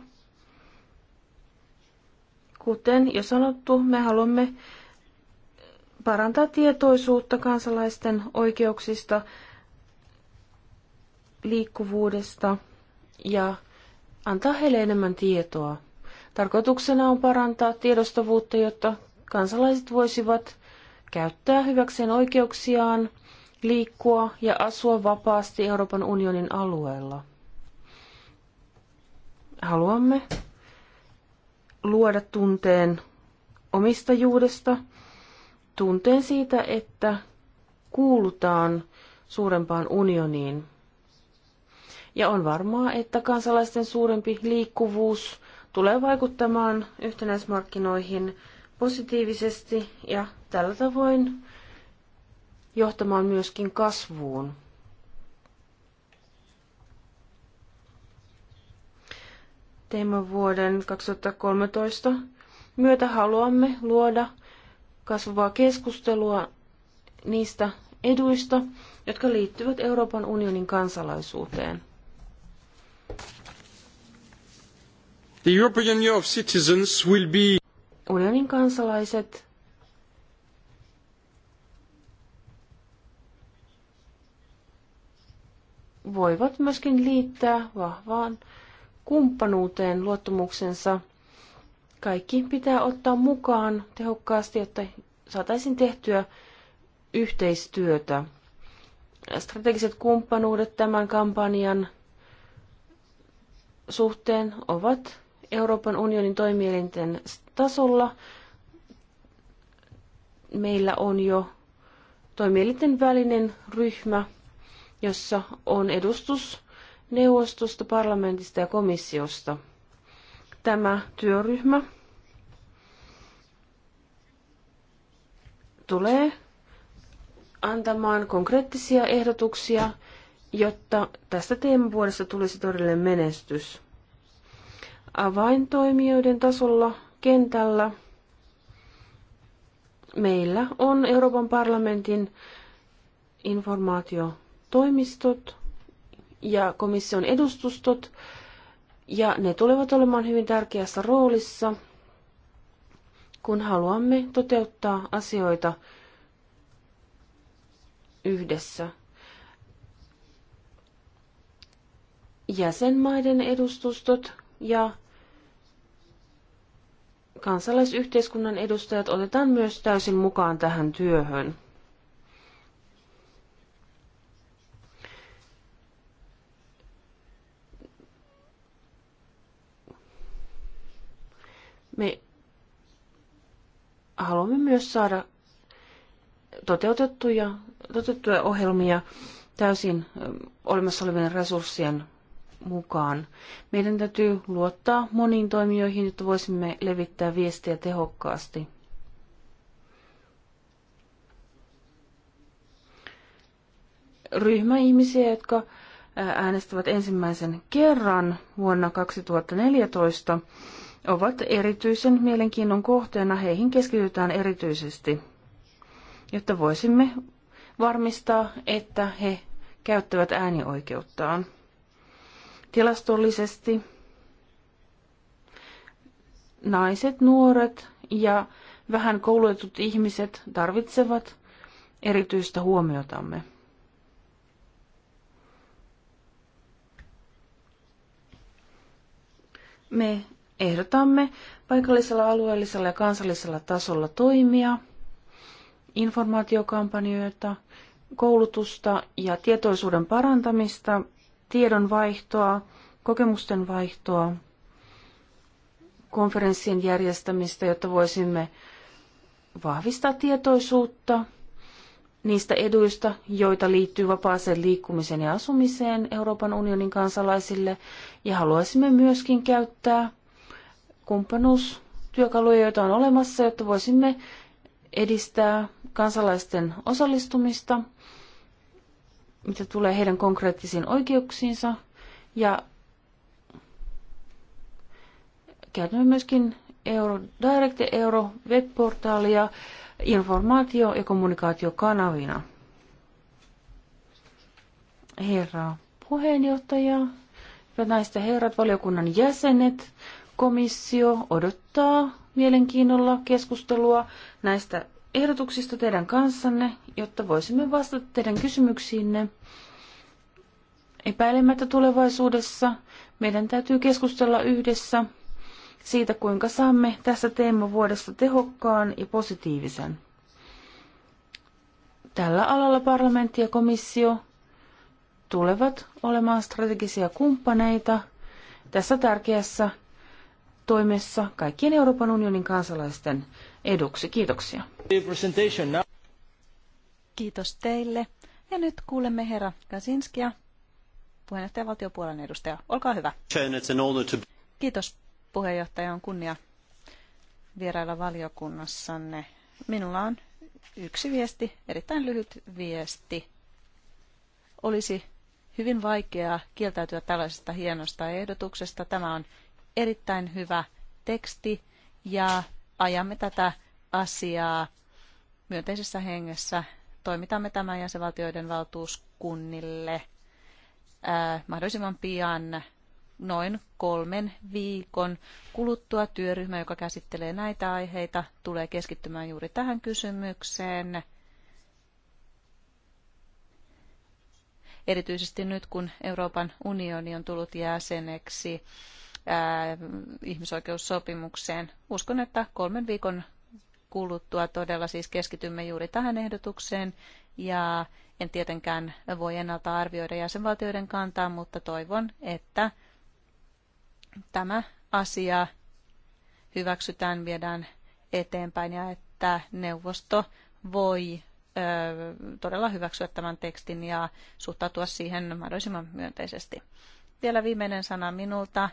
Kuten jo sanottu, me haluamme parantaa tietoisuutta kansalaisten oikeuksista liikkuvuudesta ja antaa heille enemmän tietoa. Tarkoituksena on parantaa tiedostavuutta, jotta kansalaiset voisivat käyttää hyväkseen oikeuksiaan liikkua ja asua vapaasti Euroopan unionin alueella. Haluamme luoda tunteen omistajuudesta, tunteen siitä, että kuulutaan suurempaan unioniin. Ja on varmaa, että kansalaisten suurempi liikkuvuus tulee vaikuttamaan yhtenäismarkkinoihin positiivisesti ja tällä tavoin johtamaan myöskin kasvuun. Teemme vuoden 2013 myötä haluamme luoda kasvavaa keskustelua niistä eduista, jotka liittyvät Euroopan unionin kansalaisuuteen. The European of Citizens will be... Unionin kansalaiset voivat myöskin liittää vahvaan kumppanuuteen luottamuksensa. Kaikki pitää ottaa mukaan tehokkaasti, jotta saataisiin tehtyä yhteistyötä. Strategiset kumppanuudet tämän kampanjan suhteen ovat Euroopan unionin toimielinten tasolla meillä on jo toimielinten välinen ryhmä, jossa on edustus neuvostosta, parlamentista ja komissiosta. Tämä työryhmä tulee antamaan konkreettisia ehdotuksia, jotta tästä teemavuodesta tulisi todellinen menestys avaintoimijoiden tasolla kentällä. Meillä on Euroopan parlamentin informaatiotoimistot ja komission edustustot, ja ne tulevat olemaan hyvin tärkeässä roolissa, kun haluamme toteuttaa asioita yhdessä. Jäsenmaiden edustustot ja kansalaisyhteiskunnan edustajat otetaan myös täysin mukaan tähän työhön. Me haluamme myös saada toteutettuja, toteutettuja ohjelmia täysin olemassa olevien resurssien mukaan. Meidän täytyy luottaa moniin toimijoihin, jotta voisimme levittää viestiä tehokkaasti. Ryhmä ihmisiä, jotka äänestävät ensimmäisen kerran vuonna 2014, ovat erityisen mielenkiinnon kohteena. Heihin keskitytään erityisesti, jotta voisimme varmistaa, että he käyttävät äänioikeuttaan tilastollisesti naiset, nuoret ja vähän koulutetut ihmiset tarvitsevat erityistä huomiotamme. Me ehdotamme paikallisella, alueellisella ja kansallisella tasolla toimia, informaatiokampanjoita, koulutusta ja tietoisuuden parantamista tiedon vaihtoa, kokemusten vaihtoa, konferenssien järjestämistä, jotta voisimme vahvistaa tietoisuutta niistä eduista, joita liittyy vapaaseen liikkumiseen ja asumiseen Euroopan unionin kansalaisille. Ja haluaisimme myöskin käyttää kumppanuustyökaluja, joita on olemassa, jotta voisimme edistää kansalaisten osallistumista mitä tulee heidän konkreettisiin oikeuksiinsa. Ja käytämme myöskin Euro, Direct Euro webportaalia informaatio- ja kommunikaatiokanavina. Herra puheenjohtaja, hyvät naiset ja herrat, valiokunnan jäsenet, komissio odottaa mielenkiinnolla keskustelua näistä ehdotuksista teidän kanssanne, jotta voisimme vastata teidän kysymyksiinne. Epäilemättä tulevaisuudessa meidän täytyy keskustella yhdessä siitä, kuinka saamme tässä teemavuodesta tehokkaan ja positiivisen. Tällä alalla parlamentti ja komissio tulevat olemaan strategisia kumppaneita tässä tärkeässä toimessa kaikkien Euroopan unionin kansalaisten eduksi. Kiitoksia. Kiitos teille. Ja nyt kuulemme herra Kasinskia, puheenjohtaja valtiopuolen edustaja. Olkaa hyvä. Kiitos puheenjohtaja. On kunnia vierailla valiokunnassanne. Minulla on yksi viesti, erittäin lyhyt viesti. Olisi hyvin vaikeaa kieltäytyä tällaisesta hienosta ehdotuksesta. Tämä on erittäin hyvä teksti ja ajamme tätä asiaa myönteisessä hengessä. Toimitamme tämän jäsenvaltioiden valtuuskunnille äh, mahdollisimman pian noin kolmen viikon kuluttua työryhmä, joka käsittelee näitä aiheita, tulee keskittymään juuri tähän kysymykseen. Erityisesti nyt, kun Euroopan unioni on tullut jäseneksi, Äh, ihmisoikeussopimukseen. Uskon, että kolmen viikon kuluttua todella siis keskitymme juuri tähän ehdotukseen ja en tietenkään voi ennalta arvioida jäsenvaltioiden kantaa, mutta toivon, että tämä asia hyväksytään, viedään eteenpäin ja että neuvosto voi ö, todella hyväksyä tämän tekstin ja suhtautua siihen mahdollisimman myönteisesti. Vielä viimeinen sana minulta.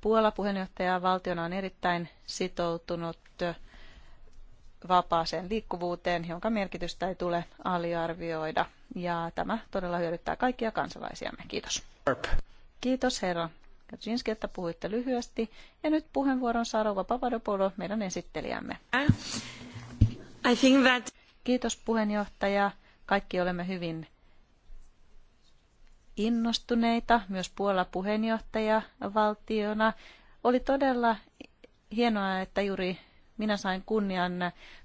Puola puheenjohtaja valtiona on erittäin sitoutunut vapaaseen liikkuvuuteen, jonka merkitystä ei tule aliarvioida. Ja tämä todella hyödyttää kaikkia kansalaisiamme. Kiitos. Kiitos herra Kaczynski, että puhuitte lyhyesti. Ja nyt puheenvuoron saa Rouva Papadopoulo, meidän esittelijämme. I think that... Kiitos puheenjohtaja. Kaikki olemme hyvin innostuneita, myös Puola puheenjohtajavaltiona. Oli todella hienoa, että juuri minä sain kunnian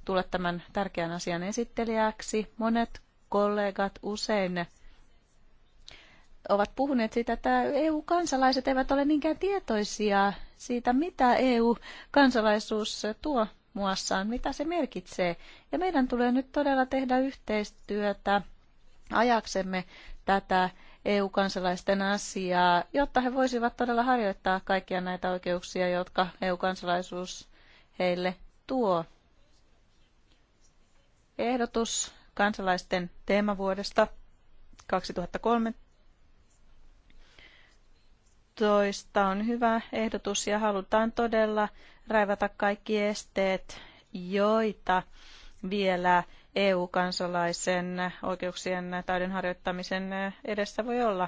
tulla tämän tärkeän asian esittelijäksi. Monet kollegat usein ovat puhuneet siitä, että EU-kansalaiset eivät ole niinkään tietoisia siitä, mitä EU-kansalaisuus tuo muassaan, mitä se merkitsee. Ja meidän tulee nyt todella tehdä yhteistyötä ajaksemme tätä EU-kansalaisten asiaa, jotta he voisivat todella harjoittaa kaikkia näitä oikeuksia, jotka EU-kansalaisuus heille tuo. Ehdotus kansalaisten teemavuodesta 2013 on hyvä ehdotus ja halutaan todella raivata kaikki esteet, joita vielä EU-kansalaisen oikeuksien taiden harjoittamisen edessä voi olla.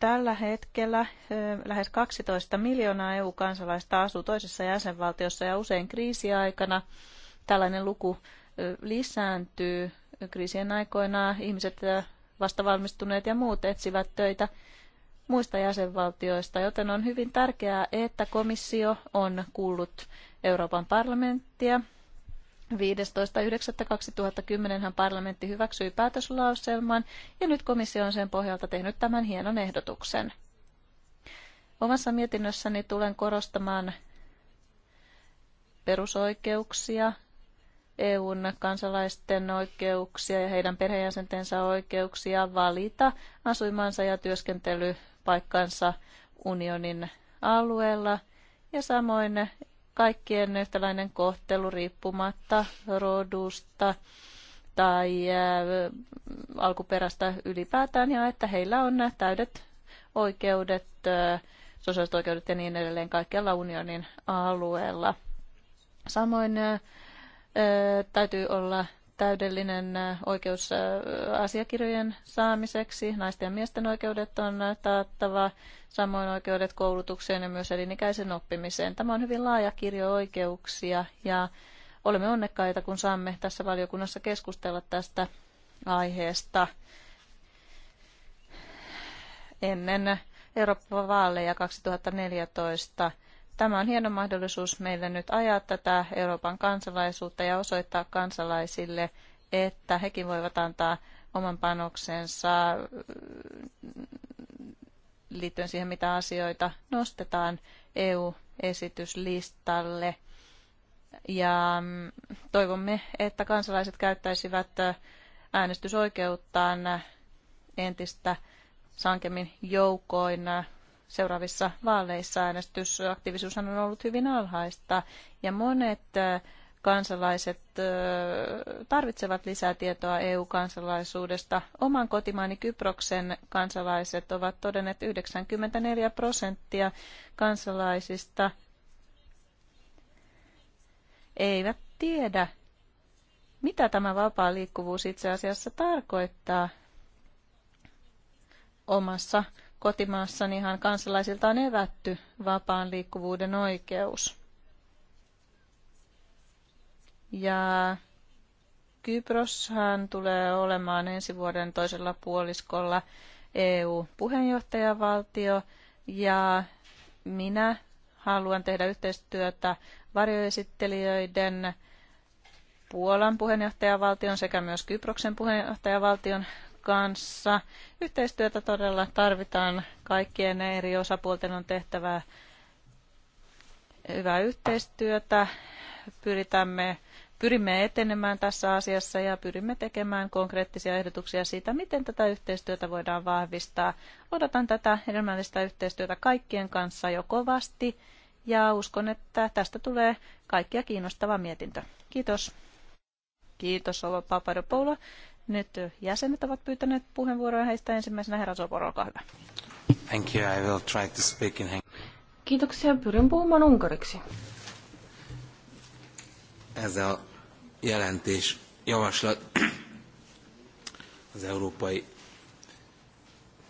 Tällä hetkellä lähes 12 miljoonaa EU-kansalaista asuu toisessa jäsenvaltiossa ja usein kriisiaikana tällainen luku lisääntyy. Kriisien aikoina ihmiset vastavalmistuneet ja muut etsivät töitä muista jäsenvaltioista, joten on hyvin tärkeää, että komissio on kuullut Euroopan parlamenttia. 15.9.2010 hän parlamentti hyväksyi päätöslauselman ja nyt komissio on sen pohjalta tehnyt tämän hienon ehdotuksen. Omassa mietinnössäni tulen korostamaan perusoikeuksia, EUn kansalaisten oikeuksia ja heidän perheenjäsentensä oikeuksia valita asuimansa ja työskentelypaikkansa unionin alueella ja samoin kaikkien yhtäläinen kohtelu riippumatta rodusta tai äh, alkuperästä ylipäätään ja että heillä on täydet oikeudet, äh, sosiaaliset oikeudet ja niin edelleen kaikkialla unionin alueella. Samoin äh, täytyy olla täydellinen oikeus asiakirjojen saamiseksi. Naisten ja miesten oikeudet on taattava, samoin oikeudet koulutukseen ja myös elinikäisen oppimiseen. Tämä on hyvin laaja kirjo oikeuksia ja olemme onnekkaita, kun saamme tässä valiokunnassa keskustella tästä aiheesta ennen eurooppa vaaleja 2014 Tämä on hieno mahdollisuus meille nyt ajaa tätä Euroopan kansalaisuutta ja osoittaa kansalaisille, että hekin voivat antaa oman panoksensa mm, liittyen siihen, mitä asioita nostetaan EU-esityslistalle. Ja mm, toivomme, että kansalaiset käyttäisivät äänestysoikeuttaan entistä sankemmin joukoina seuraavissa vaaleissa äänestysaktiivisuus on ollut hyvin alhaista ja monet äh, kansalaiset äh, tarvitsevat lisää tietoa EU-kansalaisuudesta. Oman kotimaani Kyproksen kansalaiset ovat todenneet 94 prosenttia kansalaisista eivät tiedä, mitä tämä vapaa liikkuvuus itse asiassa tarkoittaa omassa kotimaassanihan kansalaisilta on evätty vapaan liikkuvuuden oikeus. Ja Kyproshan tulee olemaan ensi vuoden toisella puoliskolla EU-puheenjohtajavaltio ja minä haluan tehdä yhteistyötä varjoesittelijöiden Puolan puheenjohtajavaltion sekä myös Kyproksen puheenjohtajavaltion kanssa. Yhteistyötä todella tarvitaan. Kaikkien eri osapuolten on tehtävää hyvää yhteistyötä. Pyritämme, pyrimme etenemään tässä asiassa ja pyrimme tekemään konkreettisia ehdotuksia siitä, miten tätä yhteistyötä voidaan vahvistaa. Odotan tätä hedelmällistä yhteistyötä kaikkien kanssa jo kovasti ja uskon, että tästä tulee kaikkia kiinnostava mietintö. Kiitos. Kiitos Ova Papadopoula. Nyt jäsenet ovat pyytäneet puheenvuoroja heistä ensimmäisenä. Herra Sopor, olkaa hyvä. Thank you. I will try to speak in Kiitoksia. Pyrin puhumaan unkariksi. Ez a jelentés javaslat az európai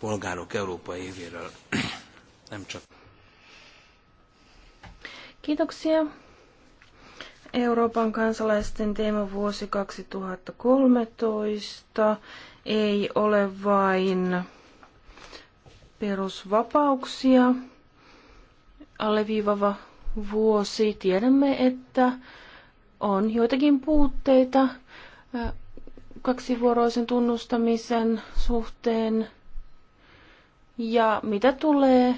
polgárok európai évéről nem csak. Kiitoksia. Euroopan kansalaisten vuosi 2013 ei ole vain perusvapauksia alleviivava vuosi. Tiedämme, että on joitakin puutteita kaksivuoroisen tunnustamisen suhteen. Ja mitä tulee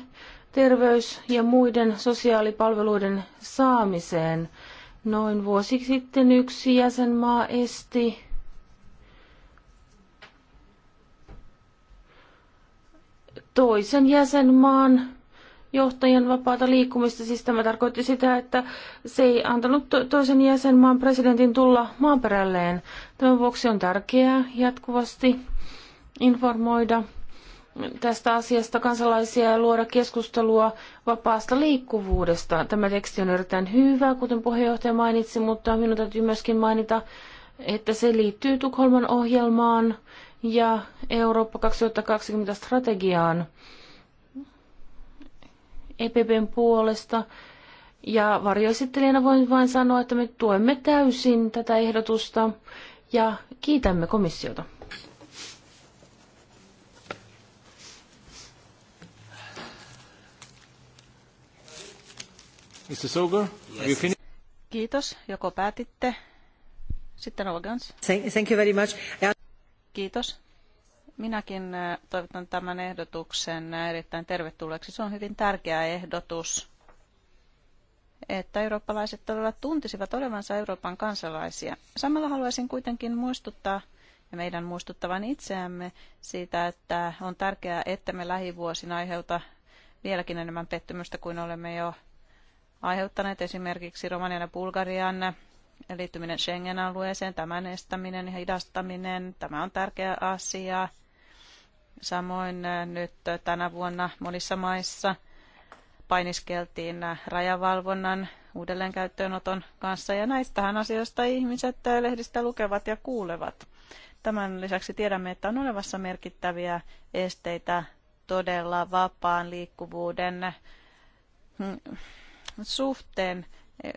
terveys- ja muiden sosiaalipalveluiden saamiseen, Noin vuosi sitten yksi jäsenmaa esti toisen jäsenmaan johtajan vapaata liikkumista. Siis tämä tarkoitti sitä, että se ei antanut toisen jäsenmaan presidentin tulla maaperälleen. Tämän vuoksi on tärkeää jatkuvasti informoida tästä asiasta kansalaisia ja luoda keskustelua vapaasta liikkuvuudesta. Tämä teksti on erittäin hyvä, kuten puheenjohtaja mainitsi, mutta minun täytyy myöskin mainita, että se liittyy Tukholman ohjelmaan ja Eurooppa 2020 strategiaan EPPn puolesta. Ja varjoesittelijänä voin vain sanoa, että me tuemme täysin tätä ehdotusta ja kiitämme komissiota. Mr. yes. you Kiitos. Joko päätitte? Sitten Olgans. Thank you very much. Kiitos. Minäkin äh, toivotan tämän ehdotuksen äh, erittäin tervetulleeksi. Se on hyvin tärkeä ehdotus, että eurooppalaiset todella tuntisivat olevansa Euroopan kansalaisia. Samalla haluaisin kuitenkin muistuttaa ja meidän muistuttavan itseämme siitä, että on tärkeää, että me lähivuosina aiheuta vieläkin enemmän pettymystä kuin olemme jo aiheuttaneet esimerkiksi Romanian ja Bulgarian liittyminen Schengen-alueeseen, tämän estäminen ja hidastaminen, tämä on tärkeä asia. Samoin äh, nyt tänä vuonna monissa maissa painiskeltiin äh, rajavalvonnan uudelleenkäyttöönoton kanssa ja näistähän asioista ihmiset äh, lehdistä lukevat ja kuulevat. Tämän lisäksi tiedämme, että on olevassa merkittäviä esteitä todella vapaan liikkuvuuden mm, suhteen, eh,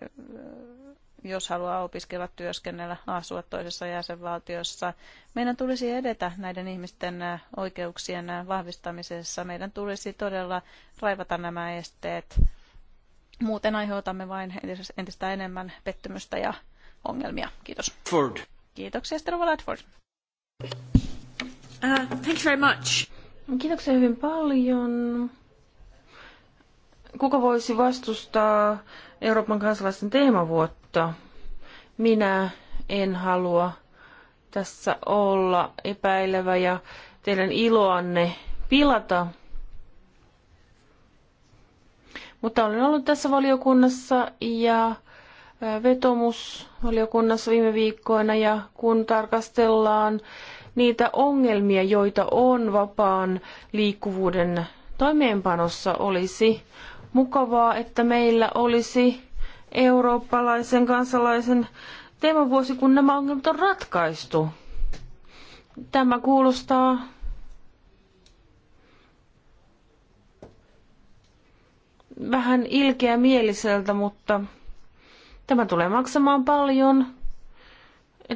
jos haluaa opiskella, työskennellä, asua toisessa jäsenvaltiossa. Meidän tulisi edetä näiden ihmisten eh, oikeuksien eh, vahvistamisessa. Meidän tulisi todella raivata nämä esteet. Muuten aiheutamme vain entistä enemmän pettymystä ja ongelmia. Kiitos. Ford. Kiitoksia, Sterova Ladford. Uh, thank you very much. Kiitoksia hyvin paljon kuka voisi vastustaa Euroopan kansalaisten teemavuotta? Minä en halua tässä olla epäilevä ja teidän iloanne pilata. Mutta olen ollut tässä valiokunnassa ja vetomusvaliokunnassa viime viikkoina ja kun tarkastellaan niitä ongelmia, joita on vapaan liikkuvuuden toimeenpanossa, olisi mukavaa, että meillä olisi eurooppalaisen kansalaisen teemavuosi, kun nämä ongelmat on ratkaistu. Tämä kuulostaa vähän ilkeä mieliseltä, mutta tämä tulee maksamaan paljon.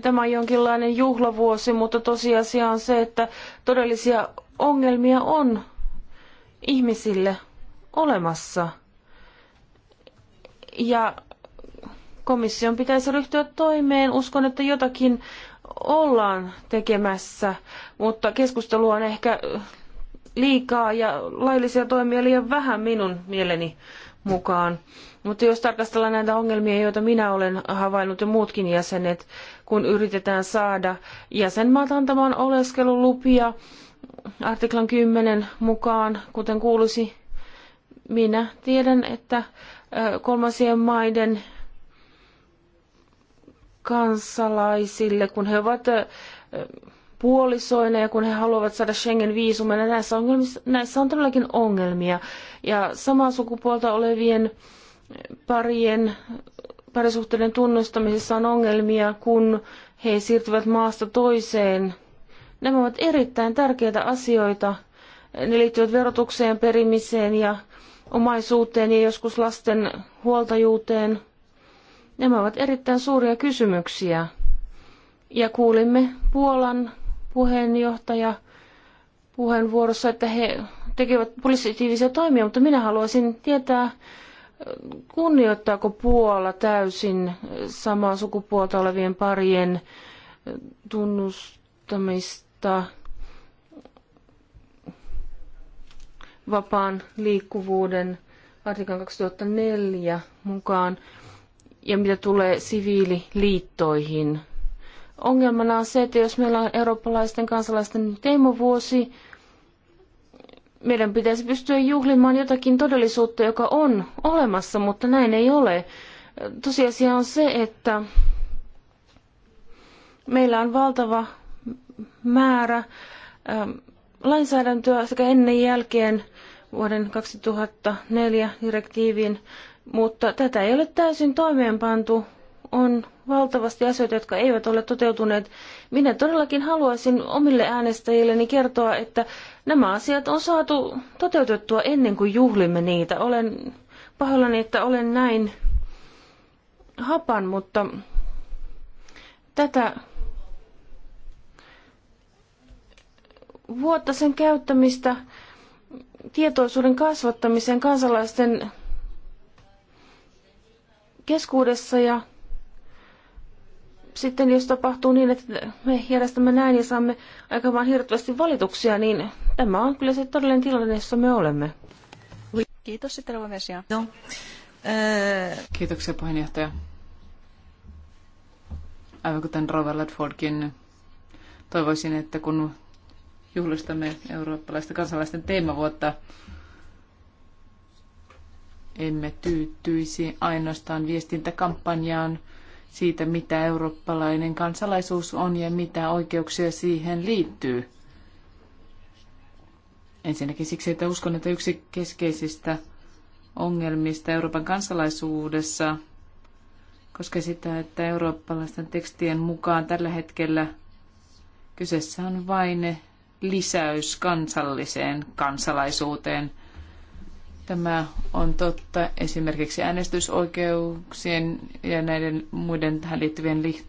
Tämä on jonkinlainen juhlavuosi, mutta tosiasia on se, että todellisia ongelmia on ihmisille olemassa. Ja komission pitäisi ryhtyä toimeen. Uskon, että jotakin ollaan tekemässä, mutta keskustelu on ehkä liikaa ja laillisia toimia liian vähän minun mieleni mukaan. Mutta jos tarkastellaan näitä ongelmia, joita minä olen havainnut ja muutkin jäsenet, kun yritetään saada jäsenmaat antamaan oleskelulupia artiklan 10 mukaan, kuten kuuluisi minä tiedän, että kolmansien maiden kansalaisille, kun he ovat puolisoina ja kun he haluavat saada Schengen-viisumin, näissä, näissä on todellakin ongelmia. Ja samaa sukupuolta olevien parien parisuhteiden tunnustamisessa on ongelmia, kun he siirtyvät maasta toiseen. Nämä ovat erittäin tärkeitä asioita. Ne liittyvät verotukseen, perimiseen ja omaisuuteen ja joskus lasten huoltajuuteen. Nämä ovat erittäin suuria kysymyksiä. Ja kuulimme Puolan puheenjohtaja puheenvuorossa, että he tekevät positiivisia toimia, mutta minä haluaisin tietää, kunnioittaako Puola täysin samaa sukupuolta olevien parien tunnustamista vapaan liikkuvuuden artikan 2004 mukaan ja mitä tulee siviililiittoihin. Ongelmana on se, että jos meillä on eurooppalaisten kansalaisten teemovuosi, meidän pitäisi pystyä juhlimaan jotakin todellisuutta, joka on olemassa, mutta näin ei ole. Tosiasia on se, että meillä on valtava määrä ähm, lainsäädäntöä sekä ennen ja jälkeen vuoden 2004 direktiivin, mutta tätä ei ole täysin toimeenpantu. On valtavasti asioita, jotka eivät ole toteutuneet. Minä todellakin haluaisin omille äänestäjilleni kertoa, että nämä asiat on saatu toteutettua ennen kuin juhlimme niitä. Olen pahoillani, että olen näin hapan, mutta tätä vuotta sen käyttämistä tietoisuuden kasvattamiseen kansalaisten keskuudessa ja sitten jos tapahtuu niin, että me järjestämme näin ja saamme aika vaan hirveästi valituksia, niin tämä on kyllä se todellinen tilanne, jossa me olemme. Kiitos sitten Rovesia. No. Äh, kiitoksia puheenjohtaja. Aivan kuten Rova Ledfordkin, toivoisin, että kun juhlistamme eurooppalaista kansalaisten teemavuotta, emme tyytyisi ainoastaan viestintäkampanjaan siitä, mitä eurooppalainen kansalaisuus on ja mitä oikeuksia siihen liittyy. Ensinnäkin siksi, että uskon, että yksi keskeisistä ongelmista Euroopan kansalaisuudessa koskee sitä, että eurooppalaisten tekstien mukaan tällä hetkellä kyseessä on vain lisäys kansalliseen kansalaisuuteen. Tämä on totta esimerkiksi äänestysoikeuksien ja näiden muiden tähän liittyvien li-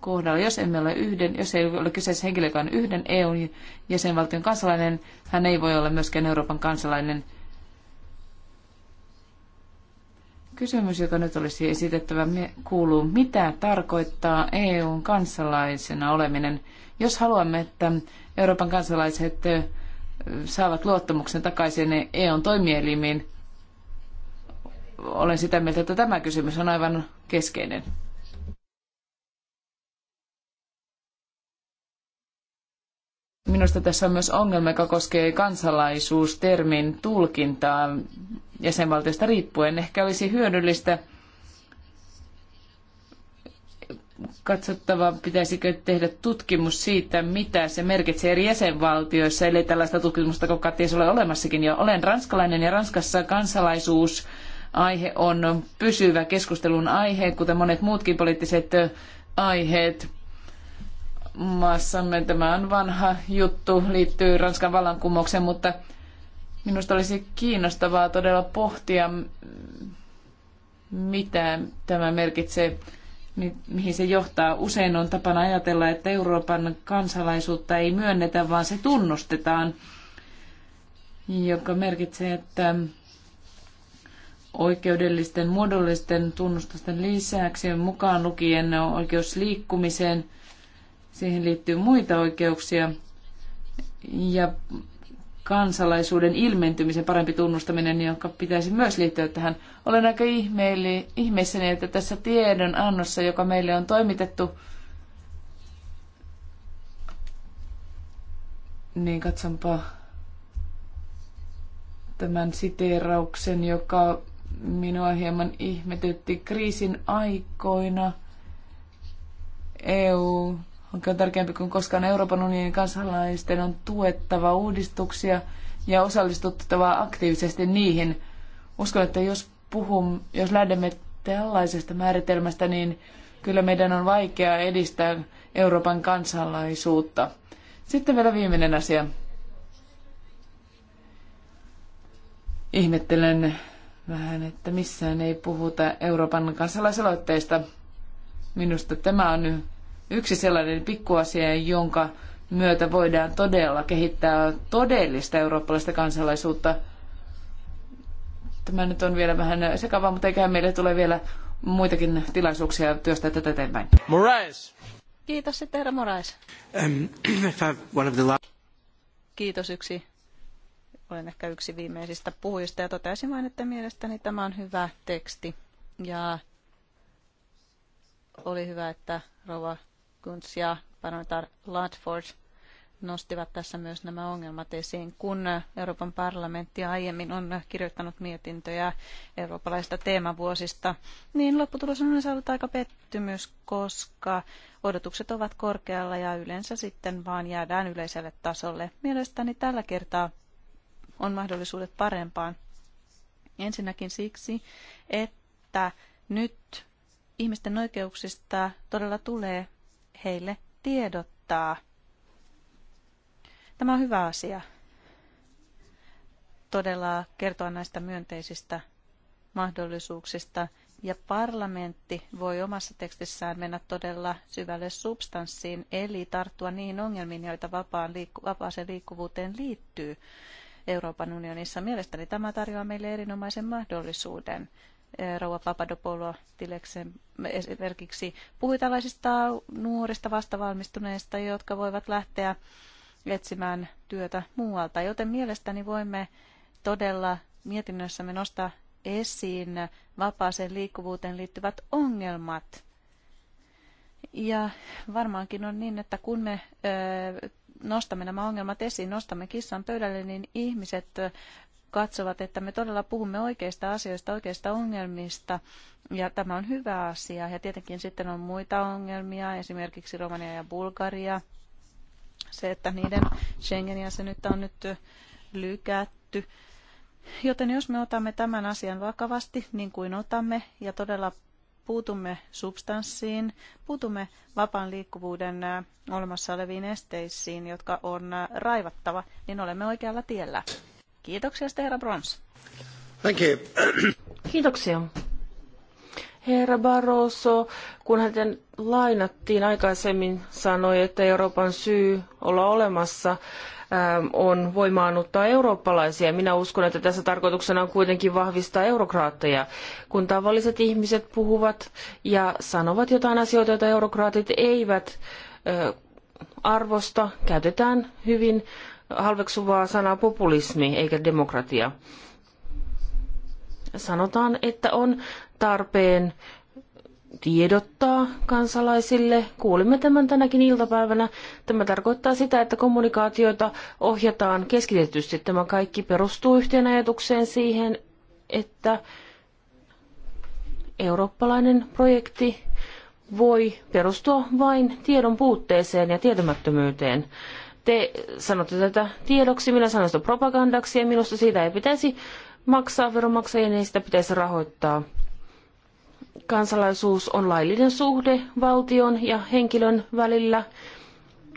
kohdalla. Jos emme ole yhden, jos ei ole kyseessä henkilö, joka on yhden EUn jäsenvaltion kansalainen, hän ei voi olla myöskään Euroopan kansalainen. Kysymys, joka nyt olisi esitettävä, kuuluu, mitä tarkoittaa EUn kansalaisena oleminen – jos haluamme, että Euroopan kansalaiset saavat luottamuksen takaisin EUn toimielimiin, olen sitä mieltä, että tämä kysymys on aivan keskeinen. Minusta tässä on myös ongelma, joka koskee kansalaisuustermin tulkintaa jäsenvaltiosta riippuen. Ehkä olisi hyödyllistä katsottava, pitäisikö tehdä tutkimus siitä, mitä se merkitsee eri jäsenvaltioissa, eli tällaista tutkimusta koko ties ole olemassakin jo. Olen ranskalainen ja Ranskassa kansalaisuus aihe on pysyvä keskustelun aihe, kuten monet muutkin poliittiset aiheet. Maassamme tämä on vanha juttu, liittyy Ranskan vallankumoukseen, mutta minusta olisi kiinnostavaa todella pohtia, mitä tämä merkitsee mihin se johtaa. Usein on tapana ajatella, että Euroopan kansalaisuutta ei myönnetä, vaan se tunnustetaan, joka merkitsee, että oikeudellisten muodollisten tunnustusten lisäksi mukaan lukien oikeus liikkumiseen, siihen liittyy muita oikeuksia ja kansalaisuuden ilmentymisen parempi tunnustaminen, jonka pitäisi myös liittyä tähän. Olen aika ihmeelli, ihmeissäni, että tässä tiedon annossa, joka meille on toimitettu, niin katsonpa tämän siteerauksen, joka minua hieman ihmetytti kriisin aikoina. EU Onko on tärkeämpi kuin koskaan Euroopan unionin kansalaisten on tuettava uudistuksia ja osallistuttava aktiivisesti niihin. Uskon, että jos puhum, jos lähdemme tällaisesta määritelmästä, niin kyllä meidän on vaikea edistää Euroopan kansalaisuutta. Sitten vielä viimeinen asia. Ihmettelen vähän, että missään ei puhuta Euroopan kansalaisaloitteista. Minusta tämä on nyt yksi sellainen pikkuasia, jonka myötä voidaan todella kehittää todellista eurooppalaista kansalaisuutta. Tämä nyt on vielä vähän sekavaa, mutta eiköhän meille tule vielä muitakin tilaisuuksia työstää tätä eteenpäin. Moraes. Kiitos sitten herra Moraes. [CLEARS THROAT] Kiitos yksi. Olen ehkä yksi viimeisistä puhujista ja totesin vain, että mielestäni tämä on hyvä teksti. Ja oli hyvä, että rouva Kunz ja parlamentar Ladford nostivat tässä myös nämä ongelmat esiin, kun Euroopan parlamentti aiemmin on kirjoittanut mietintöjä eurooppalaisista teemavuosista, niin lopputulos on saanut aika pettymys, koska odotukset ovat korkealla ja yleensä sitten vaan jäädään yleiselle tasolle. Mielestäni tällä kertaa on mahdollisuudet parempaan. Ensinnäkin siksi, että nyt ihmisten oikeuksista todella tulee heille tiedottaa. Tämä on hyvä asia todella kertoa näistä myönteisistä mahdollisuuksista. Ja parlamentti voi omassa tekstissään mennä todella syvälle substanssiin, eli tarttua niihin ongelmiin, joita vapaan liikku- vapaaseen liikkuvuuteen liittyy Euroopan unionissa. Mielestäni tämä tarjoaa meille erinomaisen mahdollisuuden. Rauha Papadopoulo Tileksen esimerkiksi puhui tällaisista nuorista vastavalmistuneista, jotka voivat lähteä etsimään työtä muualta. Joten mielestäni voimme todella mietinnössämme nostaa esiin vapaaseen liikkuvuuteen liittyvät ongelmat. Ja varmaankin on niin, että kun me nostamme nämä ongelmat esiin, nostamme kissan pöydälle, niin ihmiset katsovat, että me todella puhumme oikeista asioista, oikeista ongelmista, ja tämä on hyvä asia. Ja tietenkin sitten on muita ongelmia, esimerkiksi Romania ja Bulgaria. Se, että niiden Schengeniä se nyt on nyt lykätty. Joten jos me otamme tämän asian vakavasti, niin kuin otamme, ja todella puutumme substanssiin, puutumme vapaan liikkuvuuden äh, olemassa oleviin esteisiin, jotka on äh, raivattava, niin olemme oikealla tiellä. Kiitoksia, sitten herra Brons. Thank you. Kiitoksia. Herra Barroso, kun hänen lainattiin aikaisemmin, sanoi, että Euroopan syy olla olemassa ähm, on voimaannuttaa eurooppalaisia. Minä uskon, että tässä tarkoituksena on kuitenkin vahvistaa eurokraatteja. Kun tavalliset ihmiset puhuvat ja sanovat jotain asioita, joita eurokraatit eivät äh, arvosta, käytetään hyvin halveksuvaa sanaa populismi eikä demokratia. Sanotaan, että on tarpeen tiedottaa kansalaisille. Kuulimme tämän tänäkin iltapäivänä. Tämä tarkoittaa sitä, että kommunikaatiota ohjataan keskitetysti. Tämä kaikki perustuu yhteen ajatukseen siihen, että eurooppalainen projekti voi perustua vain tiedon puutteeseen ja tietämättömyyteen. Te sanotte tätä tiedoksi, minä sanon sitä propagandaksi ja minusta siitä ei pitäisi maksaa veronmaksajien, ei sitä pitäisi rahoittaa. Kansalaisuus on laillinen suhde valtion ja henkilön välillä.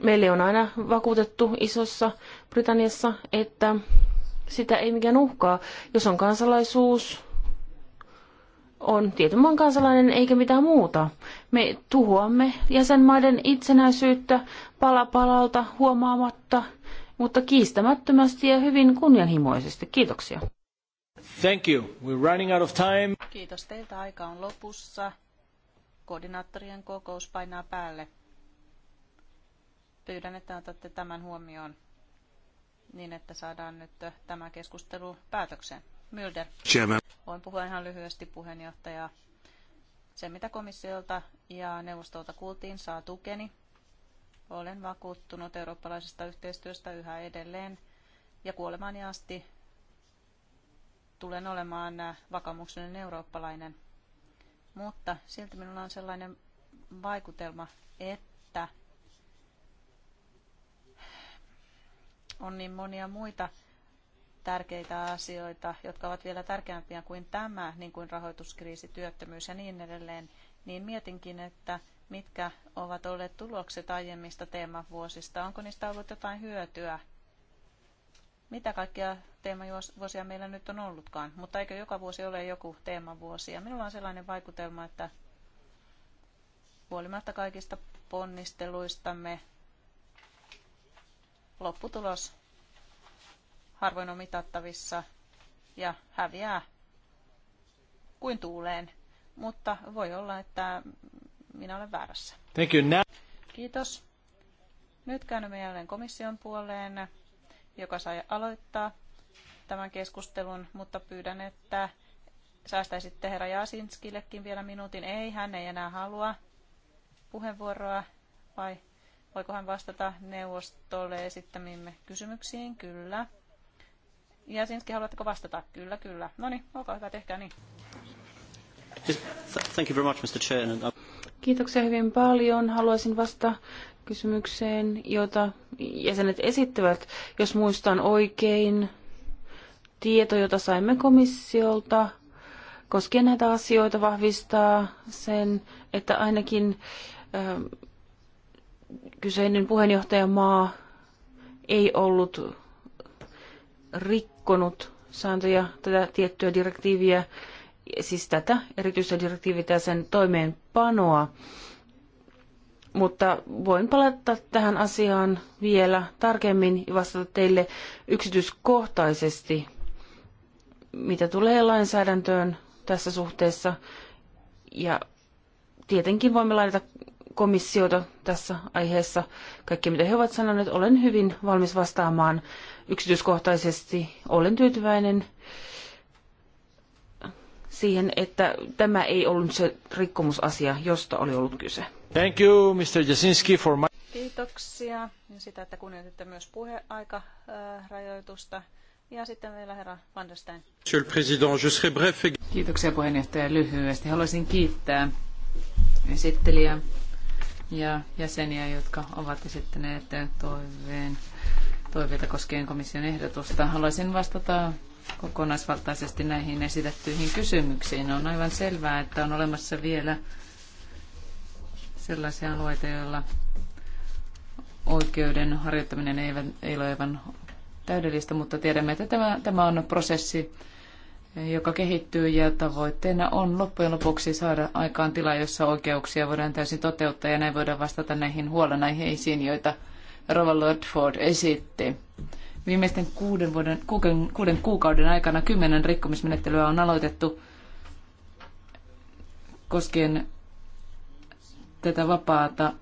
Meille on aina vakuutettu isossa Britanniassa, että sitä ei mikään uhkaa. Jos on kansalaisuus, on tietyn maan kansalainen eikä mitään muuta. Me tuhoamme jäsenmaiden itsenäisyyttä pala palalta huomaamatta, mutta kiistämättömästi ja hyvin kunnianhimoisesti. Kiitoksia. Thank you. We're running out of time. Kiitos teiltä. Aika on lopussa. Koordinaattorien kokous painaa päälle. Pyydän, että otatte tämän huomioon niin, että saadaan nyt tämä keskustelu päätökseen. Mylder. Chairman. Voin puhua ihan lyhyesti puheenjohtajaa. Se, mitä komissiolta ja neuvostolta kuultiin, saa tukeni. Olen vakuuttunut eurooppalaisesta yhteistyöstä yhä edelleen ja kuolemani asti tulen olemaan vakamuksellinen eurooppalainen. Mutta silti minulla on sellainen vaikutelma, että on niin monia muita tärkeitä asioita, jotka ovat vielä tärkeämpiä kuin tämä, niin kuin rahoituskriisi, työttömyys ja niin edelleen, niin mietinkin, että mitkä ovat olleet tulokset aiemmista teemavuosista. Onko niistä ollut jotain hyötyä? Mitä kaikkia teemavuosia meillä nyt on ollutkaan? Mutta eikö joka vuosi ole joku teemavuosi? Ja minulla on sellainen vaikutelma, että huolimatta kaikista ponnisteluistamme lopputulos harvoin on mitattavissa ja häviää kuin tuuleen. Mutta voi olla, että minä olen väärässä. Thank you. Now. Kiitos. Nyt käännymme jälleen komission puoleen, joka sai aloittaa tämän keskustelun, mutta pyydän, että säästäisitte herra Jasinskillekin vielä minuutin. Ei, hän ei enää halua puheenvuoroa, vai voiko hän vastata neuvostolle esittämiimme kysymyksiin? Kyllä. Jasinski, haluatteko vastata? Kyllä, kyllä. No niin, olkaa hyvä, tehkää niin. Thank you very much, Mr. Chairman. Uh, Kiitoksia hyvin paljon. Haluaisin vastata kysymykseen, jota jäsenet esittävät. Jos muistan oikein, tieto, jota saimme komissiolta koskien näitä asioita, vahvistaa sen, että ainakin äh, kyseinen puheenjohtajamaa ei ollut rikki rikkonut sääntöjä, tätä tiettyä direktiiviä, siis tätä erityistä direktiiviä ja sen toimeenpanoa. Mutta voin palata tähän asiaan vielä tarkemmin ja vastata teille yksityiskohtaisesti, mitä tulee lainsäädäntöön tässä suhteessa. Ja tietenkin voimme laittaa komissiota tässä aiheessa. Kaikki mitä he ovat sanoneet, olen hyvin valmis vastaamaan yksityiskohtaisesti. Olen tyytyväinen siihen, että tämä ei ollut se rikkomusasia, josta oli ollut kyse. Thank you, Mr. Jasinski, for my... Kiitoksia ja sitä, että kunnioititte myös puheaikarajoitusta. Ja sitten vielä herra Vanderstein. Monsieur le Président, je serai bref. Kiitoksia puheenjohtaja lyhyesti. Haluaisin kiittää esittelijää ja jäseniä, jotka ovat esittäneet toiveen, toiveita koskien komission ehdotusta. Haluaisin vastata kokonaisvaltaisesti näihin esitettyihin kysymyksiin. On aivan selvää, että on olemassa vielä sellaisia alueita, joilla oikeuden harjoittaminen ei, ei ole aivan täydellistä, mutta tiedämme, että tämä, tämä on prosessi, joka kehittyy ja tavoitteena on loppujen lopuksi saada aikaan tila, jossa oikeuksia voidaan täysin toteuttaa ja näin voidaan vastata näihin huolenaiheisiin, joita Rova Lordford esitti. Viimeisten kuuden, vuoden, kuuden kuukauden aikana kymmenen rikkomismenettelyä on aloitettu koskien tätä vapaata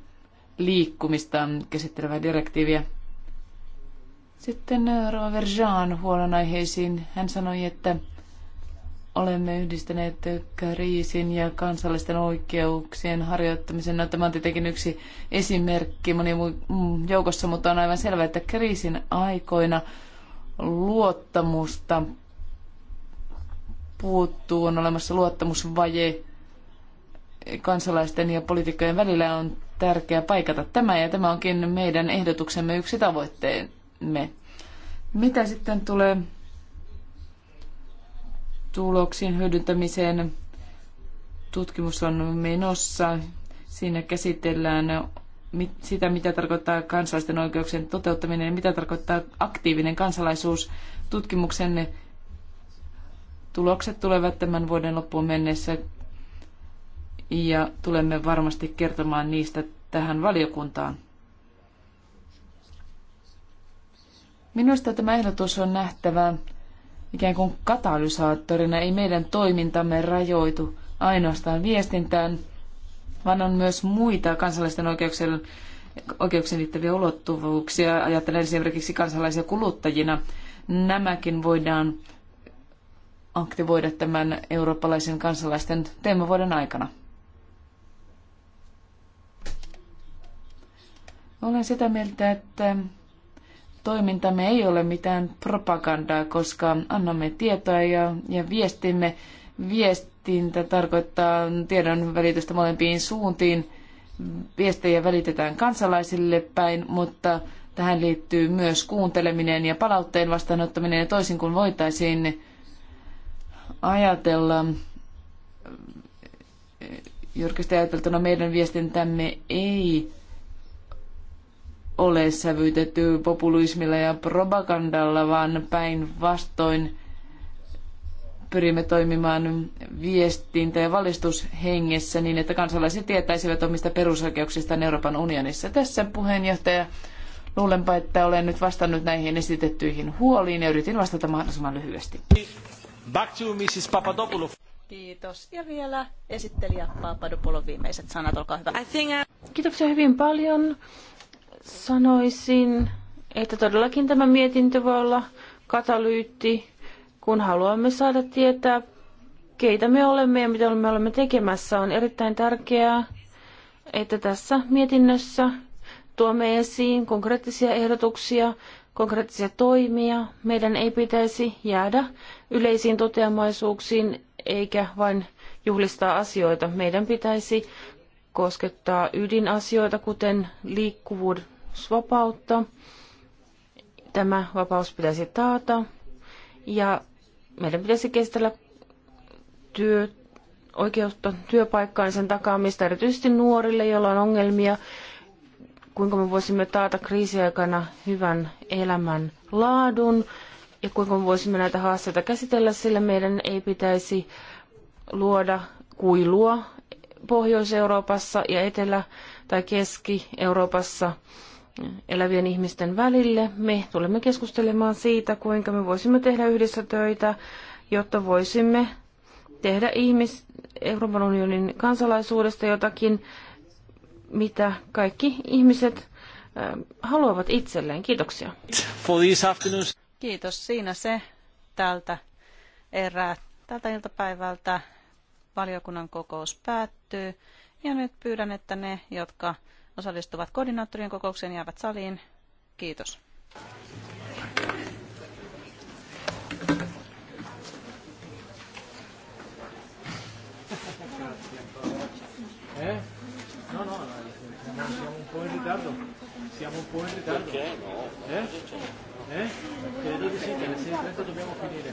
liikkumista käsittelevää direktiiviä. Sitten äh, Rova Verjaan huolenaiheisiin. Hän sanoi, että olemme yhdistäneet kriisin ja kansallisten oikeuksien harjoittamisen. No, tämä on tietenkin yksi esimerkki moni mm, joukossa, mutta on aivan selvää, että kriisin aikoina luottamusta puuttuu, on olemassa luottamusvaje kansalaisten ja poliitikkojen välillä on tärkeää paikata tämä ja tämä onkin meidän ehdotuksemme yksi tavoitteemme. Mitä sitten tulee tuloksien hyödyntämiseen. Tutkimus on menossa. Siinä käsitellään sitä, mitä tarkoittaa kansalaisten oikeuksien toteuttaminen ja mitä tarkoittaa aktiivinen kansalaisuus. Tutkimuksen tulokset tulevat tämän vuoden loppuun mennessä ja tulemme varmasti kertomaan niistä tähän valiokuntaan. Minusta tämä ehdotus on nähtävä ikään kuin katalysaattorina. Ei meidän toimintamme rajoitu ainoastaan viestintään, vaan on myös muita kansalaisten oikeuksien, oikeuksien liittyviä ulottuvuuksia. Ajattelen esimerkiksi kansalaisia kuluttajina. Nämäkin voidaan aktivoida tämän eurooppalaisen kansalaisten teemavuoden aikana. Olen sitä mieltä, että toimintamme ei ole mitään propagandaa, koska annamme tietoa ja, ja viestimme. Viestintä tarkoittaa tiedon välitystä molempiin suuntiin. Viestejä välitetään kansalaisille päin, mutta tähän liittyy myös kuunteleminen ja palautteen vastaanottaminen ja toisin kuin voitaisiin ajatella jyrkästi ajateltuna meidän viestintämme ei ole sävytetty populismilla ja propagandalla, vaan päinvastoin pyrimme toimimaan viestintä- ja valistushengessä niin, että kansalaiset tietäisivät omista perusoikeuksistaan Euroopan unionissa. Tässä puheenjohtaja, luulenpa, että olen nyt vastannut näihin esitettyihin huoliin ja yritin vastata mahdollisimman lyhyesti. Back to Mrs. Papadopoulos. Kiitos. Ja vielä esittelijä Papadopoulos viimeiset sanat, olkaa hyvä. I think I... Kiitoksia hyvin paljon. Sanoisin, että todellakin tämä mietintö voi olla katalyytti, kun haluamme saada tietää, keitä me olemme ja mitä me olemme tekemässä. On erittäin tärkeää, että tässä mietinnössä tuomme esiin konkreettisia ehdotuksia, konkreettisia toimia. Meidän ei pitäisi jäädä yleisiin toteamaisuuksiin eikä vain juhlistaa asioita. Meidän pitäisi koskettaa ydinasioita, kuten liikkuvuuden vapautta. Tämä vapaus pitäisi taata ja meidän pitäisi kestellä työ, oikeutta työpaikkaan sen takaamista erityisesti nuorille, joilla on ongelmia, kuinka me voisimme taata kriisiaikana hyvän elämän laadun ja kuinka me voisimme näitä haasteita käsitellä, sillä meidän ei pitäisi luoda kuilua Pohjois-Euroopassa ja Etelä- tai Keski-Euroopassa elävien ihmisten välille. Me tulemme keskustelemaan siitä, kuinka me voisimme tehdä yhdessä töitä, jotta voisimme tehdä ihmis Euroopan unionin kansalaisuudesta jotakin, mitä kaikki ihmiset ähm, haluavat itselleen. Kiitoksia. Kiitos. Siinä se tältä erää. Tältä iltapäivältä valiokunnan kokous päättyy. Ja nyt pyydän, että ne, jotka osallistuvat koordinaattorien kokoukseen jäävät saliin. Kiitos. Eh? No, no, siamo un po' in ritardo. Siamo un po' in ritardo. Perché no? Eh? Eh? Credo di sì, che alle 6.30 e dobbiamo finire.